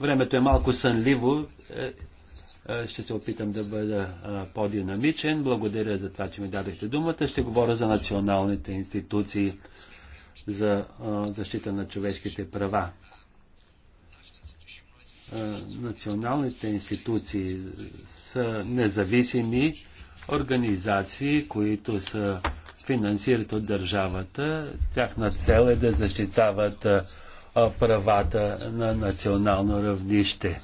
времето е малко сънливо. Е, е, ще се опитам да бъда по-динамичен. Благодаря за това, че ми дадете думата. Ще говоря за националните институции за защита на човешките права. Националните институции са независими организации, които са финансират от държавата. Тяхна цел е да защитават правата на национално равнище.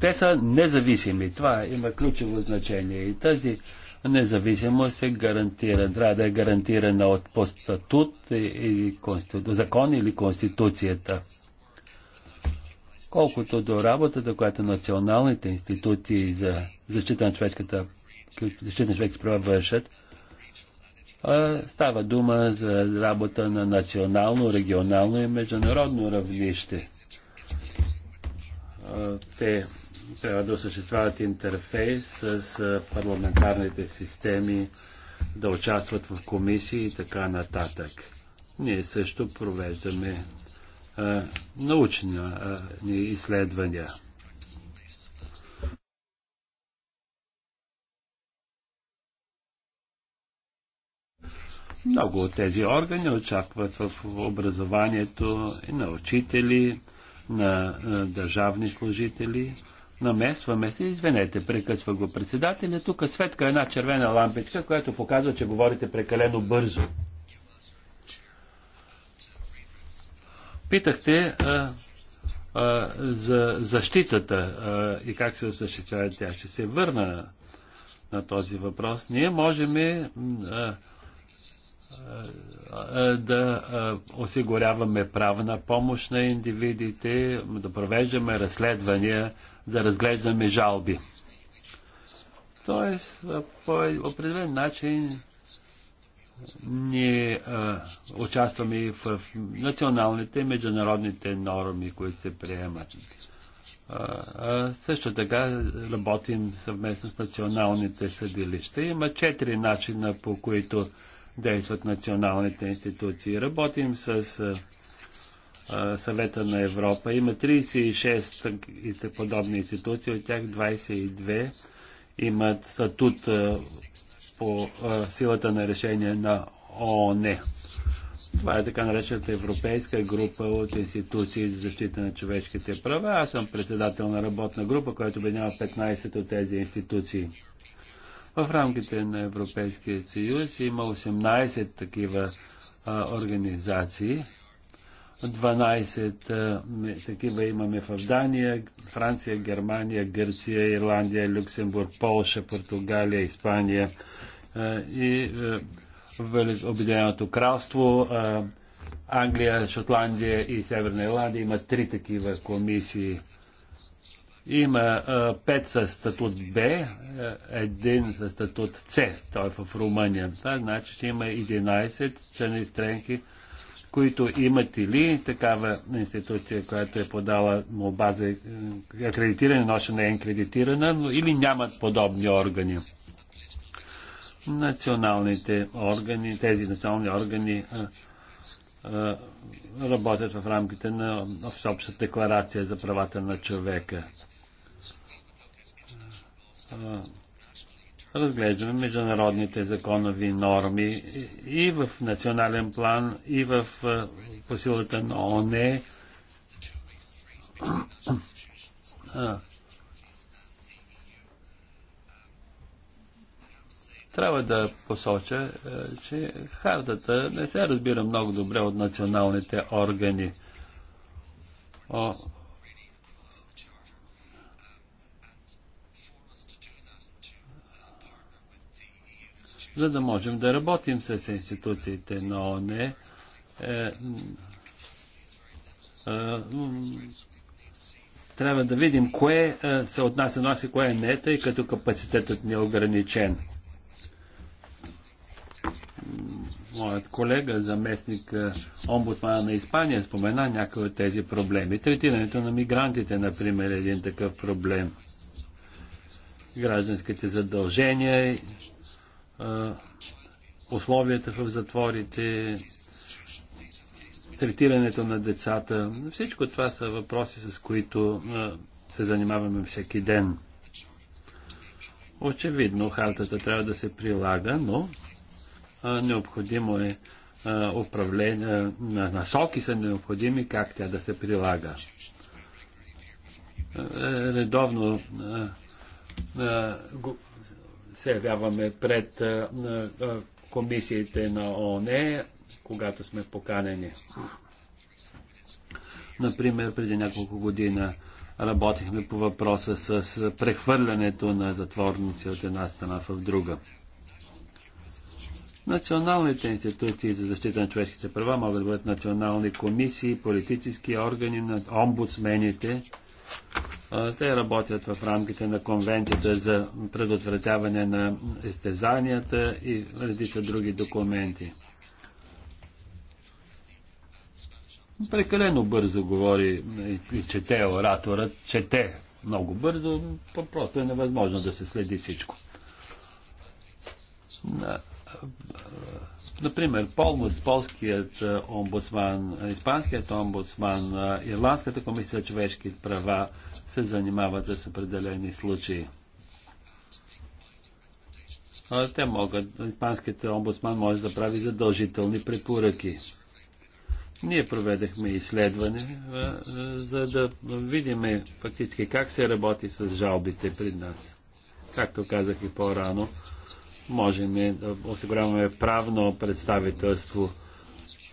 Те са независими. Това има ключово значение. И тази независимост се гарантира. Трябва да е гарантирана от по статут или конститу... закон или конституцията. Колкото до работата, която националните институции за защита на човешката защита на човешката права вършат, Става дума за работа на национално, регионално и международно равнище. Те трябва да осъществяват интерфейс с парламентарните системи, да участват в комисии и така нататък. Ние също провеждаме научни изследвания. Много от тези органи очакват в образованието и на учители, на, държавни служители. Намесваме се, извинете, прекъсва го председателя. Тук светка една червена лампичка, която показва, че говорите прекалено бързо. Питахте а, а, за защитата а, и как се осъществява тя. Ще се върна на, на този въпрос. Ние можем а, е, е, да е, осигуряваме правна помощ на индивидите, да провеждаме разследвания, да разглеждаме жалби. Тоест, по определен начин ние а, участваме и в националните и международните норми, които се приемат. А, а, също така работим съвместно с националните съдилища. Има четири начина, по които действат националните институции. Работим с съвета на Европа. Има 36 подобни институции, от тях 22 имат статут по силата на решение на ООН. Това е така наречената Европейска група от институции за защита на човешките права. Аз съм председател на работна група, която обединява 15 от тези институции. В рамките на Европейския съюз има 18 такива а, организации. 12 а, такива имаме в Дания, Франция, Германия, Гърция, Ирландия, Люксембург, Полша, Португалия, Испания а, и Обединеното кралство. А, Англия, Шотландия и Северна Ирландия има три такива комисии. Има пет със статут Б, един със статут С, той е в Румъния. Това значи, че има 11 страни стренки, които имат или такава институция, която е подала му база е, акредитиране, но още не е акредитирана, но или нямат подобни органи. Националните органи, тези национални органи работят в рамките на Всеобщата декларация за правата на човека разглеждаме международните законови норми и в национален план, и в посилата на ОНЕ. Трябва да посоча, че хардата не се разбира много добре от националните органи. за да можем да работим с институциите на ООН. Е, е, трябва да видим кое е, се отнася нас и кое не, тъй като капацитетът ни е ограничен. Моят колега, заместник е, омбудсмана на Испания, спомена някои от тези проблеми. Третирането на мигрантите, например, е един такъв проблем. Гражданските задължения условията в затворите, третирането на децата. Всичко това са въпроси, с които се занимаваме всеки ден. Очевидно, хартата трябва да се прилага, но необходимо е управление, насоки са необходими как тя да се прилага. Е, редовно се явяваме пред комисиите на ООН, когато сме поканени. Например, преди няколко година работихме по въпроса с прехвърлянето на затворници от една страна в друга. Националните институции за защита на човешките права могат да бъдат национални комисии, политически органи, омбудсмените, те работят в рамките на конвенцията за предотвратяване на изтезанията и редица други документи. Прекалено бързо говори и чете ораторът, чете много бързо, просто е невъзможно да се следи всичко Например, полност, е, омбудсман, е, испанският омбудсман, е, Ирландската комисия за човешки права се занимават с определени случаи. Те могат, испанският омбудсман може да прави задължителни препоръки. Ние проведахме изследване, за да видим фактически как се работи с жалбите при нас. Както казах и по-рано, можем да осигуряваме правно представителство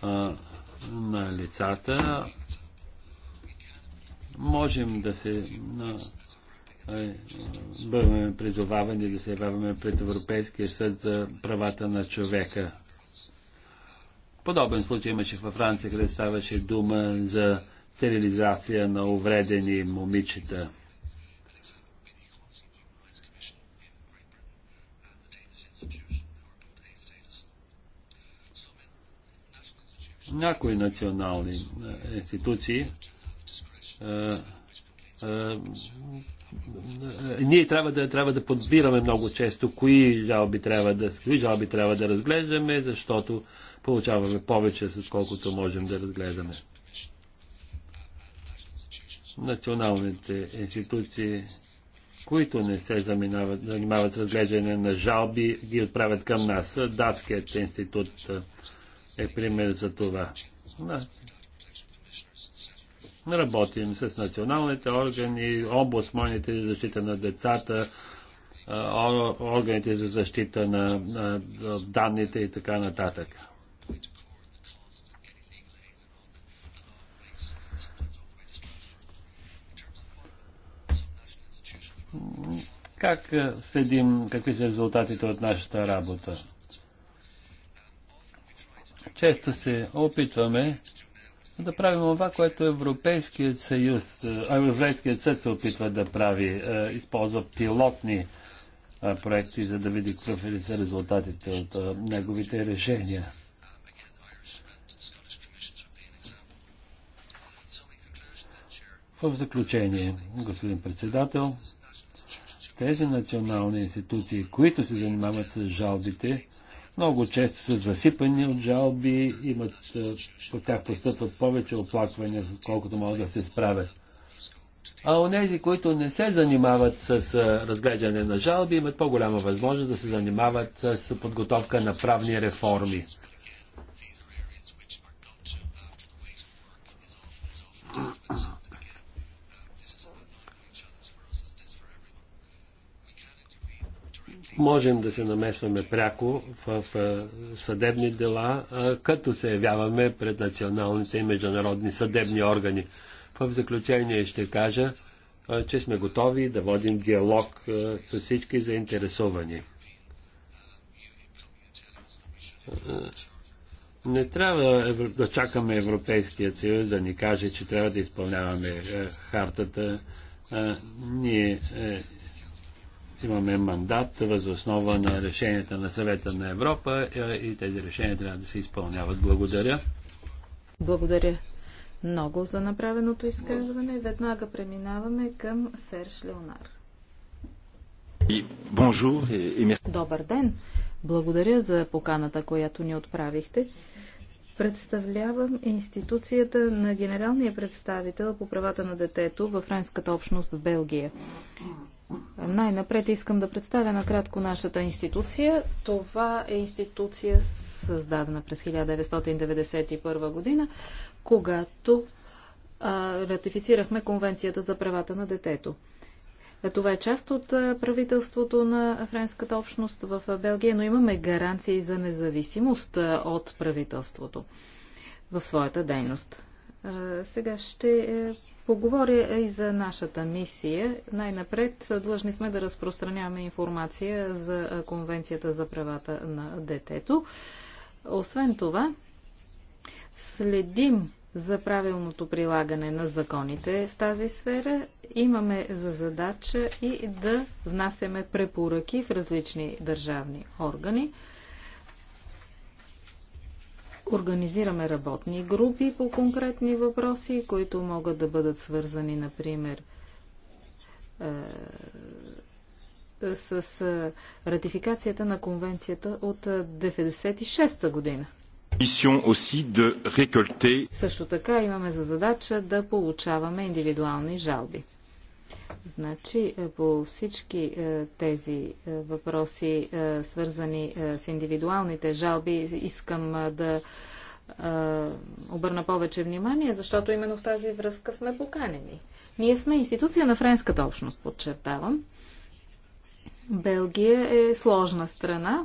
а, на лицата. Можем да се а, бъдем призовавани да се явяваме пред Европейския съд за правата на човека. Подобен случай имаше във Франция, къде ставаше дума за стерилизация на увредени момичета. някои национални е, институции е, е, ние трябва да, трябва да подбираме много често кои жалби трябва да, кои жалби трябва да разглеждаме, защото получаваме повече, с колкото можем да разгледаме. Националните институции, които не се заминават, занимават с разглеждане на жалби, ги отправят към нас. Датският институт е пример за това. Да. Работим с националните органи, омбудсманите за защита на децата, органите за защита на, на данните и така нататък. Как следим какви са резултатите от нашата работа? Често се опитваме да правим това, което Европейският съюз, Европейският съд се опитва да прави. Е, използва пилотни е, проекти, за да види какви са резултатите от е, неговите решения. В заключение, господин председател, тези национални институции, които се занимават с жалбите, много често са засипани от жалби, имат, по тях постъпват повече оплаквания, колкото могат да се справят. А онези, които не се занимават с разглеждане на жалби, имат по-голяма възможност да се занимават с подготовка на правни реформи. можем да се намесваме пряко в съдебни дела, като се явяваме пред националните и международни съдебни органи. В заключение ще кажа, че сме готови да водим диалог с всички заинтересовани. Не трябва да чакаме Европейския съюз да ни каже, че трябва да изпълняваме хартата. Ние е, имаме мандат възоснова на решенията на съвета на Европа е, и тези решения трябва да се изпълняват. Благодаря. Благодаря много за направеното изказване. Веднага преминаваме към Серж Леонар. Добър ден! Благодаря за поканата, която ни отправихте. Представлявам институцията на генералния представител по правата на детето във френската общност в Белгия. Най-напред искам да представя накратко нашата институция. Това е институция създадена през 1991 година, когато а, ратифицирахме Конвенцията за правата на детето. Това е част от правителството на френската общност в Белгия, но имаме гаранции за независимост от правителството в своята дейност. Сега ще е, поговоря и за нашата мисия. Най-напред е, длъжни сме да разпространяваме информация за е, Конвенцията за правата на детето. Освен това, следим за правилното прилагане на законите в тази сфера. Имаме за задача и да внасяме препоръки в различни държавни органи. Организираме работни групи по конкретни въпроси, които могат да бъдат свързани, например, е, с е, ратификацията на конвенцията от 1996 е, година. Също така имаме за задача да получаваме индивидуални жалби. Значи е, по всички е, тези е, въпроси, свързани с индивидуалните жалби, искам да обърна повече внимание, защото именно в тази връзка сме поканени. Ние сме институция на френската общност, подчертавам. Белгия е сложна страна,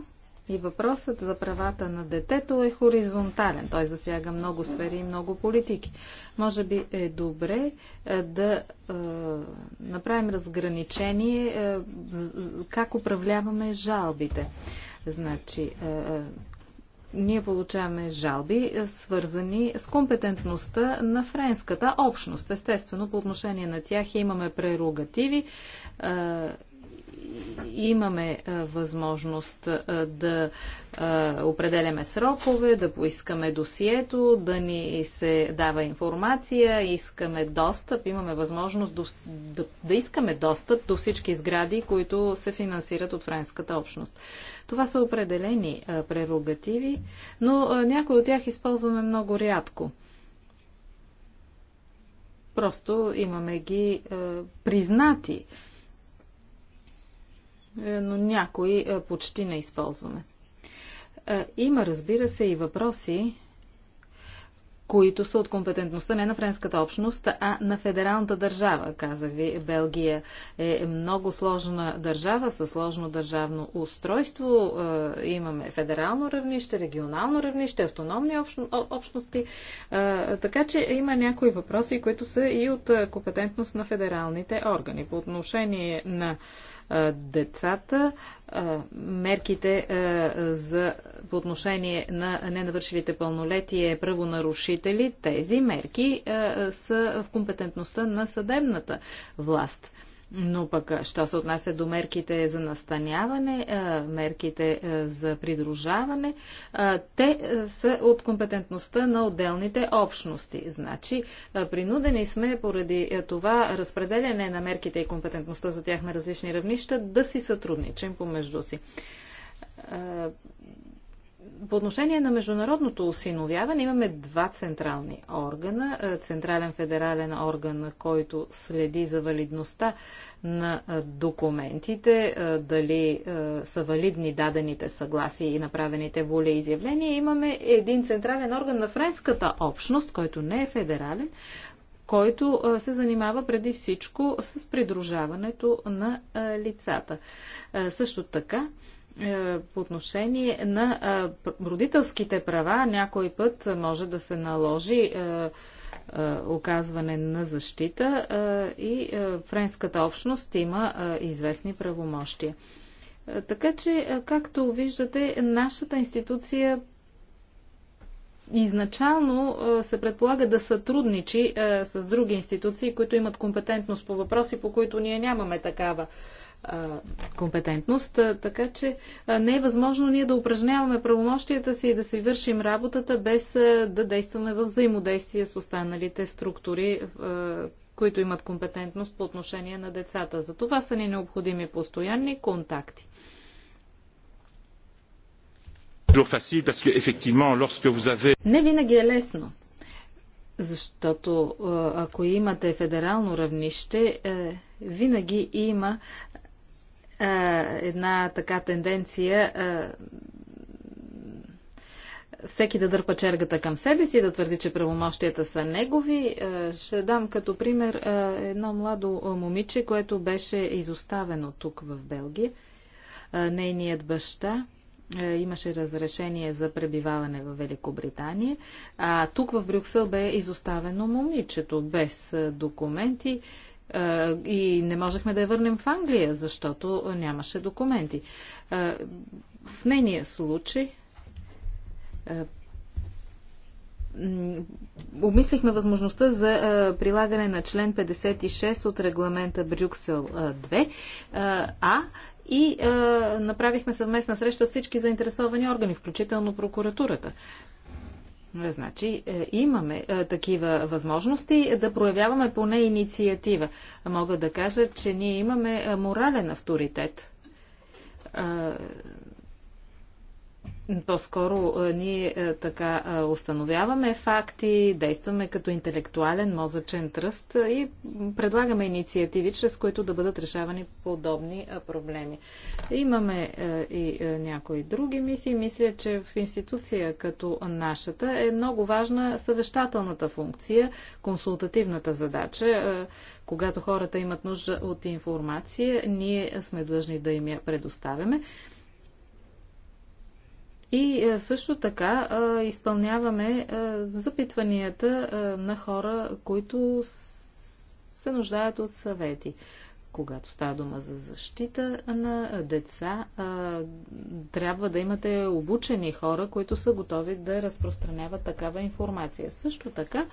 и въпросът за правата на детето е хоризонтален. Той засяга много сфери и много политики. Може би е добре е, да е, направим разграничение е, как управляваме жалбите. Значи, е, е ние получаваме жалби, е, свързани с компетентността на френската общност. Естествено, по отношение на тях имаме прерогативи имаме възможност да определяме срокове, да поискаме досието, да ни се дава информация, искаме достъп, имаме възможност да, да искаме достъп до всички сгради, които се финансират от френската общност. Това са определени прерогативи, но някои от тях използваме много рядко. Просто имаме ги признати е, но някои е, почти не използваме. Е, има, разбира се, и въпроси, които са от компетентността не на френската общност, а на федералната държава. Каза ви, Белгия е много сложна държава, със сложно държавно устройство. Имаме федерално равнище, регионално равнище, автономни общности. Така че има някои въпроси, които са и от компетентност на федералните органи. По отношение на децата, мерките за, по отношение на ненавършилите пълнолетие правонарушители, тези мерки са в компетентността на съдебната власт. Но пък, що се отнася до мерките за настаняване, мерките за придружаване, те са от компетентността на отделните общности. Значи, принудени сме поради това разпределяне на мерките и компетентността за тях на различни равнища да си сътрудничим помежду си. По отношение на международното осиновяване имаме два централни органа. Е, централен федерален орган, който следи за валидността на е, документите, е, дали са валидни дадените съгласия и направените волеизявления. Имаме един централен орган на френската общност, който не е федерален, който се занимава преди всичко с придружаването на лицата. Също така, е, по отношение на е, родителските права някой път може да се наложи е, оказване на защита и френската общност има известни правомощия. Така че, както виждате, нашата институция изначално се предполага да сътрудничи с други институции, които имат компетентност по въпроси, по които ние нямаме такава компетентност, така че не е възможно ние да упражняваме правомощията си и да си вършим работата без да действаме в взаимодействие с останалите структури, които имат компетентност по отношение на децата. За това са ни необходими постоянни контакти. Не винаги е лесно. Защото ако имате федерално равнище, е, винаги има една така тенденция всеки да дърпа чергата към себе си, да твърди, че правомощията са негови. Ще дам като пример едно младо момиче, което беше изоставено тук в Белгия. Нейният баща имаше разрешение за пребиваване в Великобритания, а тук в Брюксел бе изоставено момичето без документи е, и не можехме да я върнем в Англия, защото нямаше документи. Е, в нейния случай е, обмислихме възможността за прилагане на член 56 от регламента Брюксел 2, а, и направихме съвместна среща с всички заинтересовани органи, включително прокуратурата. Е, значи е, имаме е, такива възможности да проявяваме поне инициатива. Мога да кажа, че ние имаме морален авторитет по-скоро е, ние е, така е, установяваме факти, действаме като интелектуален мозъчен тръст и предлагаме инициативи, чрез които да бъдат решавани подобни проблеми. Имаме и някои други мисии. Мисля, че в институция като нашата е много важна съвещателната функция, консултативната задача. Когато хората имат нужда от информация, ние сме длъжни да им я предоставяме. И е, също така е, изпълняваме е, запитванията на хора, които се нуждаят от съвети. Когато става дума за защита на деца, трябва да имате обучени хора, които са готови да разпространяват такава информация. Също така,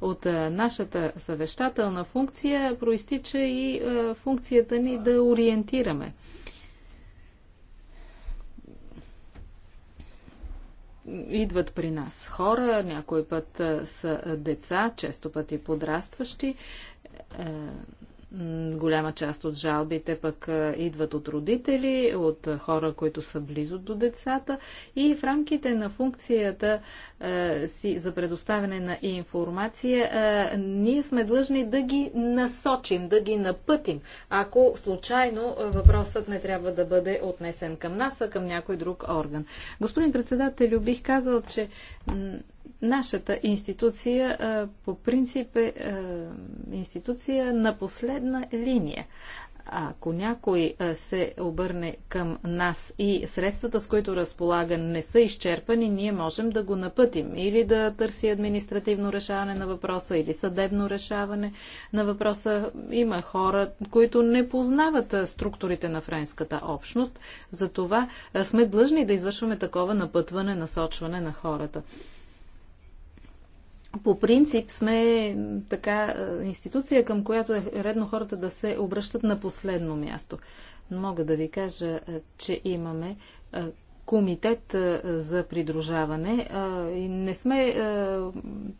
от нашата съвещателна функция проистича и функцията ни да ориентираме идват при нас хора, някой път са деца, често пъти подрастващи. Е, Голяма част от жалбите пък идват от родители, от хора, които са близо до децата и в рамките на функцията си за предоставяне на информация ние сме длъжни да ги насочим, да ги напътим, ако случайно въпросът не трябва да бъде отнесен към нас, а към някой друг орган. Господин председател, бих казал, че Нашата институция по принцип е институция на последна линия. Ако някой се обърне към нас и средствата, с които разполага, не са изчерпани, ние можем да го напътим или да търси административно решаване на въпроса, или съдебно решаване на въпроса. Има хора, които не познават структурите на френската общност, затова сме длъжни да извършваме такова напътване, насочване на хората по принцип сме така институция, към която е редно хората да се обръщат на последно място. Мога да ви кажа, че имаме комитет за придружаване и не сме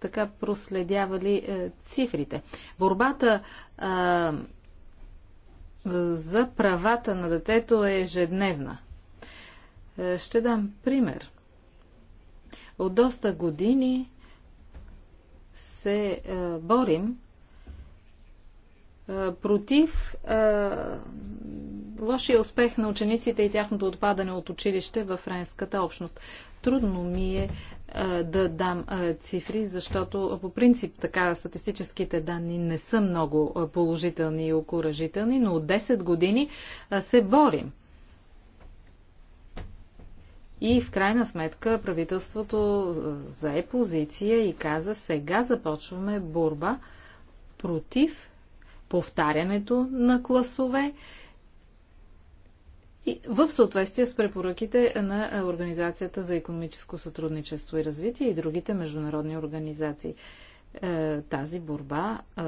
така проследявали цифрите. Борбата за правата на детето е ежедневна. Ще дам пример. От доста години се е, борим е, против е, лошия успех на учениците и тяхното отпадане от училище в френската общност. Трудно ми е да дам цифри, защото по принцип така статистическите данни не са много положителни и окоръжителни, но от 10 години се борим и в крайна сметка правителството зае позиция и каза сега започваме борба против повтарянето на класове и в съответствие с препоръките на Организацията за економическо сътрудничество и развитие и другите международни организации. Е, тази борба е,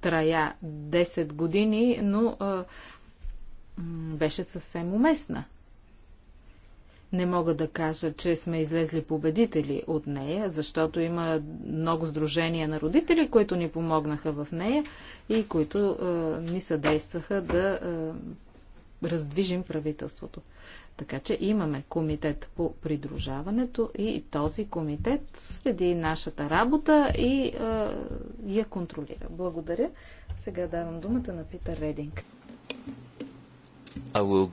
трая 10 години, но е, беше съвсем уместна. Не мога да кажа, че сме излезли победители от нея, защото има много сдружения на родители, които ни помогнаха в нея и които е, ни съдействаха да е, раздвижим правителството. Така че имаме комитет по придружаването и този комитет следи нашата работа и е, я контролира. Благодаря. Сега давам думата на Питър Рединг. Uh,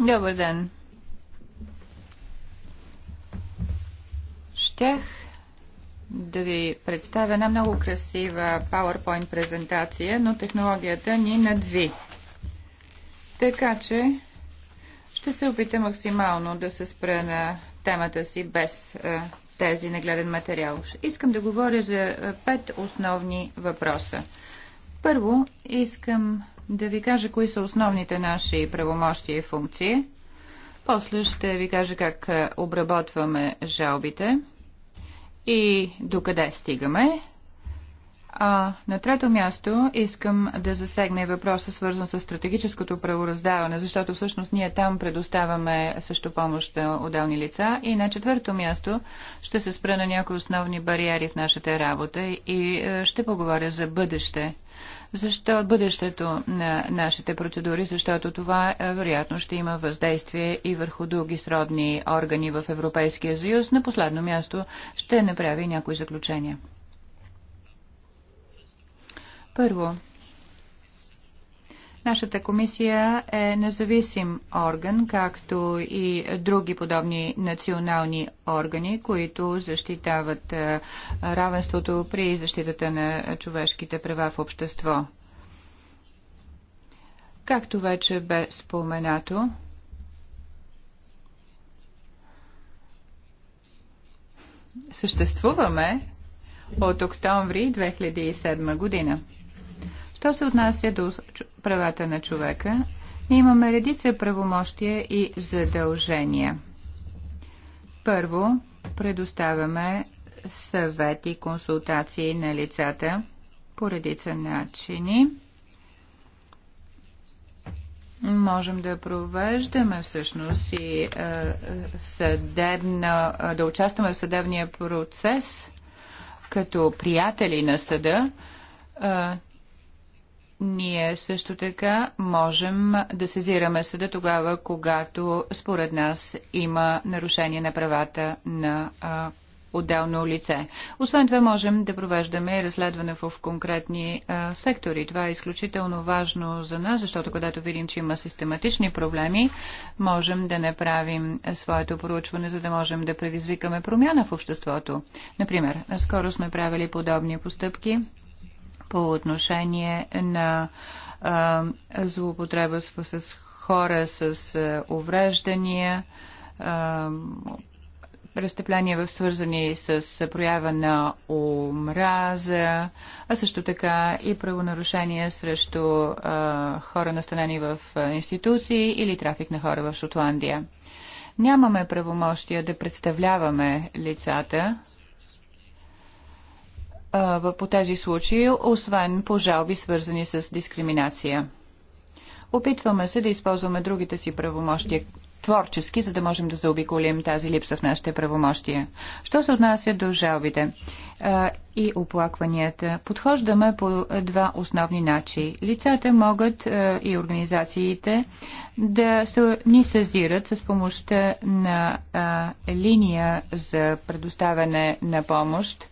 Добър ден. Щях да ви представя една много красива PowerPoint презентация, но технологията ни надви. Така че ще се опита максимално да се спра на темата си без а, е, тези нагледен материал. Искам да говоря за е, пет основни въпроса. Първо, искам да ви кажа кои са основните наши правомощия и функции. После ще ви кажа как е, обработваме жалбите и докъде стигаме. А на трето място искам да засегна и въпроса, свързан с стратегическото правораздаване, защото всъщност ние там предоставяме също помощ на отделни лица. И на четвърто място ще се спра на някои основни бариери в нашата работа и е, ще поговоря за бъдеще защо бъдещето на нашите процедури, защото това е, вероятно ще има въздействие и върху други сродни органи в Европейския съюз. На последно място ще направи някои заключения. Първо, Нашата комисия е независим орган, както и други подобни национални органи, които защитават е, равенството при защитата на човешките права в общество. Както вече бе споменато, съществуваме от октомври 2007 година. Що се отнася до правата на човека, ние имаме редица правомощия и задължения. Първо, предоставяме съвет и консултации на лицата по редица начини. Можем да провеждаме всъщност и е, е съдебна, е, да участваме в съдебния процес като приятели на съда. Е, ние също така можем да сезираме съда тогава, когато според нас има нарушение на правата на а, отделно лице. Освен това можем да провеждаме разследване в конкретни а, сектори. Това е изключително важно за нас, защото когато видим, че има систематични проблеми, можем да направим своето проучване, за да можем да предизвикаме промяна в обществото. Например, скоро сме правили подобни постъпки по отношение на а, злоупотреба с, с хора с а, увреждания, а, престъпления в свързани с проява на омраза, а също така и правонарушения срещу а, хора настанени в институции или трафик на хора в Шотландия. Нямаме правомощия да представляваме лицата, по тези случаи, освен по жалби, свързани с дискриминация. Опитваме се да използваме другите си правомощия творчески, за да можем да заобиколим тази липса в нашите правомощия. Що се отнася до жалбите а, и оплакванията, подхождаме по два основни начи. Лицата могат а, и организациите да се, ни сезират с помощта на а, линия за предоставяне на помощ.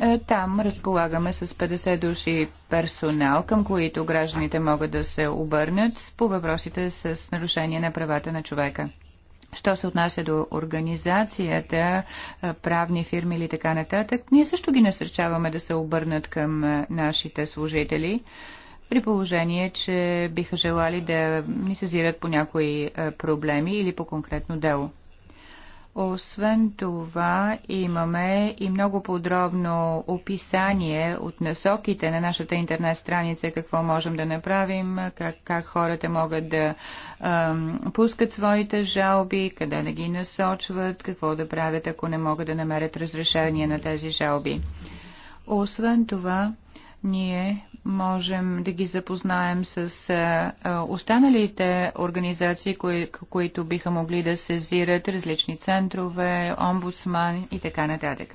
Е, там разполагаме с 50 души персонал, към които гражданите могат да се обърнат по въпросите с нарушение на правата на човека. Що се отнася до организацията, е, правни фирми или така нататък, ние също ги насърчаваме да се обърнат към е, нашите служители, при положение, че биха желали да ни сезират по някои проблеми или по конкретно дело. Освен това, имаме и много подробно описание от насоките на нашата интернет страница, какво можем да направим, как, как хората могат да ам, пускат своите жалби, къде да ги насочват, какво да правят, ако не могат да намерят разрешение на тези жалби. Освен това, ние можем да ги запознаем с останалите организации, кои, които биха могли да сезират различни центрове, омбудсман и така нататък.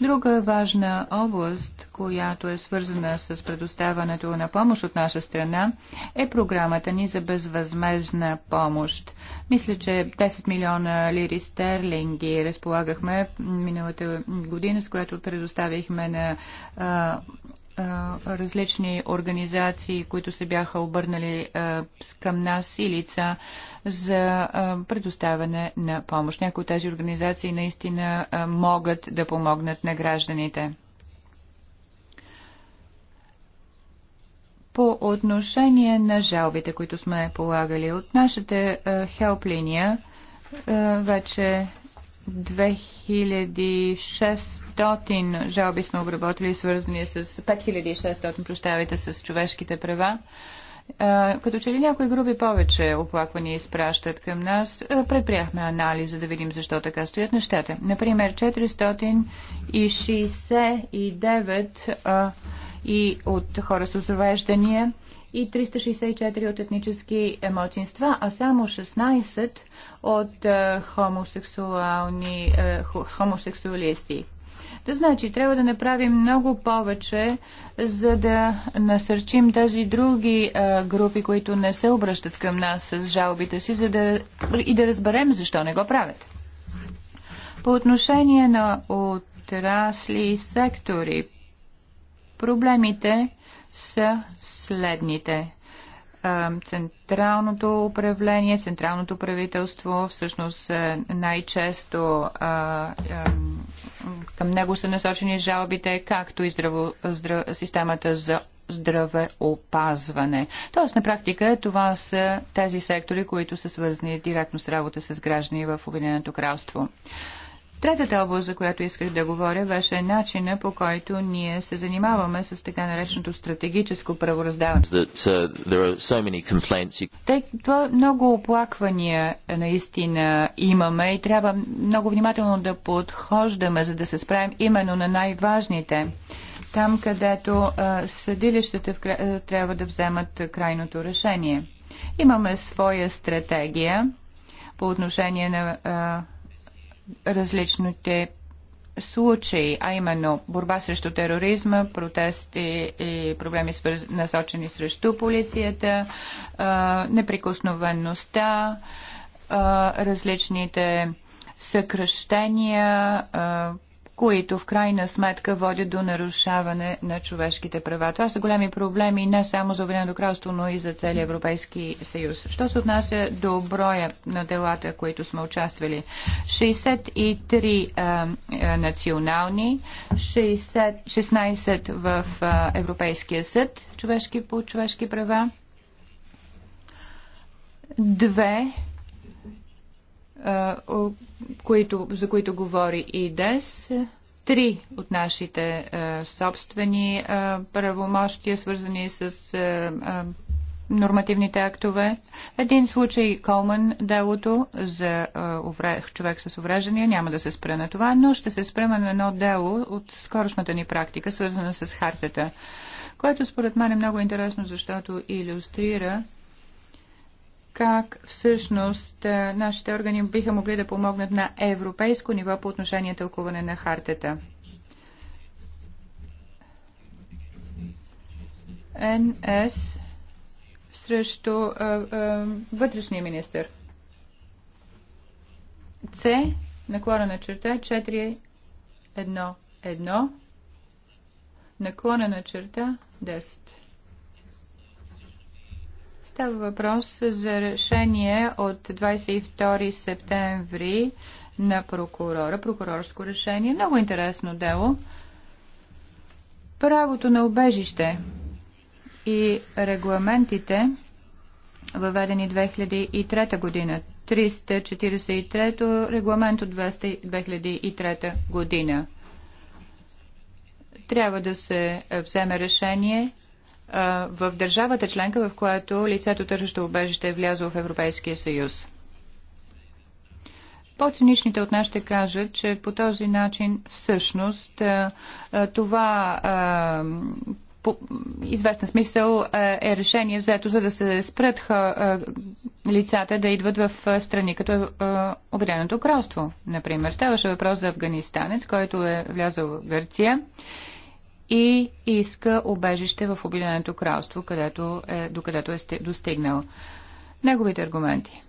Друга важна област, която е свързана с предоставането на помощ от наша страна, е програмата ни за безвъзмезна помощ. Мисля, че 10 милиона лири стерлинги разполагахме миналата година, с която предоставихме на а, различни организации, които се бяха обърнали към нас и лица за предоставяне на помощ. Някои от тези организации наистина могат да помогнат на гражданите. По отношение на жалбите, които сме полагали от нашата хелп линия, вече 2600 жалби сме обработили, свързани с 5600, прощавайте, с човешките права. Като че ли някои груби повече оплаквания изпращат към нас, предприяхме анализа да видим защо така стоят нещата. Например, 469 и от хора с увреждания и 364 от етнически емоцинства, а само 16 от е, хомосексуални, е, хомосексуалисти. Да значи, трябва да направим много повече, за да насърчим тези други а, е, групи, които не се обръщат към нас с жалбите си, за да, и да разберем защо не го правят. По отношение на отрасли и сектори, проблемите са следните. Централното управление, централното правителство всъщност най-често към него са насочени жалбите, както и здраво, здра, системата за здравеопазване. Тоест, на практика, това са тези сектори, които са свързани директно с работа с граждани в Обединеното кралство. Третата област, за която исках да говоря, беше начина по който ние се занимаваме с така нареченото стратегическо правораздаване. Uh, Тъй, това много оплаквания наистина имаме и трябва много внимателно да подхождаме, за да се справим именно на най-важните. Там, където съдилищата в, трябва да вземат крайното решение. Имаме своя стратегия по отношение на различните случаи, а именно борба срещу тероризма, протести и проблеми насочени срещу полицията, неприкосновеността, различните съкръщения, които в крайна сметка водят до нарушаване на човешките права. Това са големи проблеми не само за Обединеното кралство, но и за целия Европейски съюз. Що се отнася до броя на делата, които сме участвали? 63 а, а, национални, 60, 16 в а, Европейския съд човешки по човешки права, две които, за които говори и ДЕС. Три от нашите е, собствени е, правомощия, свързани с е, нормативните актове. Един случай Колман делото за увре... човек с увреждания. Няма да се спра на това, но ще се спрема на едно дело от скорошната ни практика, свързана с хартата, което според мен е много интересно, защото иллюстрира как всъщност нашите органи биха могли да помогнат на европейско ниво по отношение тълкуване на хартата. НС срещу а, а, вътрешния министр. С наклона на черта 4-1-1 наклона на черта 10. Става въпрос за решение от 22 септември на прокурора, прокурорско решение. Много интересно дело. Правото на убежище и регламентите, въведени 2003 година. 343 регламент от 2003 година. Трябва да се вземе решение в държавата членка, в която лицето търсещо убежище е влязло в Европейския съюз. По-циничните от нас ще кажат, че по този начин всъщност това по известен смисъл е решение взето, за да се спрат лицата да идват в страни, като Обединеното кралство, например. Ставаше въпрос за афганистанец, който е влязъл в Гърция и иска обежище в Обединеното кралство, където е, докъдето е достигнал. Неговите аргументи.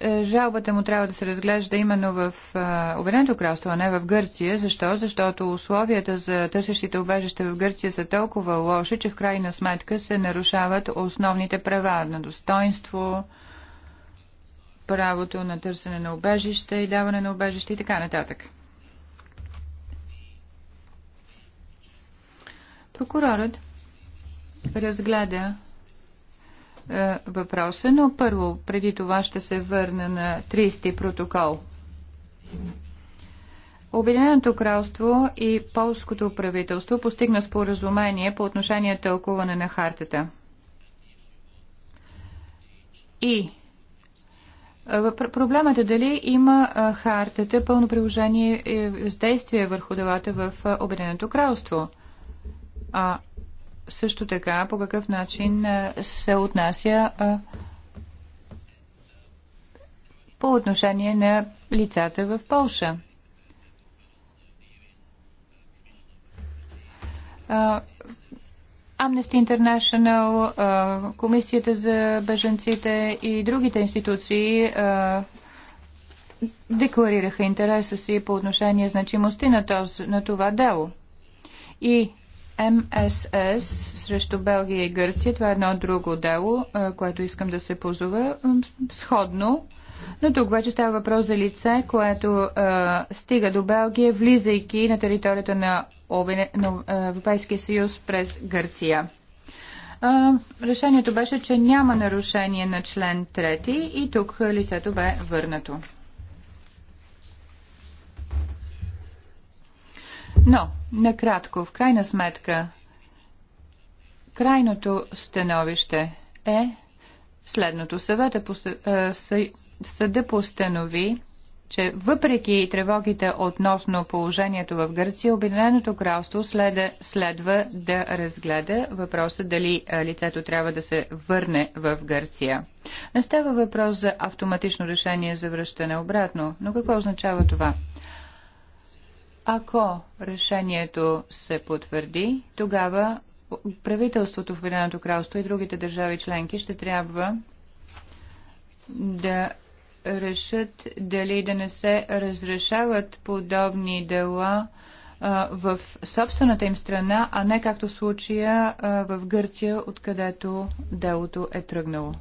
Е, жалбата му трябва да се разглежда именно в е, Обединеното кралство, а не в Гърция. Защо? Защото условията за търсещите обежище в Гърция са толкова лоши, че в крайна сметка се нарушават основните права на достоинство, правото на търсене на обежище и даване на обежище и така нататък. Прокурорът разгледа е, въпроса, но първо, преди това ще се върна на 30 протокол. Обединеното кралство и полското правителство постигна споразумение по отношение тълкуване на хартата. И е, Проблемът е дали има е, хартата пълно приложение и е, въздействие върху делата в Обединеното кралство. А също така, по какъв начин се отнася по отношение на лицата в Полша? Amnesty International, Комисията за беженците и другите институции декларираха интереса си по отношение значимости на, този, на това дело. И МСС срещу Белгия и Гърция. Това е едно друго дело, което искам да се позова. Сходно. Но тук вече става въпрос за лице, което стига до Белгия, влизайки на територията на Европейския съюз през Гърция. Решението беше, че няма нарушение на член 3 и тук лицето бе върнато. Но, накратко, в крайна сметка, крайното становище е следното. Съвета е, съда постанови, че въпреки тревогите относно положението в Гърция, Обединеното кралство следа, следва да разгледа въпроса дали е, лицето трябва да се върне в Гърция. Не става въпрос за автоматично решение за връщане обратно, но какво означава това? Ако решението се потвърди, тогава правителството в Обединеното кралство и другите държави членки ще трябва да решат дали да не се разрешават подобни дела в собствената им страна, а не както в случая в Гърция, откъдето делото е тръгнало.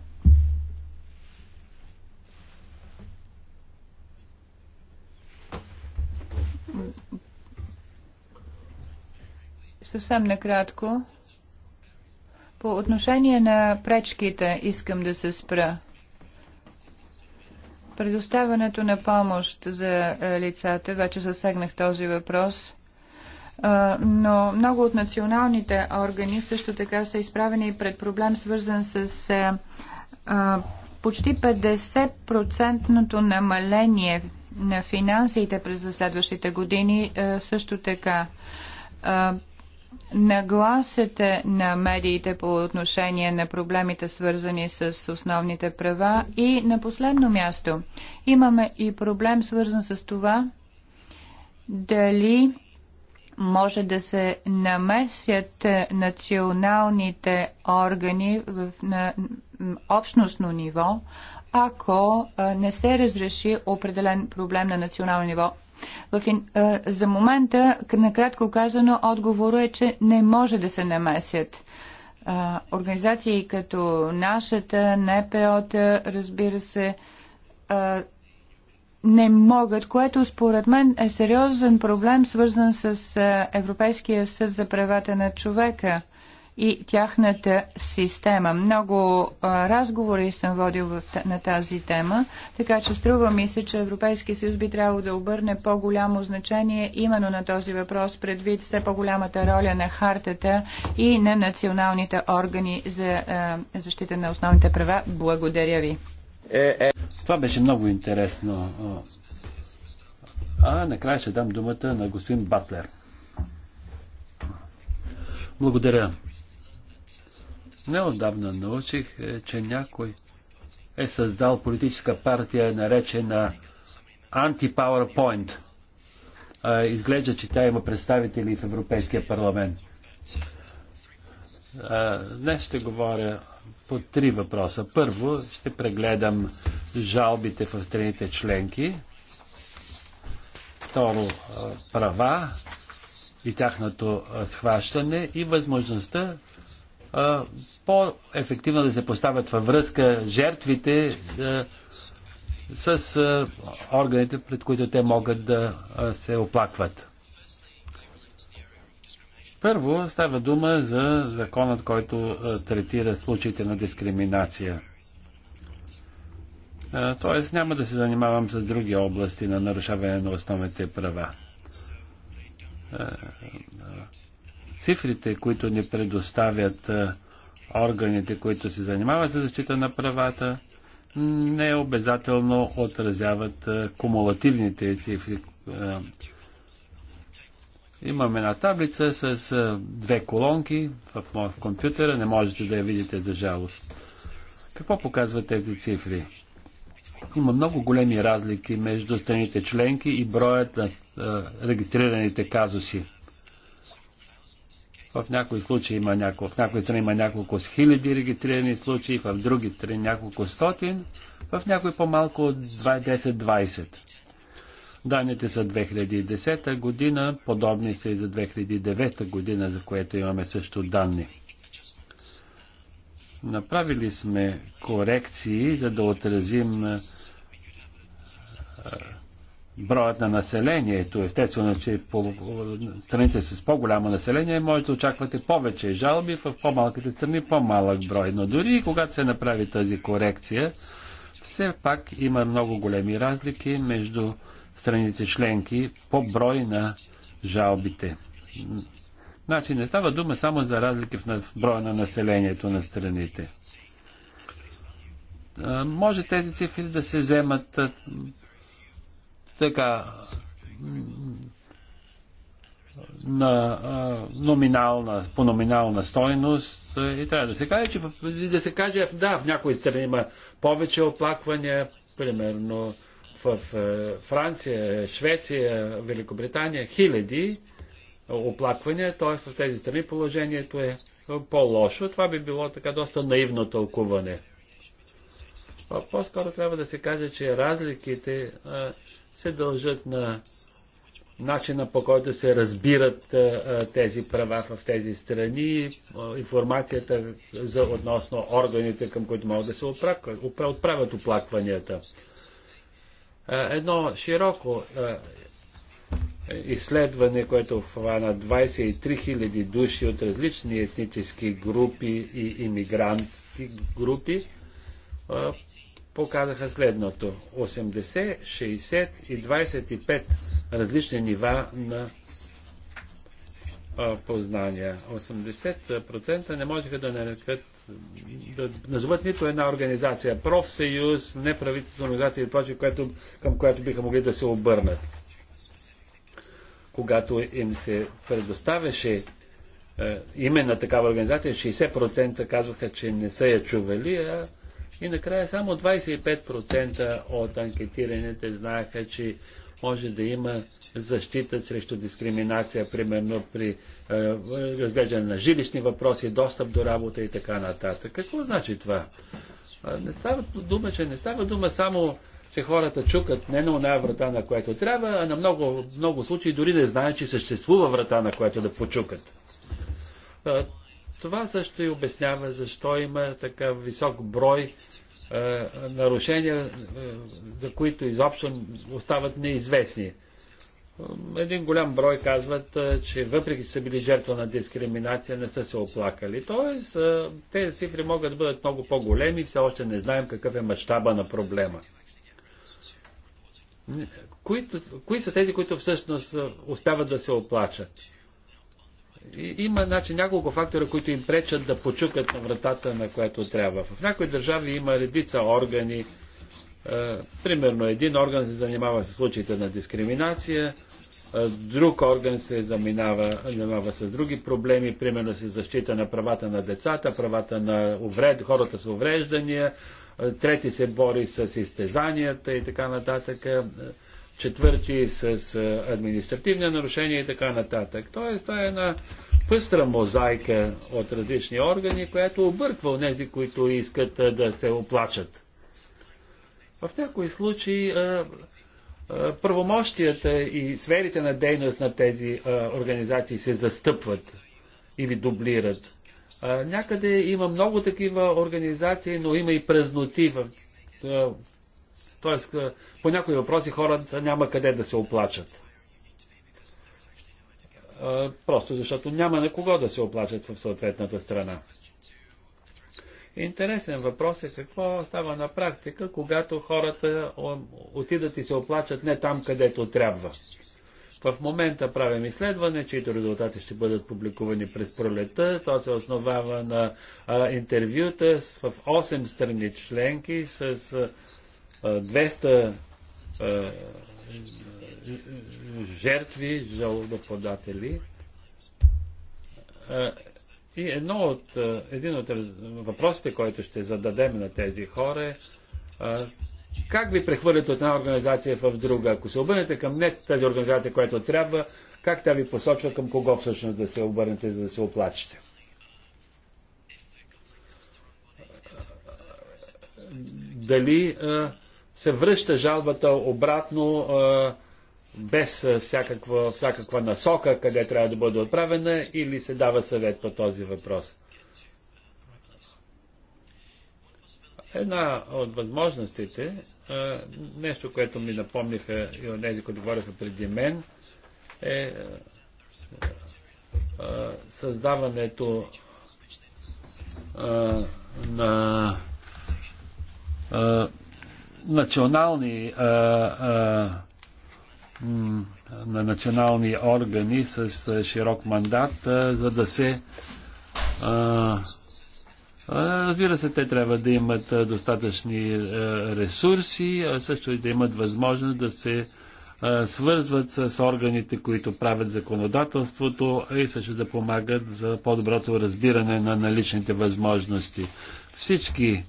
Съвсем накратко. По отношение на пречките искам да се спра. Предоставянето на помощ за е, лицата, вече засегнах този въпрос, е, но много от националните органи също така са изправени пред проблем, свързан с е, почти 50 намаление на финансите през следващите години също така нагласите на медиите по отношение на проблемите свързани с основните права и на последно място имаме и проблем свързан с това дали може да се намесят националните органи в, на общностно ниво, ако не се разреши определен проблем на национално ниво за момента, накратко казано, отговорът е, че не може да се намесят организации като нашата, НПО-та, разбира се, не могат, което според мен е сериозен проблем, свързан с Европейския съд за правата на човека – и тяхната система. Много а, разговори съм водил в, на тази тема, така че струва ми се, че Европейския съюз би трябвало да обърне по-голямо значение именно на този въпрос, предвид все по-голямата роля на хартата и на националните органи за а, защита на основните права. Благодаря ви. Е, е. Това беше много интересно. А накрая ще дам думата на господин Батлер. Благодаря, Неодавна научих, е, че някой е създал политическа партия, наречена Anti-PowerPoint. Изглежда, че тя има представители в Европейския парламент. Днес ще говоря по три въпроса. Първо ще прегледам жалбите в страните членки. Второ, права и тяхното схващане и възможността по-ефективно да се поставят във връзка жертвите с органите, пред които те могат да се оплакват. Първо става дума за законът, който третира случаите на дискриминация. Тоест няма да се занимавам с други области на нарушаване на основните права цифрите, които ни предоставят органите, които се занимават за защита на правата, не обязателно отразяват кумулативните цифри. Имаме една таблица с две колонки в компютъра, не можете да я видите за жалост. Какво показват тези цифри? Има много големи разлики между страните членки и броят на регистрираните казуси. В някои случаи има няколко, в някои страни има няколко с хиляди регистрирани случаи, в други страни няколко стотин, в някои по-малко от 10-20. Данните са 2010 година, подобни са и за 2009 година, за което имаме също данни. Направили сме корекции, за да отразим броят на населението. Естествено, че по страните с по-голямо население може да очаквате повече жалби, в по-малките страни по-малък брой. Но дори и когато се направи тази корекция, все пак има много големи разлики между страните членки по брой на жалбите. Значи не става дума само за разлики в броя на населението на страните. Може тези цифри да се вземат така, на а, номинална, по номинална стойност и трябва да се каже, че да се каже, да, в някои страни има повече оплаквания, примерно в е, Франция, Швеция, Великобритания, хиляди оплаквания, т.е. в тези страни положението е по-лошо. Това би било така доста наивно тълкуване. По-скоро трябва да се каже, че разликите а, се дължат на начина по който се разбират тези права в тези страни, информацията за, относно органите, към които могат да се отправят, оплакванията. Едно широко изследване, което на 23 000 души от различни етнически групи и иммигрантски групи, показаха следното. 80, 60 и 25 различни нива на познания. 80% не можеха да нарекат да назоват нито една организация, профсъюз, неправителствена организация и прочие, което, към която биха могли да се обърнат. Когато им се предоставяше е, име на такава организация, 60% казваха, че не са я чували, а и накрая само 25% от анкетираните знаеха, че може да има защита срещу дискриминация, примерно при е, разглеждане на жилищни въпроси, достъп до работа и така нататък. Какво значи това? Не става дума, че не става дума само, че хората чукат не на оная врата, на която трябва, а на много, много случаи дори не знаят, че съществува врата, на която да почукат. Това също и обяснява защо има така висок брой а, е, нарушения, а, е, за които изобщо остават неизвестни. Един голям брой казват, е, че въпреки че са били жертва на дискриминация, не са се оплакали. Тоест, тези цифри могат да бъдат много по-големи, все още не знаем какъв е мащаба на проблема. Кои, кои са тези, които всъщност успяват да се оплачат? има значи, няколко фактора, които им пречат да почукат на вратата, на която трябва. В някои държави има редица органи. Е, примерно един орган се занимава с случаите на дискриминация, е, друг орган се занимава, занимава с други проблеми, примерно с защита на правата на децата, правата на увред, хората с увреждания, е, трети се бори с изтезанията и така нататък. Е, четвърти с административни нарушения и така нататък. Тоест, това е една пъстра мозайка от различни органи, която обърква тези, които искат да се оплачат. В някои случаи правомощията и сферите на дейност на тези организации се застъпват или дублират. Някъде има много такива организации, но има и празноти в Тоест, по някои въпроси хората няма къде да се оплачат. Просто защото няма на кого да се оплачат в съответната страна. Интересен въпрос е какво става на практика, когато хората отидат и се оплачат не там, където трябва. В момента правим изследване, чието резултати ще бъдат публикувани през пролета. То се основава на а, интервюта с, в 8 страни членки с 200 жертви, жалбоподатели. И едно от, един от въпросите, който ще зададем на тези хора е как ви прехвърлят от една организация в друга? Ако се обърнете към не тази организация, която трябва, как тя ви посочва към кого всъщност да се обърнете, за да се оплачете? Дали а, се връща жалбата обратно без всякаква, всякаква насока, къде трябва да бъде отправена или се дава съвет по този въпрос. Една от възможностите, нещо, което ми напомниха и от тези, които говориха преди мен, е създаването на национални а, а, на национални органи с, широк мандат, а, за да се а, Разбира се, те трябва да имат достатъчни ресурси, а също и да имат възможност да се свързват с органите, които правят законодателството и също да помагат за по-доброто разбиране на наличните възможности. Всички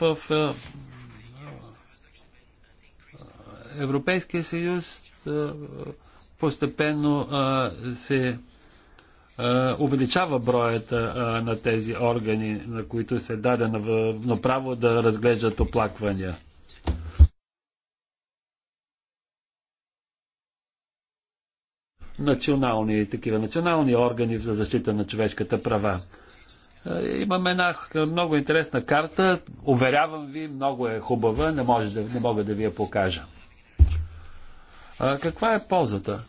в Европейския съюз постепенно се увеличава броят на тези органи, на които се даде на право да разглеждат оплаквания. Национални такива национални органи за защита на човешката права. Е, Имам една много интересна карта. Уверявам ви, много е хубава. Не, може да, не мога да ви я покажа. А, каква е ползата?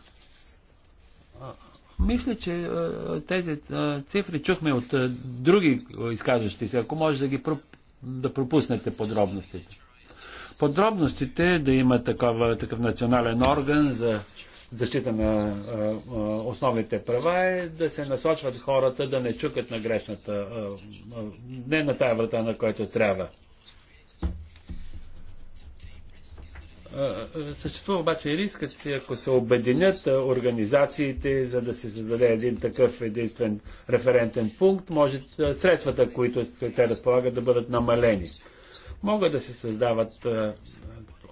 Мисля, че тези цифри чухме от други изказващи се. Ако може да ги да пропуснете подробностите. Подробностите е да има такова, такъв национален орган за защита на основните права е да се насочват хората да не чукат на грешната, не на тая врата, на която трябва. Съществува обаче и рискът, ако се обединят организациите, за да се създаде един такъв единствен референтен пункт, може средствата, които те разполагат, да бъдат намалени. Могат да се създават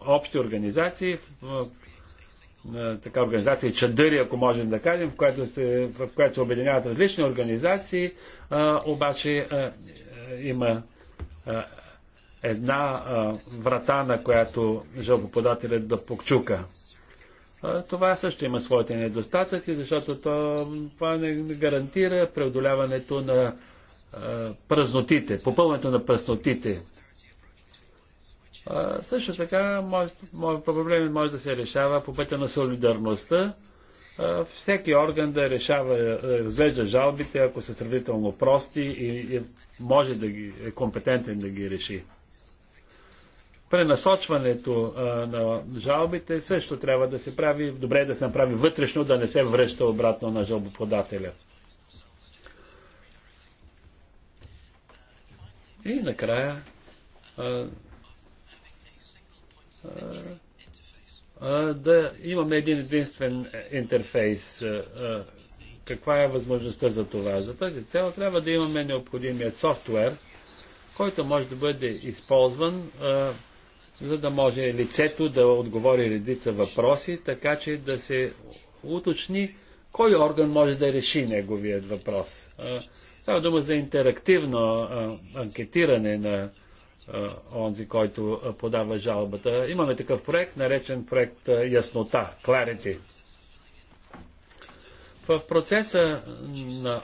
общи организации, е, така организация, чадъри, ако можем да кажем, в която се, в която се объединяват различни организации, а, е, обаче а, е, има а, една а, врата, на която жалбоподателят да покчука. А, това също има своите недостатъци, защото то, това не гарантира преодоляването на а, празнотите, попълването на празнотите също така, моят може, може да се решава по пътя на солидарността. всеки орган да решава, да разглежда жалбите, ако са сравнително прости и, може да ги, е компетентен да ги реши. Пренасочването на жалбите също трябва да се прави, добре е да се направи вътрешно, да не се връща обратно на жалбоподателя. И накрая да имаме един единствен интерфейс. Каква е възможността за това? За тази цел трябва да имаме необходимият софтуер, който може да бъде използван, за да може лицето да отговори редица въпроси, така че да се уточни кой орган може да реши неговият въпрос. Става дума за интерактивно анкетиране на е, онзи, който е, подава жалбата. Имаме такъв проект, наречен проект е, Яснота, Clarity. В процеса на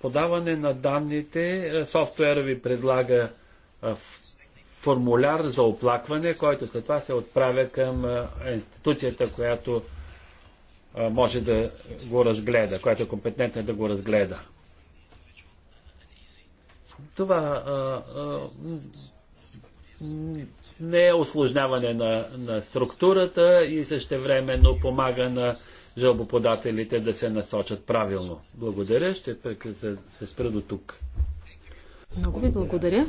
подаване на данните, софтуера ви предлага формуляр за оплакване, който след това се отправя към институцията, която може да го разгледа, която е компетентна да го разгледа. Това а, а, не е осложняване на, на структурата и също времено помага на жълбоподателите да се насочат правилно. Благодаря. Ще се спра до тук. Много ви благодаря.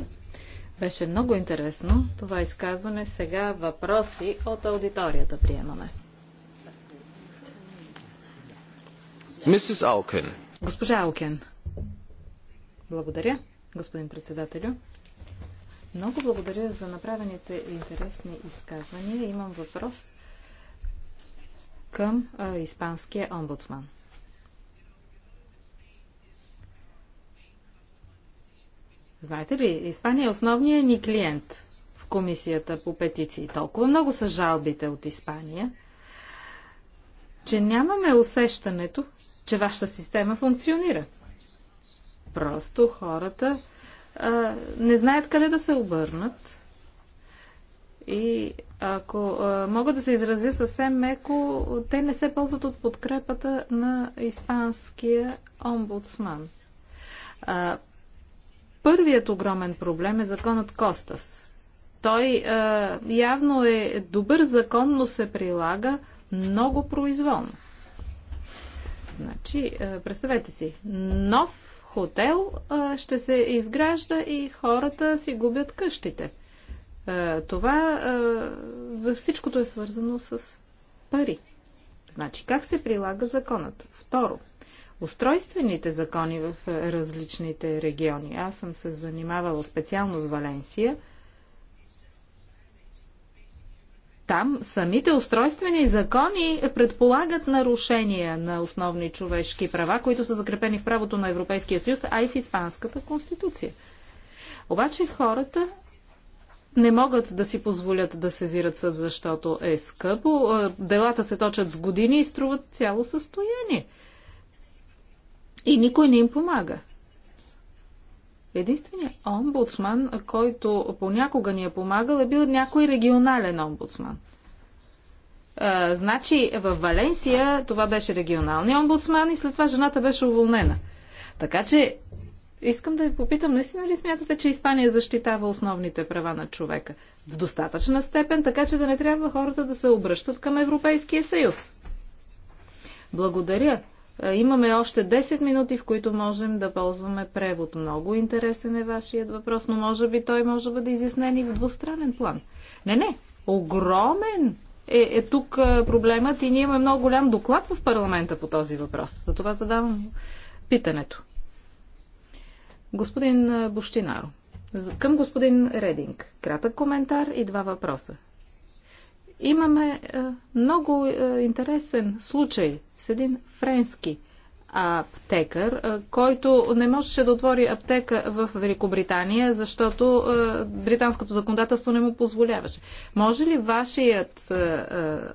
Беше много интересно това изказване. Сега въпроси от аудиторията приемаме. Мисис Алкен. Госпожа Алкен. Благодаря господин председателю. Много благодаря за направените интересни изказвания. Имам въпрос към а, испанския омбудсман. Знаете ли, Испания е основният ни клиент в комисията по петиции. Толкова много са жалбите от Испания, че нямаме усещането, че вашата система функционира. Просто хората а, не знаят къде да се обърнат. И ако а, мога да се изразя съвсем меко, те не се ползват от подкрепата на испанския омбудсман. А, първият огромен проблем е законът Костас. Той а, явно е добър закон, но се прилага много произволно. Значи, представете си, нов хотел ще се изгражда и хората си губят къщите. Това всичкото е свързано с пари. Значи, как се прилага законът? Второ, устройствените закони в различните региони. Аз съм се занимавала специално с Валенсия – там самите устройствени закони предполагат нарушения на основни човешки права, които са закрепени в правото на Европейския съюз, а и в Испанската конституция. Обаче хората не могат да си позволят да сезират съд, защото е скъпо. Е, делата се точат с години и струват цяло състояние. И никой не им помага. Единственият омбудсман, който понякога ни е помагал, е бил някой регионален омбудсман. А, значи в Валенсия това беше регионалния омбудсман и след това жената беше уволнена. Така че искам да ви попитам, наистина ли смятате, че Испания защитава основните права на човека? В достатъчна степен, така че да не трябва хората да се обръщат към Европейския съюз. Благодаря. Е, имаме още 10 минути, в които можем да ползваме превод. Много интересен е вашият въпрос, но може би той може да бъде изяснен и в двустранен план. Не, не, огромен е, е тук е, проблемът и ние имаме много голям доклад в парламента по този въпрос. Затова задавам питането. Господин е, Бощинаро, към господин Рединг, кратък коментар и два въпроса. Имаме е, много е, интересен случай с един френски аптекър, е, който не можеше да отвори аптека в Великобритания, защото британското законодателство не му позволяваше. Може ли вашият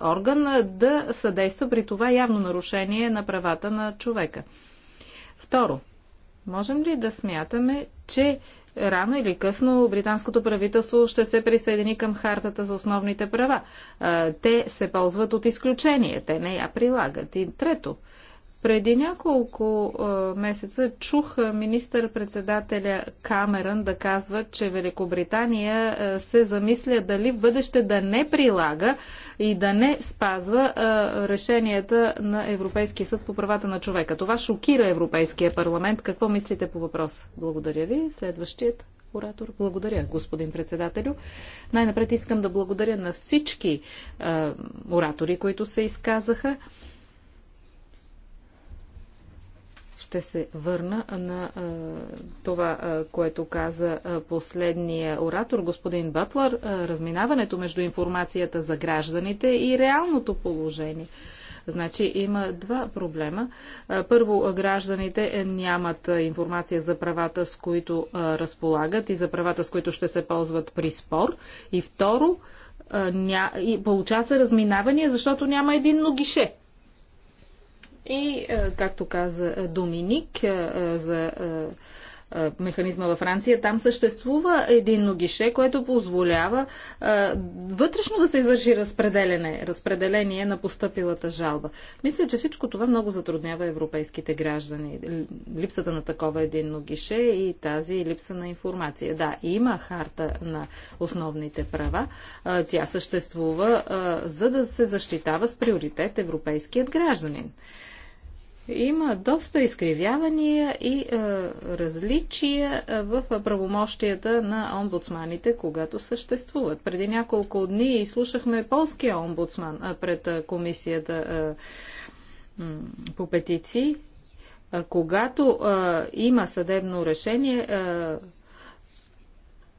орган да съдейства при това явно нарушение на правата на човека? Второ, можем ли да смятаме, че рано или късно британското правителство ще се присъедини към хартата за основните права. Те се ползват от изключение, те не я прилагат. И трето, преди няколко месеца чух министър-председателя Камерън да казва, че Великобритания се замисля дали в бъдеще да не прилага и да не спазва решенията на Европейския съд по правата на човека. Това шокира Европейския парламент. Какво мислите по въпрос? Благодаря ви. Следващият оратор. Благодаря, господин председателю. Най-напред искам да благодаря на всички оратори, които се изказаха. ще се върна на това, което каза последния оратор, господин А, разминаването между информацията за гражданите и реалното положение. Значи има два проблема. Първо, гражданите нямат информация за правата, с които разполагат и за правата, с които ще се ползват при спор. И второ, ня... и се разминавания, защото няма един гише. И, е, както каза е, Доминик, е, за механизма във Франция, там съществува един гише, което позволява вътрешно да се извърши разпределение, разпределение на поступилата жалба. Мисля, че всичко това много затруднява европейските граждани. Липсата на такова единно гише и тази липса на информация. Да, има харта на основните права. тя съществува за да се защитава с приоритет европейският гражданин. Има доста изкривявания и е, различия е, в правомощията на омбудсманите, когато съществуват. Преди няколко дни изслушахме полския омбудсман е, пред е, комисията е, по петиции. Когато е, има съдебно решение, е,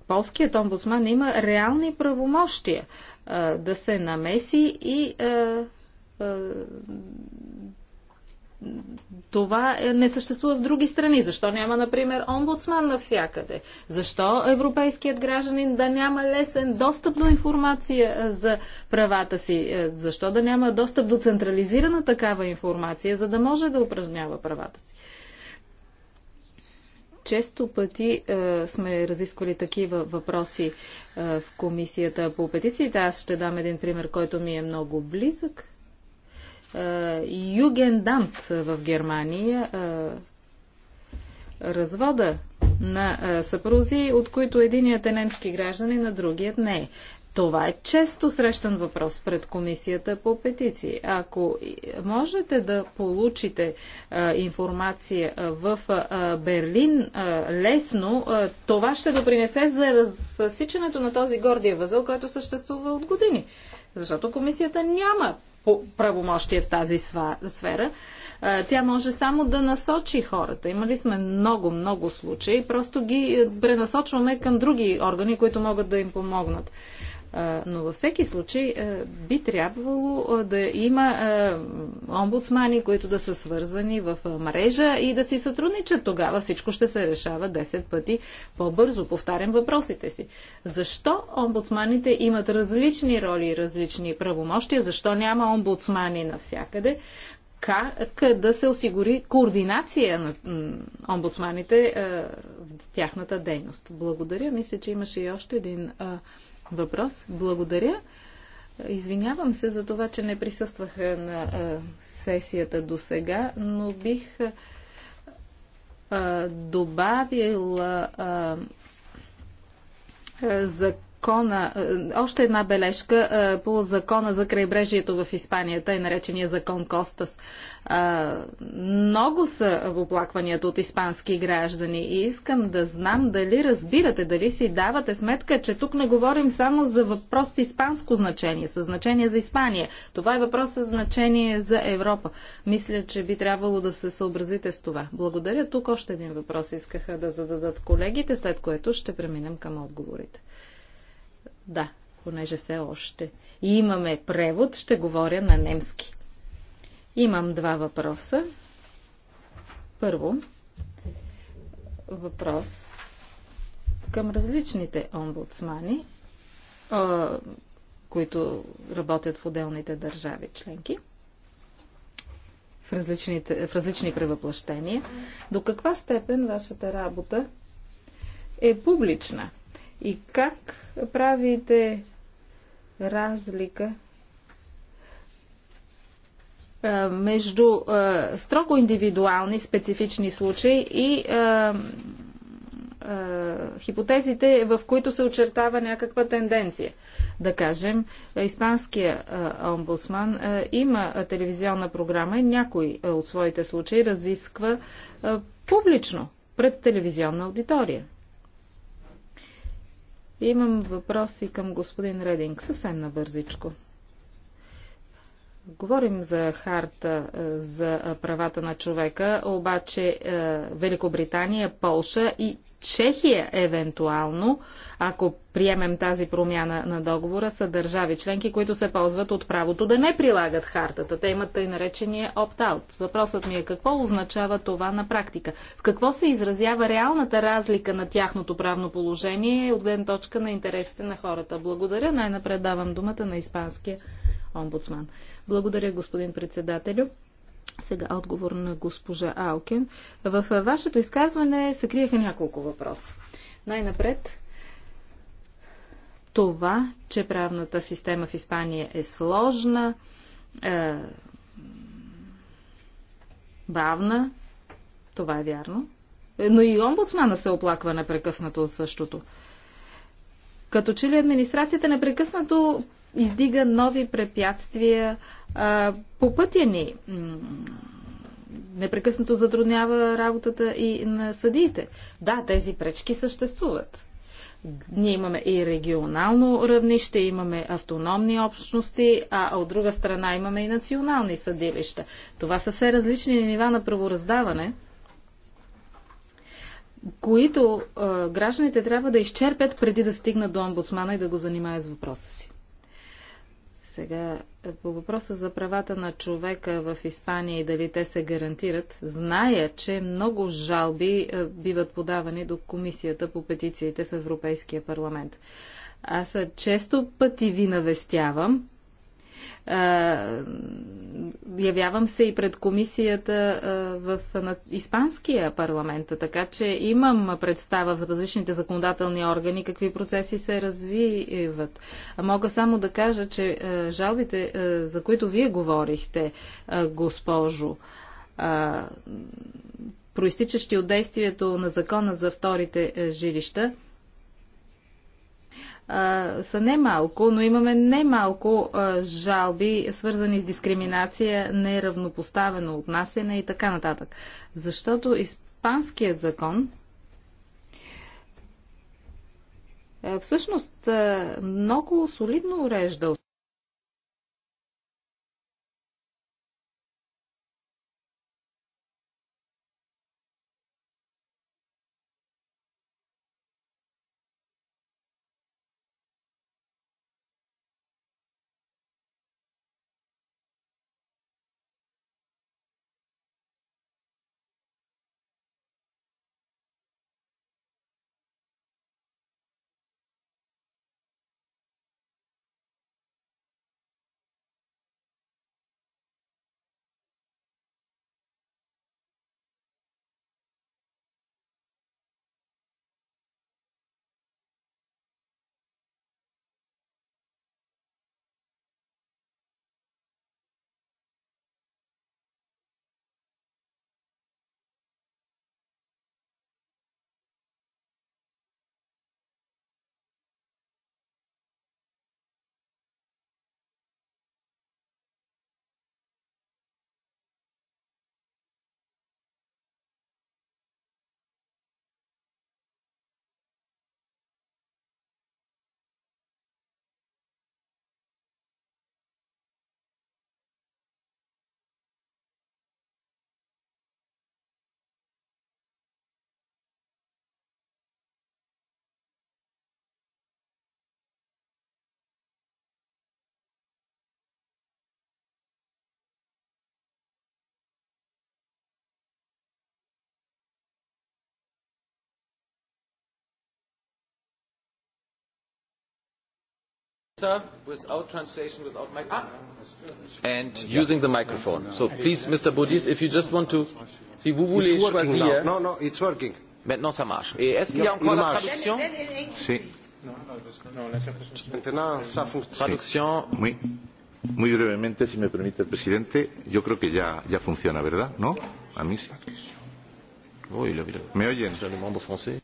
полският омбудсман има реални правомощия е, да се намеси и. Е, е това е, не съществува в други страни. Защо няма, например, омбудсман навсякъде? Защо европейският гражданин да няма лесен достъп до информация е, за правата си? Е, защо да няма достъп до централизирана такава информация, за да може да упражнява правата си? често пъти е, сме разисквали такива въпроси е, в комисията по петициите. Аз ще дам един пример, който ми е много близък. Е, Югендамт в Германия. Е, развода на е, съпрузи, от които единият е немски граждани, на другият не е. Това е често срещан въпрос пред комисията по петиции. Ако можете да получите а, информация а, в а, Берлин а, лесно, а, това ще допринесе за разсичането на този гордия възъл, който съществува от години. Защото комисията няма правомощия в тази сфера. Тя може само да насочи хората. Имали сме много, много случаи. Просто ги пренасочваме към други органи, които могат да им помогнат. Но във всеки случай би трябвало да има омбудсмани, които да са свързани в мрежа и да си сътрудничат. Тогава всичко ще се решава 10 пъти по-бързо. Повтарям въпросите си. Защо омбудсманите имат различни роли и различни правомощия? Защо няма омбудсмани навсякъде? как да се осигури координация на омбудсманите в тяхната дейност. Благодаря. Мисля, че имаше и още един въпрос. Благодаря. Извинявам се за това, че не присъствах на сесията до сега, но бих добавила за закона, е, още една бележка е, по закона за крайбрежието в Испания, тъй наречения закон Костас. Е, много са оплакванията от испански граждани и искам да знам дали разбирате, дали си давате сметка, че тук не говорим само за въпрос с испанско значение, с значение за Испания. Това е въпрос с значение за Европа. Мисля, че би трябвало да се съобразите с това. Благодаря. Тук още един въпрос искаха да зададат колегите, след което ще преминем към отговорите. Да, понеже все още и имаме превод, ще говоря на немски. Имам два въпроса. Първо, въпрос към различните омбудсмани, които работят в отделните държави членки в, в различни превъплъщения. До каква степен вашата работа е публична? И как правите разлика между строго индивидуални специфични случаи и хипотезите, в които се очертава някаква тенденция. Да кажем, испанския омбудсман има телевизионна програма и някой от своите случаи разисква публично пред телевизионна аудитория. Имам въпроси към господин Рединг, съвсем набързичко. Говорим за харта е, за правата на човека, обаче е, Великобритания, Полша и Чехия, евентуално, ако приемем тази промяна на договора, са държави членки, които се ползват от правото да не прилагат хартата. Те имат тъй наречения опт-аут. Въпросът ми е какво означава това на практика? В какво се изразява реалната разлика на тяхното правно положение от гледна точка на интересите на хората? Благодаря. Най-напред давам думата на испанския омбудсман. Благодаря, господин председателю. Сега отговор на госпожа Алкен. В вашето изказване се криеха няколко въпроса. Най-напред, това, че правната система в Испания е сложна, е, бавна, това е вярно. Но и омбудсмана се оплаква непрекъснато от същото. Като че ли администрацията непрекъснато издига нови препятствия а, по пътя ни. Непрекъснато затруднява работата и на съдиите. Да, тези пречки съществуват. Ние имаме и регионално равнище, имаме автономни общности, а от друга страна имаме и национални съдилища. Това са все различни нива на правораздаване, които гражданите трябва да изчерпят преди да стигнат до омбудсмана и да го занимаят с въпроса си. Сега, е, по въпроса за правата на човека в Испания и дали те се гарантират, зная, че много жалби е, биват подавани до Комисията по петициите в Европейския парламент. Аз е, често пъти ви навестявам явявам се и пред комисията в Испанския парламент, така че имам представа в различните законодателни органи какви процеси се развиват. Мога само да кажа, че жалбите, за които вие говорихте, госпожо, проистичащи от действието на закона за вторите жилища, са немалко, но имаме немалко жалби, свързани с дискриминация, неравнопоставено отнасяне и така нататък. Защото испанският закон всъщност много солидно урежда without translation, without microphone. Ah. And using the microphone. So please, Mr. Boudis, if you just want to, si vous voulez it's choisir. Non, non, it's working. Maintenant, ça marche. Et est-ce qu'il y a encore la traduction Si. Maintenant, ça fonctionne. Traduction. Oui. Muy brevemente, si me permite el presidente, yo creo que ya, ya funciona, ¿verdad? ¿No? A mí sí. Uy, ¿Me oyen? Le membre français.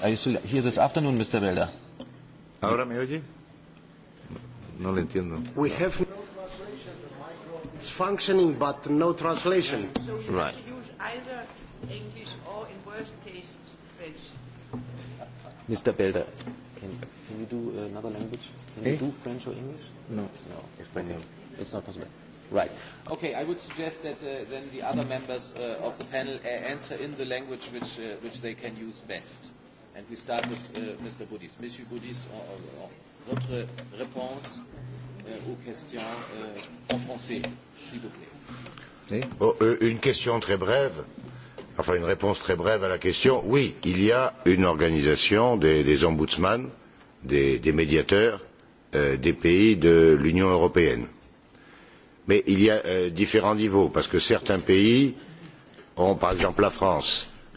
Are you still here this afternoon, Mr. Belda? ¿Ahora me oye? No le entiendo. We have no translation. It's functioning, but no translation. So you right. have to use either English or, in worst case, French. Mr. Belda, can, can you do another language? Can eh? you do French or English? No. No. Español. It's not possible. Right. Okay, I would suggest that uh, then the other members uh, of the panel uh, answer in the language which, uh, which they can use best. And we start with uh, Mr. Boudis. Monsieur Boudis, votre réponse uh, aux questions uh, en français, s'il vous plaît. Bon, une question très brève, enfin une réponse très brève à la question. Oui, il y a une organisation des, des ombudsman, des, des médiateurs euh, des pays de l'Union européenne. Mais il y a euh, différents niveaux, parce que certains pays ont, par exemple la France,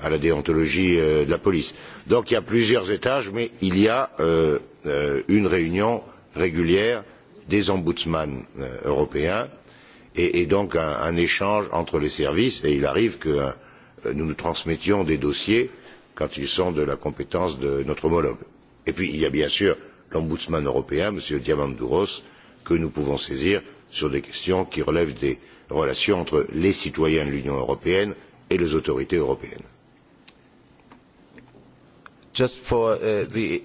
à la déontologie de la police. Donc il y a plusieurs étages, mais il y a une réunion régulière des ombudsman européens et, donc un, échange entre les services et il arrive que nous nous transmettions des dossiers quand ils sont de la compétence de notre homologue. Et puis il y a bien sûr l'ombudsman européen, M. Diamandouros, que nous pouvons saisir sur des questions qui relèvent des relations entre les citoyens de l'Union européenne et les autorités européennes just for the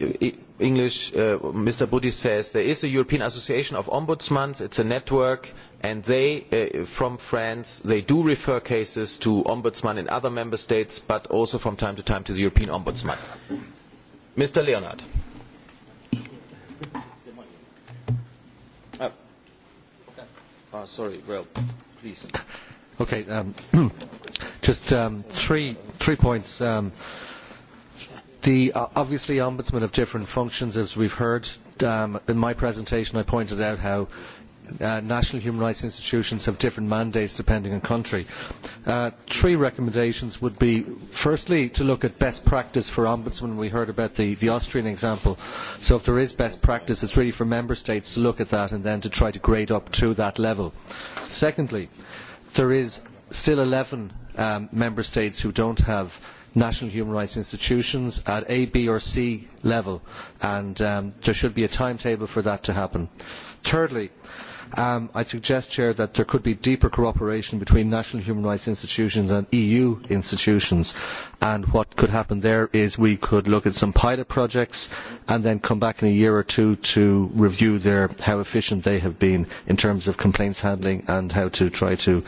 English, Mr. Budi says there is a European Association of Ombudsmen. It's a network, and they, from France, they do refer cases to ombudsmen in other member states, but also from time to time to the European Ombudsman. Mr. Leonard. sorry. Well, please. Okay. just three three points. Um, The, obviously, ombudsmen have different functions, as we've heard. in my presentation, I pointed out how national human rights institutions have different mandates depending on country. three recommendations would be, firstly, to look at best practice for ombudsmen. We heard about the, Austrian example. So if there is best practice, it is really for member states to look at that and then to try to grade up to that level. Secondly, there is still eleven member states who do not have national human rights institutions at A, B or C level and there should be a timetable for that to happen. Thirdly, I suggest, Chair, that there could be deeper cooperation between national human rights institutions and EU institutions. And what could happen there is we could look at some pilot projects and then come back in a year or two to review how efficient they have been in terms of complaints handling and how to try to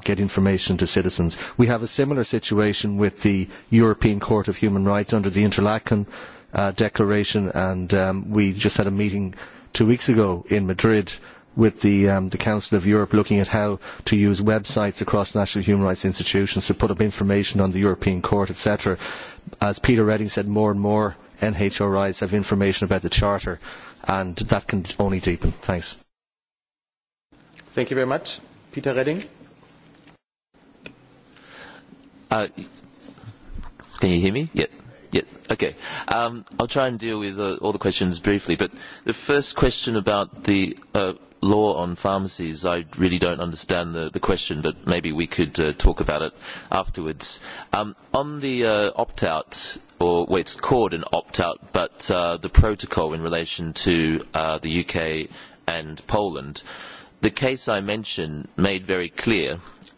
get information to citizens. We have a similar situation with the European Court of Human Rights under the Interlaken Declaration, and we just had a meeting two weeks ago in Madrid with the, Council of Europe looking at how to use websites across national human rights institutions to put up information on the European Court, etc. As Peter Redding said, more and more NHRIs have information about the Charter, and that can only deepen. Thanks. Thank you very much. Peter Redding. Uh, can you hear me? Yeah. Yeah. Okay. Um, I'll try and deal with uh, all the questions briefly. But the first question about the uh, law on pharmacies, I really don't understand the, the question, but maybe we could uh, talk about it afterwards. Um, on the uh, opt-out, or well, it's called an opt-out, but uh, the protocol in relation to uh, the UK and Poland, the case I mentioned made very clear –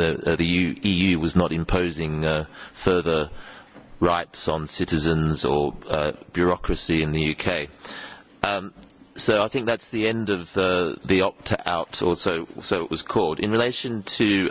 the, EU, was not imposing further rights on citizens or bureaucracy in the UK. so I think that's the end of the, opt-out, or so, so it was called. In relation to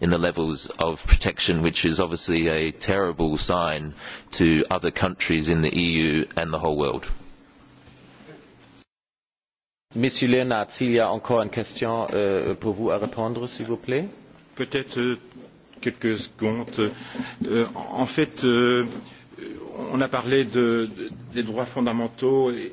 in the levels of protection, which is obviously a terrible sign to other countries in the EU and the whole world. Monsieur Léonard, s'il y a encore une question pour vous à répondre, s'il vous plaît. Peut-être quelques secondes. en fait, on a parlé des droits fondamentaux et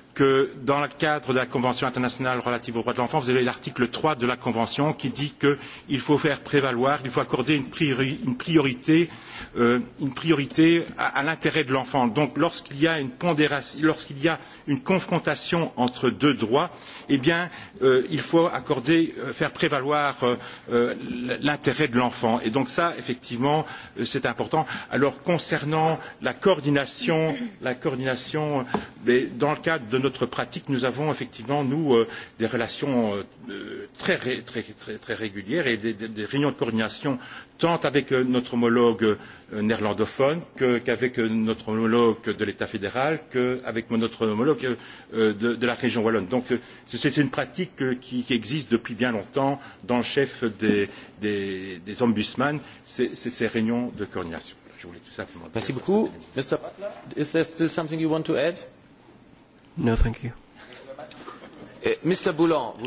que dans le cadre de la Convention internationale relative aux droits de l'enfant, vous avez l'article trois de la Convention qui dit qu'il faut faire prévaloir, il faut accorder une, priorité, à, l'intérêt de l'enfant. Donc lorsqu'il y a une pondération, lorsqu'il y a une confrontation entre deux droits, eh bien il faut accorder, faire prévaloir l'intérêt de l'enfant. Et donc ça, effectivement, c'est important. Alors concernant la coordination, la coordination dans le cadre de notre notre pratique, nous avons effectivement, nous, des relations très, régulières et des, réunions de coordination tant avec notre homologue néerlandophone qu'avec notre homologue de l'État fédéral, qu'avec notre homologue de, la région wallonne. Donc c'est une pratique qui, existe depuis bien longtemps dans le chef des, des, des ombudsman, c'est ces réunions de coordination. Je voulais tout simplement. Merci beaucoup. Mr. Butler, is there still something you want to add? vous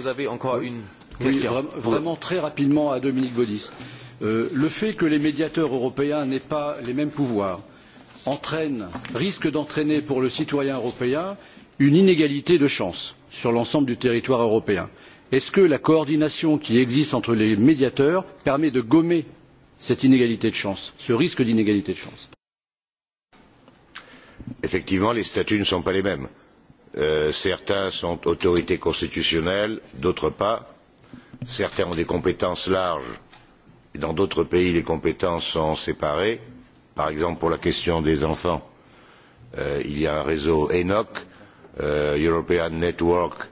avez encore une question. vraiment très rapidement à Dominique Baudis. le fait que les médiateurs européens n'aient pas les mêmes pouvoirs risque d'entraîner pour le citoyen européen une inégalité de chance sur l'ensemble du territoire européen. Est-ce que la coordination qui existe entre les médiateurs permet de gommer cette inégalité de chance, ce risque d'inégalité de chance Effectivement, les statuts ne sont pas les mêmes certains sont autorités constitutionnelles, d'autres pas. Certains ont des compétences larges. Et dans d'autres pays, les compétences sont séparées. Par exemple, pour la question des enfants, il y a un réseau ENOC, European Network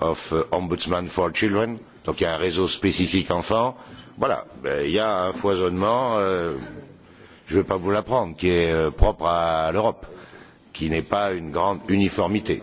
of Ombudsman for Children. Donc il y a un réseau spécifique enfants. Voilà, il y a un foisonnement, je ne vais pas vous l'apprendre, qui est propre à l'Europe, qui n'est pas une grande uniformité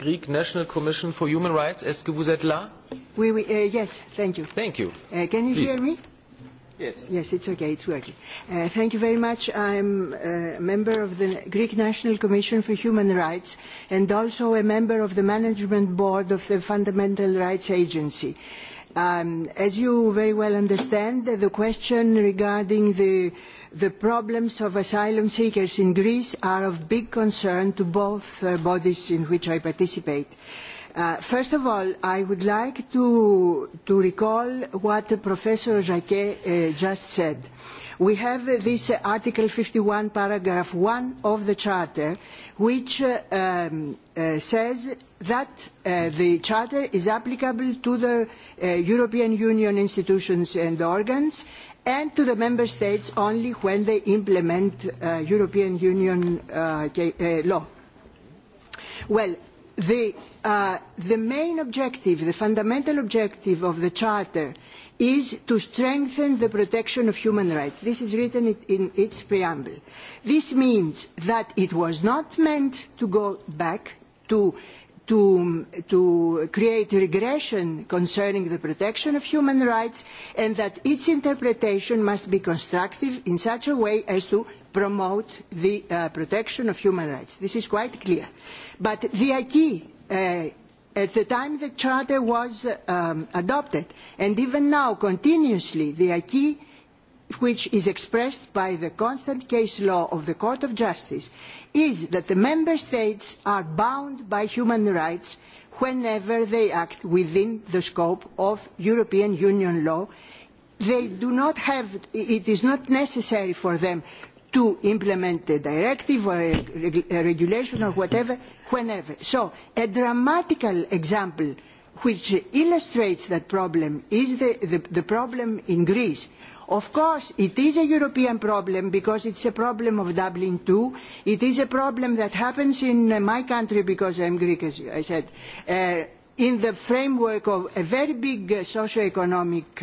Greek National Commission for Human Rights. Est-ce que vous êtes là? Oui, oui, uh, yes, thank you. Thank you. Uh, can you Please. hear me? Yes. Yes, it's okay, it's working. Uh, thank you very much. I'm a member of the Greek National Commission for Human Rights and also a member of the Management Board of the Fundamental Rights Agency. Um, as you very well understand, the question regarding the uh, the problems of asylum seekers in Greece are of big concern to both bodies in which I participate. first of all, I would like to, recall what Professor Jacquet just said. We have this Article fifty one, paragraph one of the Charter, which says that the Charter is applicable to the European Union institutions and organs and to the member states only when they implement European Union law. Well, the main objective, the fundamental objective of the Charter is to strengthen the protection of human rights. This is written in its preamble. This means that it was not meant to go back to to, to create regression concerning the protection of human rights and that its interpretation must be constructive in such a way as to promote the protection of human rights. This is quite clear. But the acquis at the time the Charter was adopted, and even now continuously the acquis which is expressed by the constant case law of the Court of Justice is that the member states are bound by human rights whenever they act within the scope of European Union law. They do not have, it is not necessary for them to implement a directive or a, regulation or whatever, whenever. So a dramatical example which illustrates that problem is the, the, the problem in Greece Of course, it is a European problem because it is a problem of Dublin too. It is a problem that happens in my country because I am Greek, as I said, in the framework of a very big socio-economic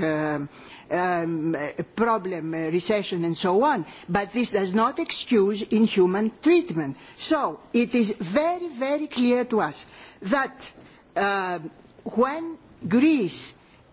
problem, recession and so on. But this does not excuse inhuman treatment. So it is very, very clear to us that when Greece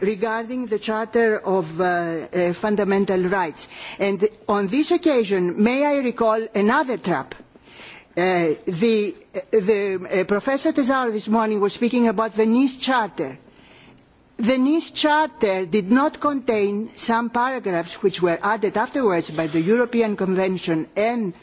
regarding the Charter of Fundamental Rights. And on this occasion, may I recall another trap? the, Professor Tesaro this morning was speaking about the Nice Charter. The Nice Charter did not contain some paragraphs which were added afterwards by the European Convention and uh,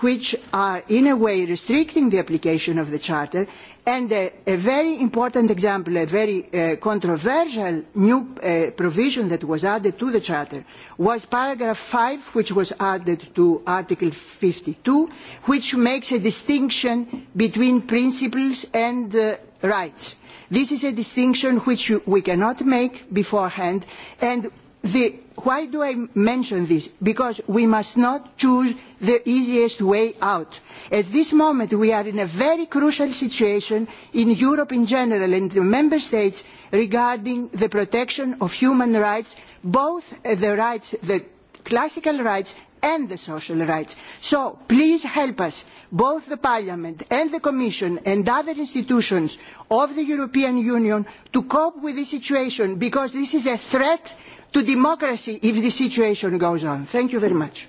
which are in a way restricting the application of the Charter. And a, very important example, a very controversial new provision that was added to the Charter was paragraph five, which was added to Article fifty two, which makes a distinction between principles and rights. This is a distinction which we cannot make beforehand, and the Why do I mention this? Because we must not choose the easiest way out. At this moment, we are in a very crucial situation in Europe in general and the Member States regarding the protection of human rights, both the rights, the classical rights and the social rights. So please help us, both the Parliament and the Commission and other institutions of the European Union, to cope with this situation because this is a threat to democracy if the situation goes on. Thank you very much.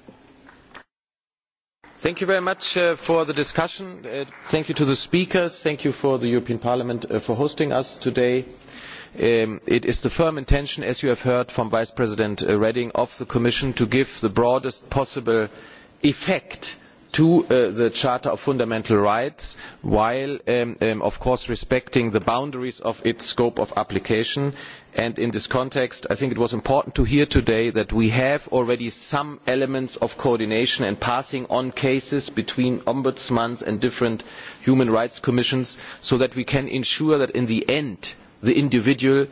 Thank you very much for the discussion. thank you to the speakers. Thank you for the European Parliament for hosting us today. it is the firm intention, as you have heard from Vice President Reding, of the Commission to give the broadest possible effect to the Charter of Fundamental Rights while, of course, respecting the boundaries of its scope of application in this context i think it was important to hear today that we have already some elements of coordination and passing on cases between ombudsmen and different human rights commissions so that we can ensure that in the end the individual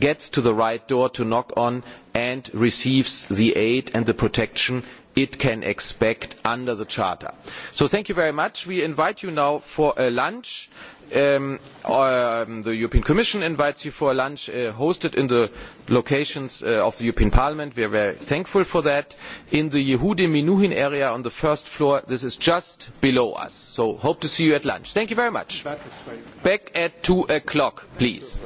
gets to the right door to knock on and receives the aid and the protection it can expect under the charter. so thank you very much. we invite you now for a lunch the European Commission invites you for a lunch hosted in the locations of the European Parliament. We are very thankful for that. In the Yehudi Minuhin area on the first floor, this is just below us. So hope to see you at lunch. Thank you very much. Back at two o'clock, please.